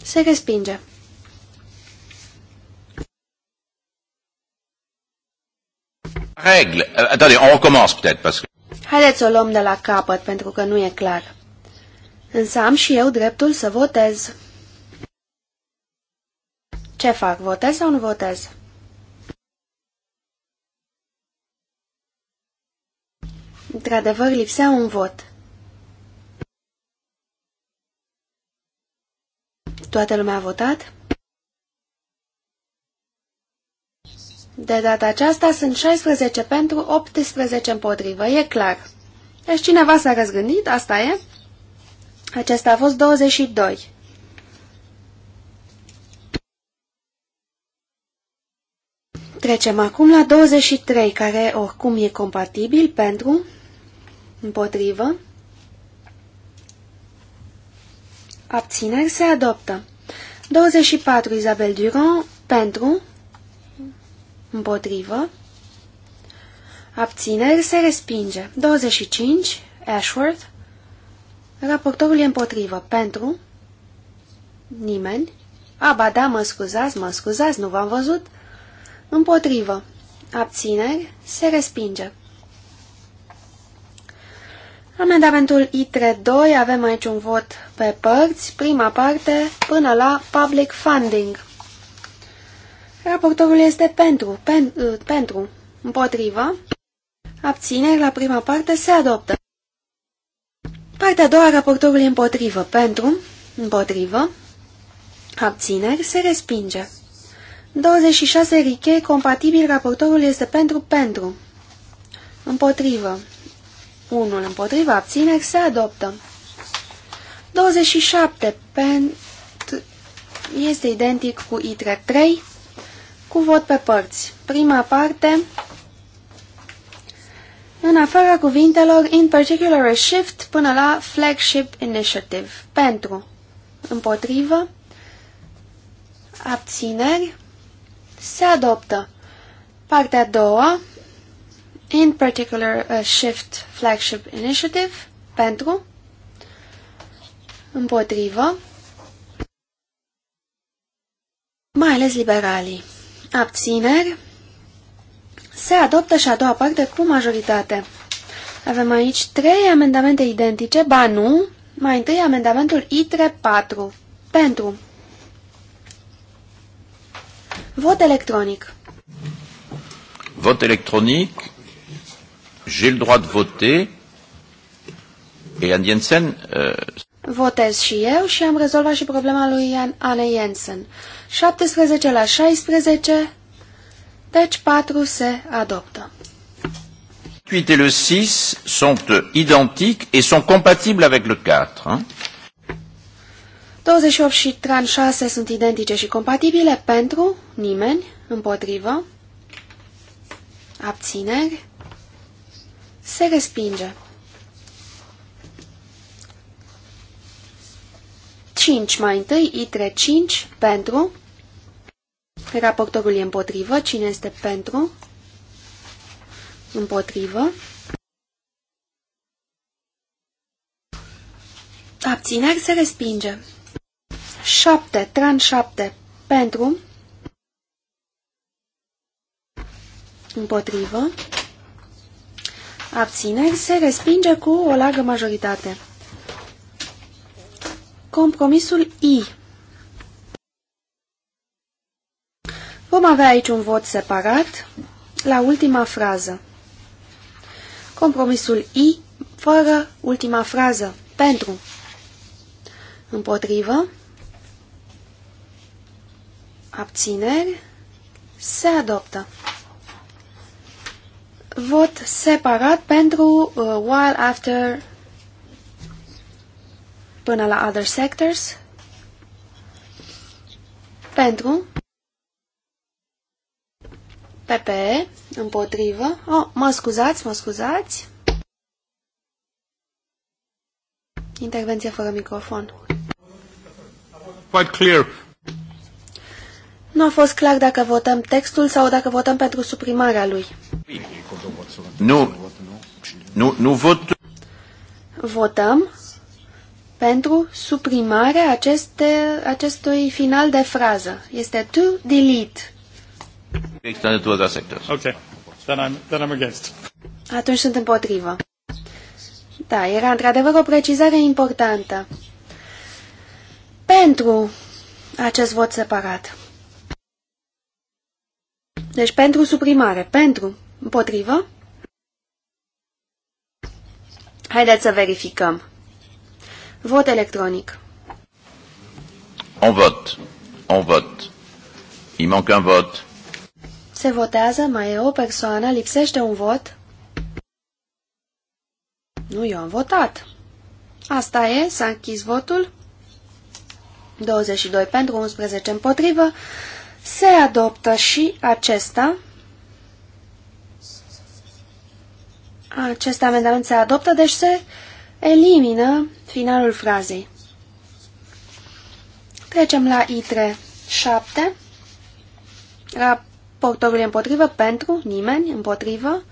Se respinge. Regle. Euh, attendez, on recommence peut-être parce que... Haideți să o luăm de la capăt, pentru că nu e clar. Însă am și eu dreptul să votez. Ce fac, votez sau nu votez? Într-adevăr, lipsea un vot. Toată lumea a votat? De data aceasta sunt 16 pentru, 18 împotrivă, e clar. Deci cineva s-a răzgândit, asta e. Acesta a fost 22. Trecem acum la 23, care oricum e compatibil pentru Împotrivă. Abțineri se adoptă. 24 Isabel Durand pentru. Împotrivă. Abțineri se respinge. 25 Ashworth. Raportorul e împotrivă. Pentru. Nimeni. Aba da, mă scuzați, mă scuzați, nu v-am văzut. Împotrivă. Abțineri se respinge. Amendamentul I3.2, avem aici un vot pe părți, prima parte, până la public funding. Raportorul este pentru, pen, uh, pentru, împotrivă. Abțineri la prima parte se adoptă. Partea a doua, raportorul e împotrivă, pentru, împotrivă. Abțineri se respinge. 26 richei, compatibil, raportorul este pentru, pentru. Împotrivă. Unul împotriva abțineri se adoptă. 27 pen... este identic cu ITRE 3 cu vot pe părți. Prima parte în afara cuvintelor in particular a shift până la flagship initiative. Pentru, împotrivă, abțineri, se adoptă. Partea a doua in particular a shift flagship initiative, pentru, împotrivă, mai ales liberalii. Abțineri se adoptă și a doua parte cu majoritate. Avem aici trei amendamente identice, ba nu, mai întâi amendamentul I34, pentru. Vot electronic. Vot electronic J'ai le droit de voter. Et Anne Jensen... Euh... Votez și eu și am rezolvat și problema lui Ian, Anne Jensen. 17 la 16, deci 4 se adoptă. 8 et le 6 sont identiques et sont compatibles avec le 4. Hein? 28 și 36 sunt identice și compatibile pentru nimeni, împotrivă, abțineri, se respinge. 5 mai întâi, ITRE 5, pentru. Raportorul e împotrivă. Cine este pentru? Împotrivă. Abțineri se respinge. 7, tran 7, pentru. Împotrivă abțineri, se respinge cu o largă majoritate. Compromisul I. Vom avea aici un vot separat la ultima frază. Compromisul I fără ultima frază. Pentru. Împotrivă. Abțineri. Se adoptă. Vot separat pentru uh, while after până la other sectors. Pentru PPE, împotrivă. Oh, mă scuzați, mă scuzați. Intervenție fără microfon. Quite clear. Nu a fost clar dacă votăm textul sau dacă votăm pentru suprimarea lui. Nu. Nu, nu vot. Votăm pentru suprimarea aceste, acestui final de frază. Este to delete. Extended to other sectors. Okay. Then I'm, then I'm against. Atunci sunt împotrivă. Da, era într-adevăr o precizare importantă. Pentru acest vot separat. Deci pentru suprimare, pentru, împotrivă. Haideți să verificăm. Vot electronic. On vot. On vot. Il manque un vot. Se votează, mai e o persoană, lipsește un vot. Nu, eu am votat. Asta e, s-a închis votul. 22 pentru, 11 împotrivă. Se adoptă și acesta. Acest amendament se adoptă, deci se elimină finalul frazei. Trecem la ITRE 7. Raportorul e împotrivă, pentru, nimeni, împotrivă.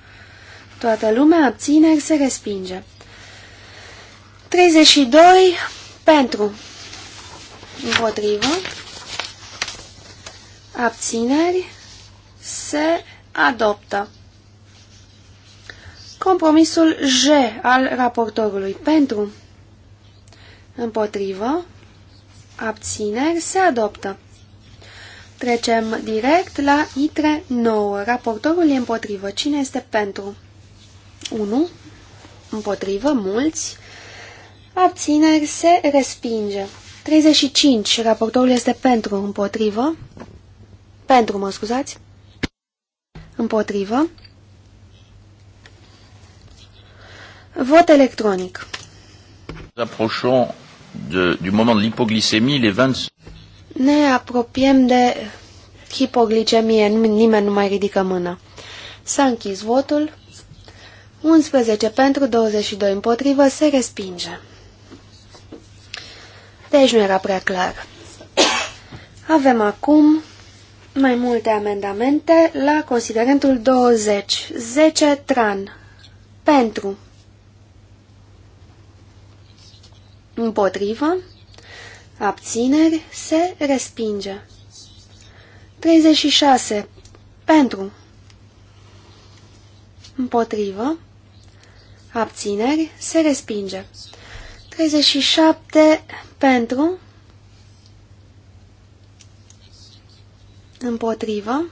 Toată lumea, abțineri, se respinge. 32, pentru, împotrivă, abțineri, se adoptă. Compromisul J al raportorului pentru, împotrivă, abțineri, se adoptă. Trecem direct la ITRE 9. Raportorul e împotrivă. Cine este pentru? 1. Împotrivă, mulți. Abțineri se respinge. 35. Raportorul este pentru, împotrivă. Pentru, mă scuzați. Împotrivă. Vot electronic. Approchons de, du moment de l'hypoglycémie, les 20... Ne apropiem de hipoglicemie, nimeni nu mai ridică mâna. S-a închis votul. 11 pentru, 22 împotrivă, se respinge. Deci nu era prea clar. Avem acum mai multe amendamente la considerentul 20. 10 tran. Pentru. Împotrivă. Abțineri. Se respinge. 36. Pentru. Împotrivă. Abțineri. Se respinge. 37. Pentru. Împotrivă.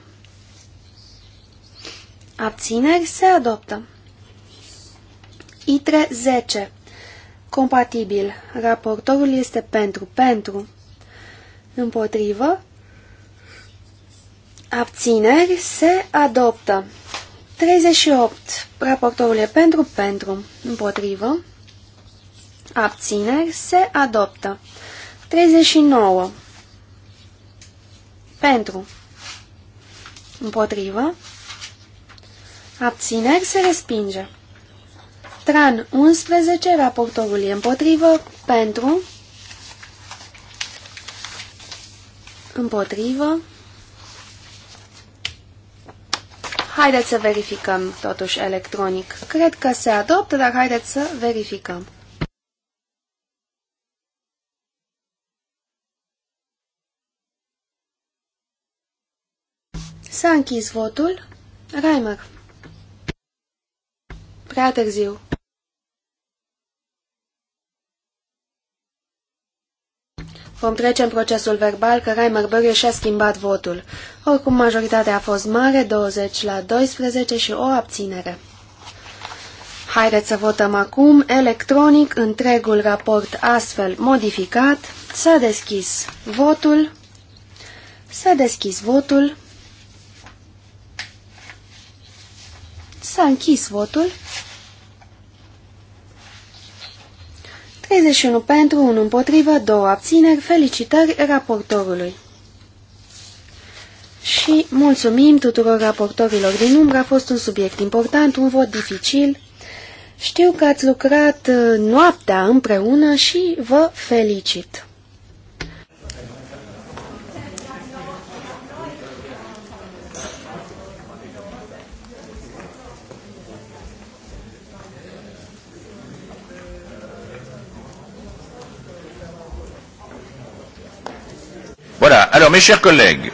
Abțineri se adoptă. ITRE 10. Compatibil. Raportorul este pentru. Pentru. Împotrivă. Abțineri se adoptă. 38. Raportorul e pentru. Pentru. Împotrivă. Abțineri se adoptă. 39. Pentru. Împotrivă. Abțineri se respinge. Tran 11, raportorul e împotrivă, pentru, împotrivă. Haideți să verificăm totuși electronic. Cred că se adoptă, dar haideți să verificăm. S-a închis votul. Raimer. Prea târziu. Vom trece în procesul verbal că Raimer Böge și-a schimbat votul. Oricum, majoritatea a fost mare, 20 la 12 și o abținere. Haideți să votăm acum electronic întregul raport astfel modificat. S-a deschis votul. S-a deschis votul. S-a închis votul. 31 pentru, 1 împotrivă, 2 abțineri. Felicitări raportorului. Și mulțumim tuturor raportorilor din umbră. A fost un subiect important, un vot dificil. Știu că ați lucrat uh, noaptea împreună și vă felicit. Alors, mes chers collègues...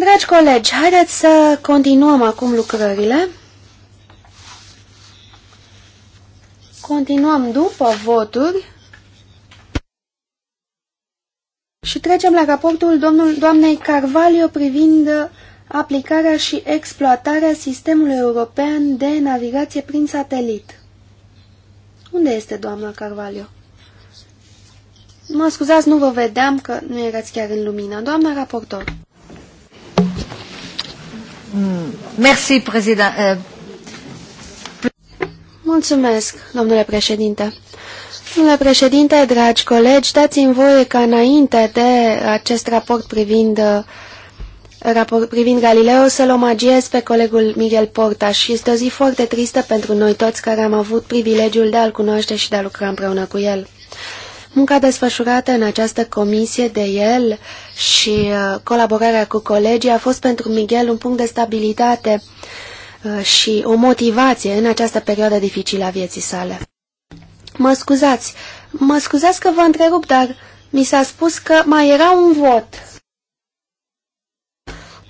Dragi colegi, haideți să continuăm acum lucrările. Continuăm după voturi și trecem la raportul domnul, doamnei Carvalho privind aplicarea și exploatarea sistemului european de navigație prin satelit. Unde este doamna Carvalho? Mă scuzați, nu vă vedeam că nu erați chiar în lumină. Doamna raportor. Hmm. Merci, euh, Mulțumesc, domnule președinte. Domnule președinte, dragi colegi, dați-mi voie ca înainte de acest raport privind, uh, raport privind Galileo să-l omagiez pe colegul Miguel Porta. și este o zi foarte tristă pentru noi toți care am avut privilegiul de a-l cunoaște și de a lucra împreună cu el. Munca desfășurată în această comisie de el și uh, colaborarea cu colegii a fost pentru Miguel un punct de stabilitate uh, și o motivație în această perioadă dificilă a vieții sale. Mă scuzați, mă scuzați că vă întrerup, dar mi s-a spus că mai era un vot.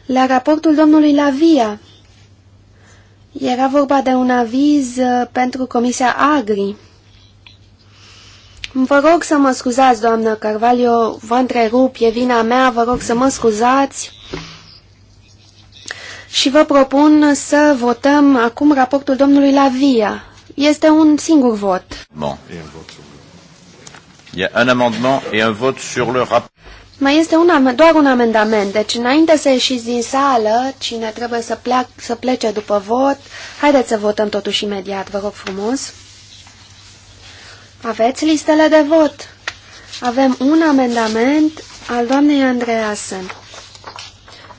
La raportul domnului Lavia era vorba de un aviz uh, pentru Comisia Agri. Vă rog să mă scuzați, doamnă Carvalho, vă întrerup, e vina mea, vă rog să mă scuzați. Și vă propun să votăm acum raportul domnului Lavia. Este un singur vot. Bon. Il un amendement et un vot sur le rapport. Mai este un, doar un amendament, deci înainte să ieșiți din sală, cine trebuie să, pleac, să plece după vot, haideți să votăm totuși imediat, vă rog frumos. Aveți listele de vot. Avem un amendament al doamnei Andreasen.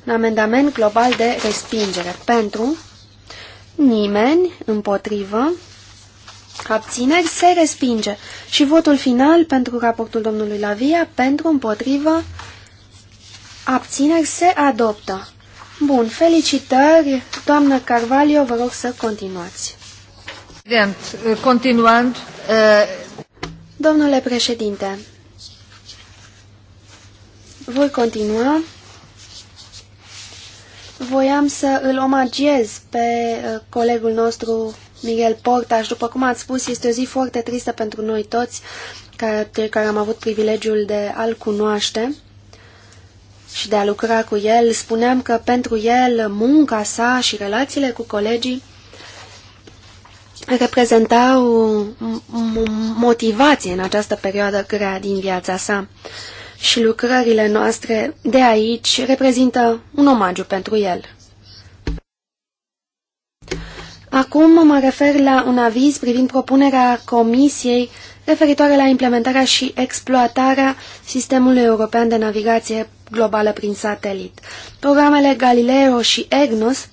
Un amendament global de respingere. Pentru nimeni, împotrivă, abțineri, se respinge. Și votul final pentru raportul domnului Lavia, pentru, împotrivă, abțineri, se adoptă. Bun, felicitări, doamnă Carvalho, vă rog să continuați. Continuând, uh... Domnule președinte, voi continua. Voiam să îl omagiez pe uh, colegul nostru Miguel Portaș. După cum ați spus, este o zi foarte tristă pentru noi toți, care, care am avut privilegiul de a-l cunoaște și de a lucra cu el. Spuneam că pentru el munca sa și relațiile cu colegii reprezenta o motivație în această perioadă grea din viața sa și lucrările noastre de aici reprezintă un omagiu pentru el. Acum mă refer la un aviz privind propunerea Comisiei referitoare la implementarea și exploatarea Sistemului European de Navigație Globală prin Satelit. Programele Galileo și EGNOS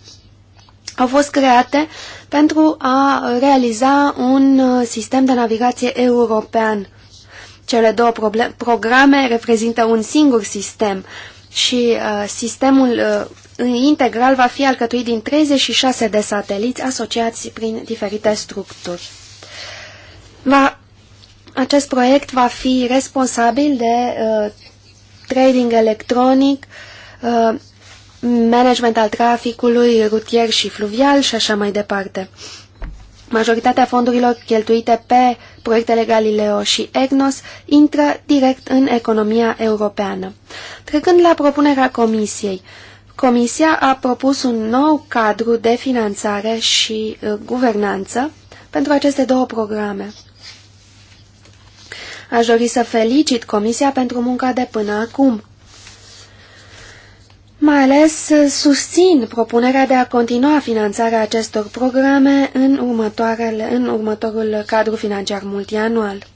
au fost create pentru a realiza un uh, sistem de navigație european. Cele două programe reprezintă un singur sistem și uh, sistemul uh, integral va fi alcătuit din 36 de sateliți asociați prin diferite structuri. Va, acest proiect va fi responsabil de uh, trading electronic, uh, management al traficului rutier și fluvial și așa mai departe. Majoritatea fondurilor cheltuite pe proiectele Galileo și EGNOS intră direct în economia europeană. Trecând la propunerea Comisiei, Comisia a propus un nou cadru de finanțare și uh, guvernanță pentru aceste două programe. Aș dori să felicit Comisia pentru munca de până acum. Mai ales uh, susțin propunerea de a continua finanțarea acestor programe în, următoarele, în următorul cadru financiar multianual.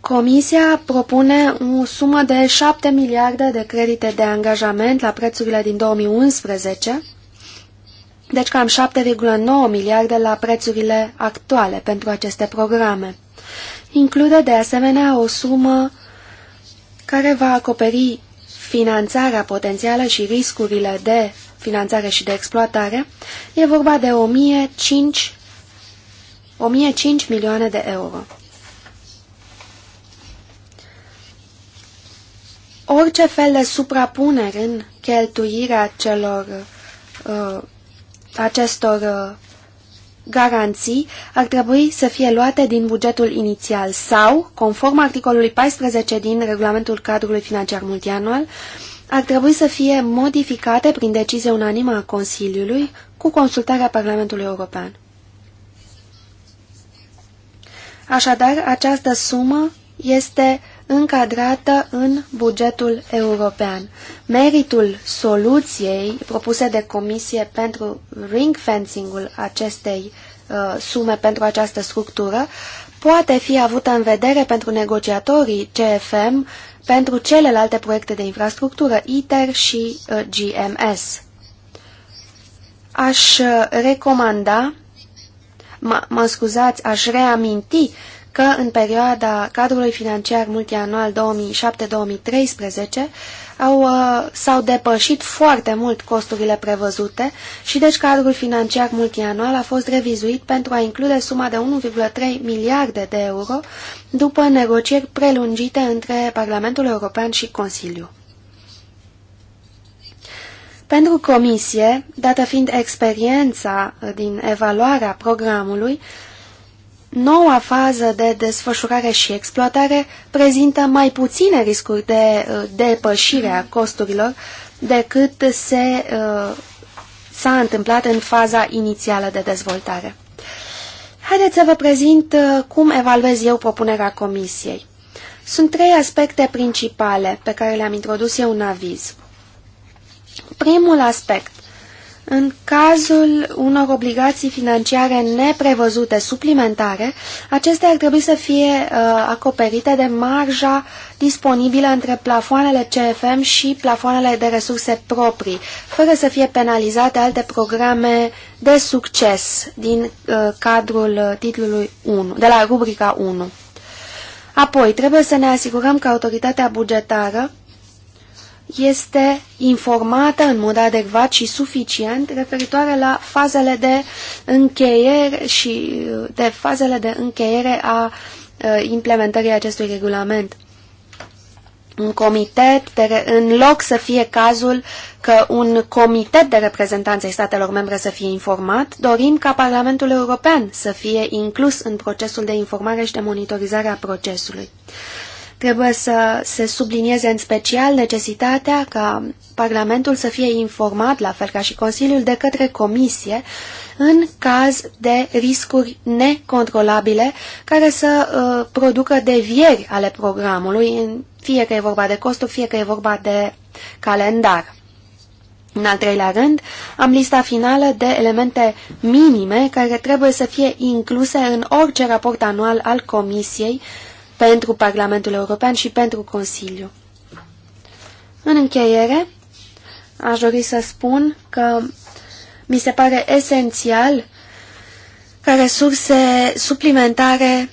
Comisia propune o sumă de 7 miliarde de credite de angajament la prețurile din 2011, deci cam 7,9 miliarde la prețurile actuale pentru aceste programe. Include de asemenea o sumă care va acoperi finanțarea potențială și riscurile de finanțare și de exploatare, e vorba de 1005, 1005 milioane de euro. Orice fel de suprapuneri în cheltuirea celor, uh, acestor uh, garanții ar trebui să fie luate din bugetul inițial sau, conform articolului 14 din Regulamentul Cadrului Financiar Multianual, ar trebui să fie modificate prin decizie unanimă a Consiliului cu consultarea Parlamentului European. Așadar, această sumă este încadrată în bugetul european. Meritul soluției propuse de comisie pentru ring fencing-ul acestei uh, sume pentru această structură poate fi avută în vedere pentru negociatorii CFM pentru celelalte proiecte de infrastructură ITER și uh, GMS. Aș uh, recomanda, mă scuzați, aș reaminti că în perioada cadrului financiar multianual 2007-2013 au, uh, s-au depășit foarte mult costurile prevăzute și deci cadrul financiar multianual a fost revizuit pentru a include suma de 1,3 miliarde de euro după negocieri prelungite între Parlamentul European și Consiliu. Pentru comisie, dată fiind experiența din evaluarea programului, Noua fază de desfășurare și exploatare prezintă mai puține riscuri de uh, depășire a costurilor decât se uh, s-a întâmplat în faza inițială de dezvoltare. Haideți să vă prezint uh, cum evaluez eu propunerea comisiei. Sunt trei aspecte principale pe care le-am introdus eu în aviz. Primul aspect în cazul unor obligații financiare neprevăzute suplimentare, acestea ar trebui să fie uh, acoperite de marja disponibilă între plafoanele CFM și plafoanele de resurse proprii, fără să fie penalizate alte programe de succes din uh, cadrul titlului 1, de la rubrica 1. Apoi, trebuie să ne asigurăm că autoritatea bugetară este informată în mod adecvat și suficient referitoare la fazele de încheiere și de fazele de încheiere a implementării acestui regulament. Un comitet, de, în loc să fie cazul că un comitet de reprezentanți ai statelor membre să fie informat, dorim ca Parlamentul European să fie inclus în procesul de informare și de monitorizare a procesului. Trebuie să se sublinieze în special necesitatea ca Parlamentul să fie informat, la fel ca și Consiliul, de către Comisie în caz de riscuri necontrolabile care să uh, producă devieri ale programului, fie că e vorba de costuri, fie că e vorba de calendar. În al treilea rând, am lista finală de elemente minime care trebuie să fie incluse în orice raport anual al Comisiei uh, pentru Parlamentul European și pentru Consiliu. În încheiere, aș dori să spun că mi se pare esențial ca resurse suplimentare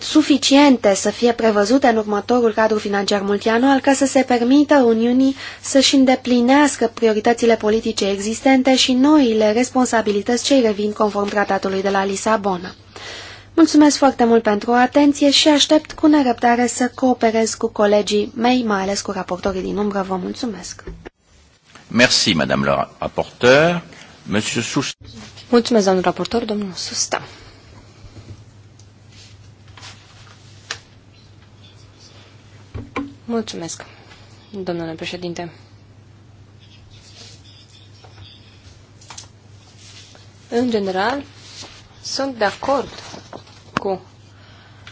suficiente să fie prevăzute în următorul cadru financiar multianual ca să se permită Uniunii să-și îndeplinească prioritățile politice existente și noile responsabilități ce revin conform tratatului de la Lisabona. Mulțumesc foarte mult pentru atenție și aștept cu nerăbdare să cooperez cu colegii mei, mai ales cu raportorii din umbră. Vă mulțumesc! Merci, Madame la raporteur. Monsieur Sus... Mulțumesc, domnul raportor, domnul Susta. Mulțumesc, domnule președinte. În general, sunt de acord cu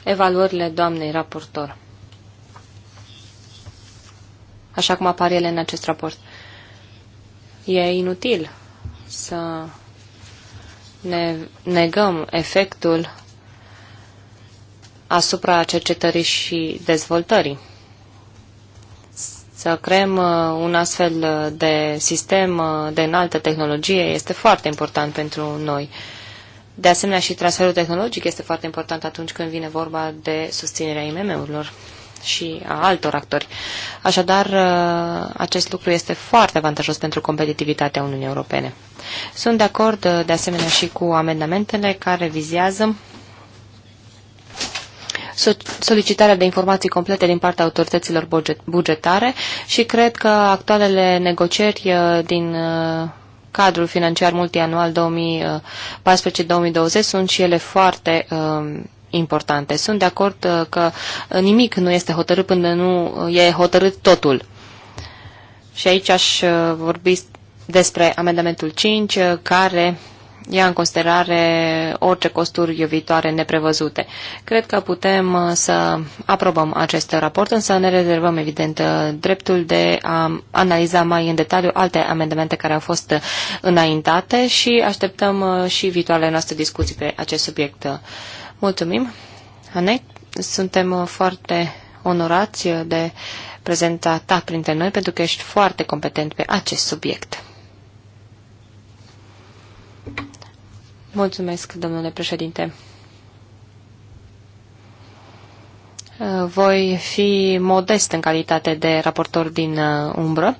evaluările doamnei raportor. Așa cum apar ele în acest raport. E inutil să ne negăm efectul asupra cercetării și dezvoltării. Să creăm uh, un astfel de sistem uh, de înaltă tehnologie este foarte important pentru noi. De asemenea, și transferul tehnologic este foarte important atunci când vine vorba de susținerea IMM-urilor și a altor actori. Așadar, uh, acest lucru este foarte avantajos pentru competitivitatea Uniunii Europene. Sunt de acord, uh, de asemenea, și cu amendamentele care vizează solicitarea de informații complete din partea autorităților bugetare și cred că actualele negocieri uh, din cadrul financiar multianual 2014-2020 sunt și ele foarte um, importante. Sunt de acord uh, că nimic nu este hotărât până nu uh, e hotărât totul. Și aici aș uh, vorbi despre amendamentul 5, care ia în considerare orice costuri viitoare neprevăzute. Cred că putem uh, să aprobăm acest raport, însă ne rezervăm, evident, uh, dreptul de a analiza mai în detaliu alte amendamente care au fost uh, înaintate și așteptăm și viitoarele noastre discuții pe acest subiect. Mulțumim, Anec. Suntem foarte onorați de prezenta ta printre noi pentru că ești foarte competent pe acest subiect. Mulțumesc, domnule președinte. Voi fi modest în calitate de raportor din uh, umbră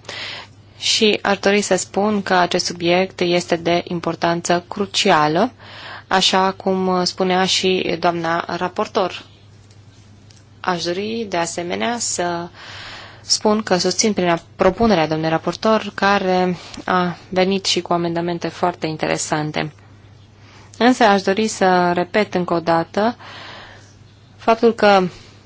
și ar dori să spun că acest subiect este de importanță crucială, așa cum spunea și doamna raportor. Aș dori, de asemenea, să spun că susțin prin propunerea domnului raportor, care a venit și cu amendamente foarte interesante. Însă aș dori să repet încă o dată faptul că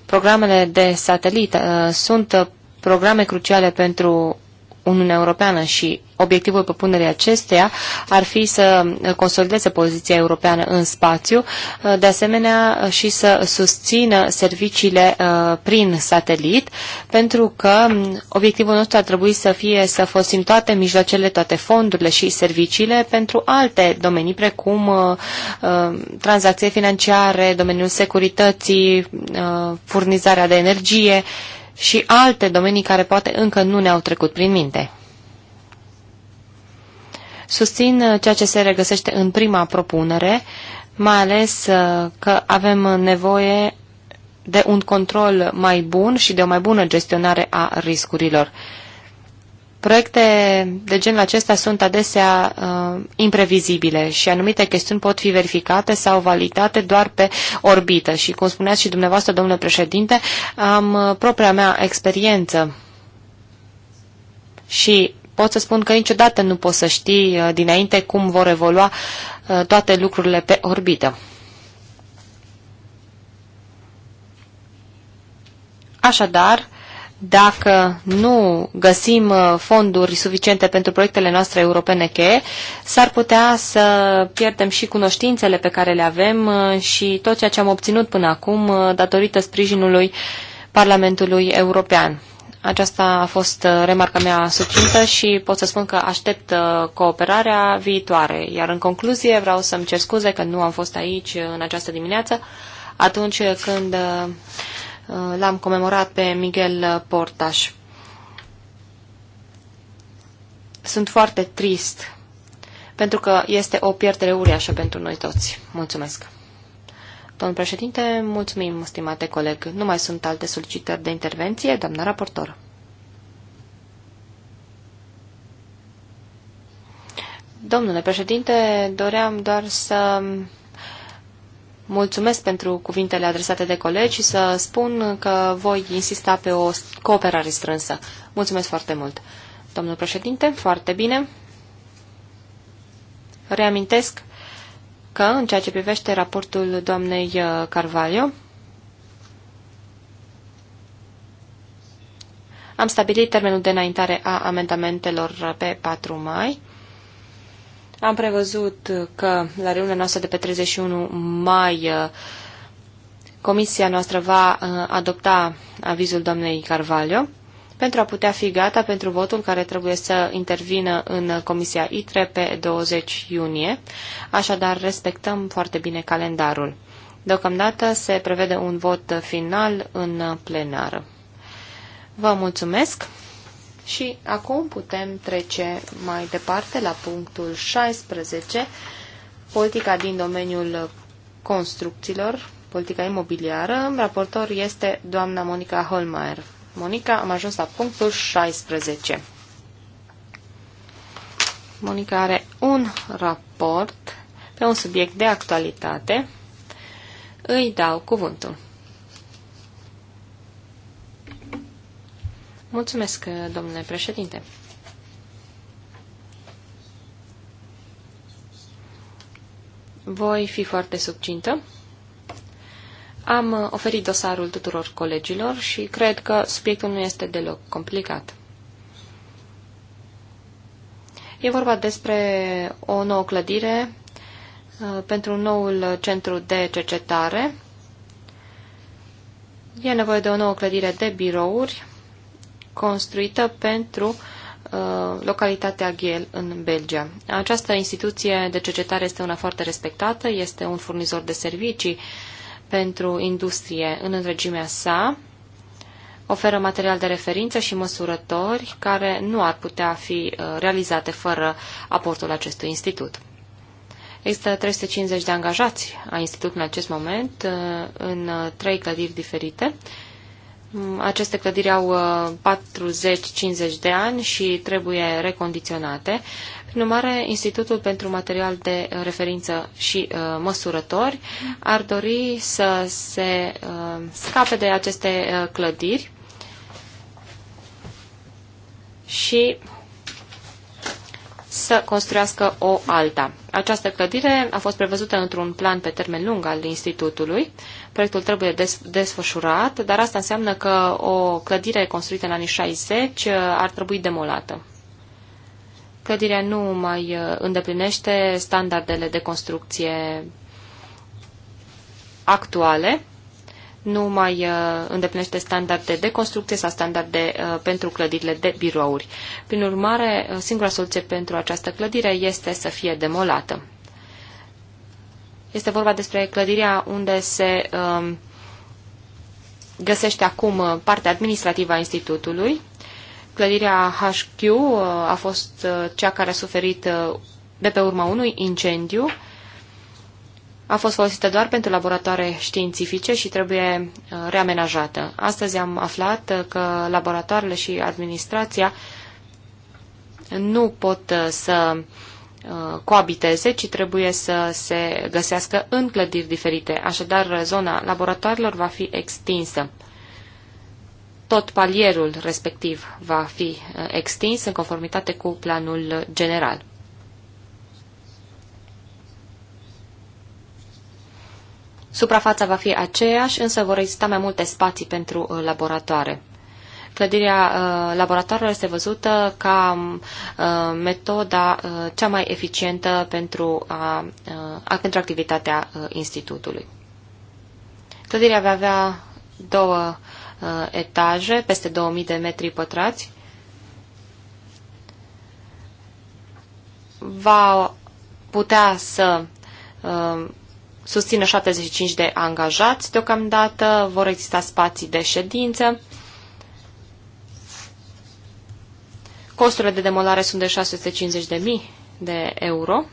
programele de satelit uh, sunt uh, programe cruciale pentru Uniunea Europeană și obiectivul propunerii acesteia ar fi să consolideze poziția europeană în spațiu, uh, de asemenea uh, și să susțină serviciile uh, prin satelit, pentru că um, obiectivul nostru ar trebui să fie să folosim toate mijloacele, toate fondurile și serviciile pentru alte domenii, precum tranzacții financiare, domeniul securității, furnizarea de energie și alte domenii care poate încă nu ne-au trecut prin minte. Susțin uh, ceea ce se regăsește în prima propunere, mai ales uh, că avem nevoie de un control mai bun și de o mai bună gestionare a riscurilor. Proiecte de genul acesta sunt adesea uh, imprevizibile și anumite chestiuni pot fi verificate sau validate doar pe orbită. Și cum spuneați și dumneavoastră, domnule președinte, am uh, propria mea experiență și pot să spun că niciodată nu poți să știi uh, dinainte cum vor evolua uh, toate lucrurile pe orbită. Așadar, dacă nu găsim uh, fonduri suficiente pentru proiectele noastre europene cheie, s-ar putea să pierdem și cunoștințele pe care le avem și tot ceea ce am obținut până acum datorită sprijinului Parlamentului European. Aceasta a fost uh, remarca mea succintă și pot să spun că aștept uh, cooperarea viitoare. Iar în concluzie vreau să-mi cer scuze că nu am fost aici uh, în această dimineață, atunci când l-am comemorat pe Miguel Portaș. Sunt foarte trist, pentru că este o pierdere uriașă pentru noi toți. Mulțumesc! Domnul președinte, mulțumim, stimate coleg. Nu mai sunt alte solicitări de intervenție, doamna raportor. Domnule președinte, doream doar să mulțumesc pentru cuvintele adresate de colegi și să spun că voi insista pe o cooperare strânsă. Mulțumesc foarte mult. Domnul președinte, foarte bine. Reamintesc că, în ceea ce privește raportul doamnei uh, Carvalho, am stabilit termenul de înaintare a amendamentelor pe 4 mai. Am prevăzut că la reuniunea noastră de pe 31 mai uh, comisia noastră va uh, adopta avizul doamnei Carvalho pentru a putea fi gata pentru votul care trebuie să intervină în Comisia ITRE pe 20 iunie, așadar respectăm foarte bine calendarul. Deocamdată se prevede un vot final în plenară. Vă mulțumesc și acum putem trece mai departe la punctul 16, politica din domeniul construcțiilor, politica imobiliară. Raportor este doamna Monica Holmeier. Monica, am ajuns la punctul 16. Monica are un raport pe un subiect de actualitate. Îi dau cuvântul. Mulțumesc, domnule președinte. Voi fi foarte subcintă. Am uh, oferit dosarul tuturor colegilor și cred că subiectul nu este deloc complicat. E vorba despre o nouă clădire uh, pentru noul centru de cercetare. E nevoie de o nouă clădire de birouri construită pentru uh, localitatea Ghiel în Belgia. Această instituție de cercetare este una foarte respectată, este un furnizor de servicii uh, pentru industrie în întregimea sa, oferă material de referință și măsurători care nu ar putea fi uh, realizate fără aportul acestui institut. Există 350 de angajați a institutului în acest moment uh, în uh, trei clădiri diferite. Mm, aceste clădiri au 40-50 de ani și trebuie recondiționate. Prin urmare, Institutul pentru Material de uh, Referință și uh, Măsurători ar dori să se uh, scape de aceste uh, clădiri și să construiască o alta. Această clădire a fost prevăzută într-un plan pe termen lung al Institutului. Proiectul trebuie des desfășurat, dar asta înseamnă că o clădire construită în anii 60 uh, ar trebui demolată. Clădirea nu mai uh, îndeplinește standardele de construcție actuale, nu mai uh, îndeplinește standarde de construcție sau standarde uh, pentru clădirile de birouri. Prin urmare, singura soluție pentru această clădire este să fie demolată. Este vorba despre clădirea unde se um, găsește acum partea administrativă a institutului, Clădirea HQ uh, a fost uh, cea care a suferit uh, de pe urma unui incendiu. A fost folosită doar pentru laboratoare științifice și trebuie reamenajată. Astăzi am aflat că laboratoarele și administrația nu pot să coabiteze, ci trebuie să se găsească în clădiri diferite. Așadar, zona laboratoarelor va fi extinsă tot palierul respectiv va fi uh, extins în conformitate cu planul general. Suprafața va fi aceeași, însă vor exista mai multe spații pentru uh, laboratoare. Clădirea uh, laboratoarelor este văzută ca metoda cea mai eficientă pentru, a, pentru activitatea institutului. Clădirea va avea două Uh, etaje, peste 2000 de metri pătrați. Va putea să uh, susțină 75 de angajați deocamdată, vor exista spații de ședință. Costurile de demolare sunt de 650.000 de euro.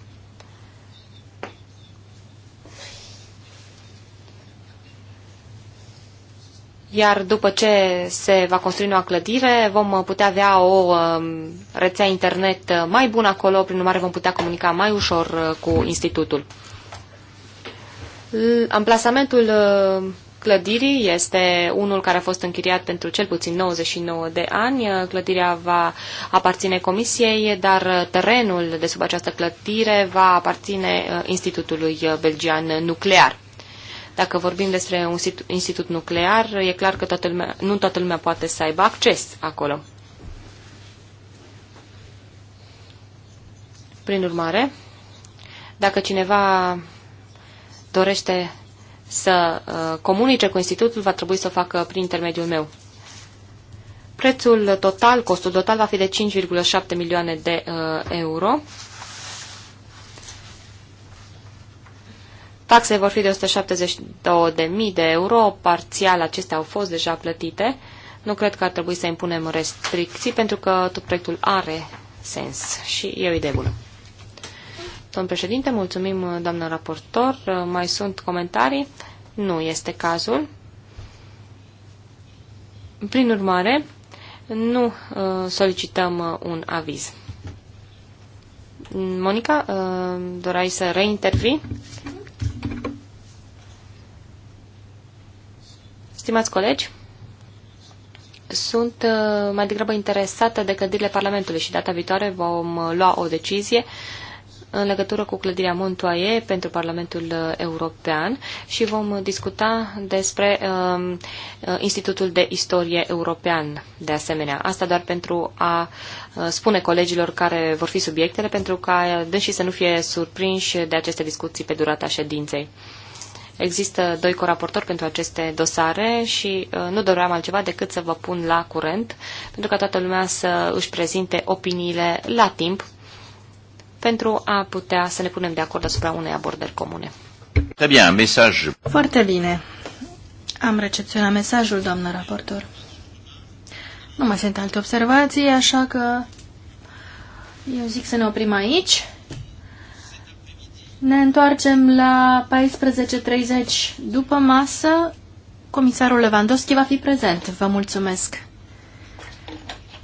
Iar după ce se va construi noua clădire, vom putea avea o um, rețea internet mai bună acolo, prin urmare vom putea comunica mai ușor uh, cu institutul. Amplasamentul uh, clădirii este unul care a fost închiriat pentru cel puțin 99 de ani. Uh, clădirea va aparține comisiei, dar terenul de sub această clădire va aparține Institutului Belgian Nuclear. Dacă vorbim despre un institut nuclear, e clar că toată lumea, nu toată lumea poate să aibă acces acolo. Prin urmare, dacă cineva dorește să uh, comunice cu institutul, va trebui să o facă prin intermediul meu. Prețul total, costul total va fi de 5,7 milioane de uh, euro Taxe vor fi de 172.000 de euro, parțial acestea au fost deja plătite. Nu cred că ar trebui să impunem restricții, pentru că tot proiectul are sens și e o idee bună. Domn președinte, mulțumim, doamnă raportor. Mai sunt comentarii? Nu este cazul. Prin urmare, nu uh, solicităm uh, un aviz. Monica, uh, dorai să reintervii? Stimați colegi, sunt uh, mai degrabă interesată de clădirile Parlamentului și data viitoare vom uh, lua o decizie în legătură cu clădirea Montoie pentru Parlamentul uh, European și vom discuta despre um, Institutul de Istorie European de asemenea. Asta doar pentru a spune colegilor care vor fi subiectele, pentru ca dânsii să nu fie surprinși de aceste discuții pe durata ședinței. Există doi coraportori pentru aceste dosare și uh, nu doream altceva decât să vă pun la curent, pentru ca toată lumea să își prezinte opiniile la timp, pentru a putea să ne punem de acord asupra unei abordări comune. Foarte bine. Am recepționat mesajul, doamnă raportor. Nu mai sunt alte observații, așa că eu zic să ne oprim aici. Ne întoarcem la 14.30 după masă. Comisarul Lewandowski va fi prezent. Vă mulțumesc.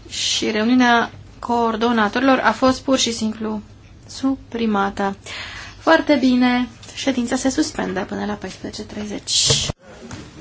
Și reuniunea coordonatorilor a fost pur și simplu suprimată. Foarte bine. Ședința se suspendă până la 14.30.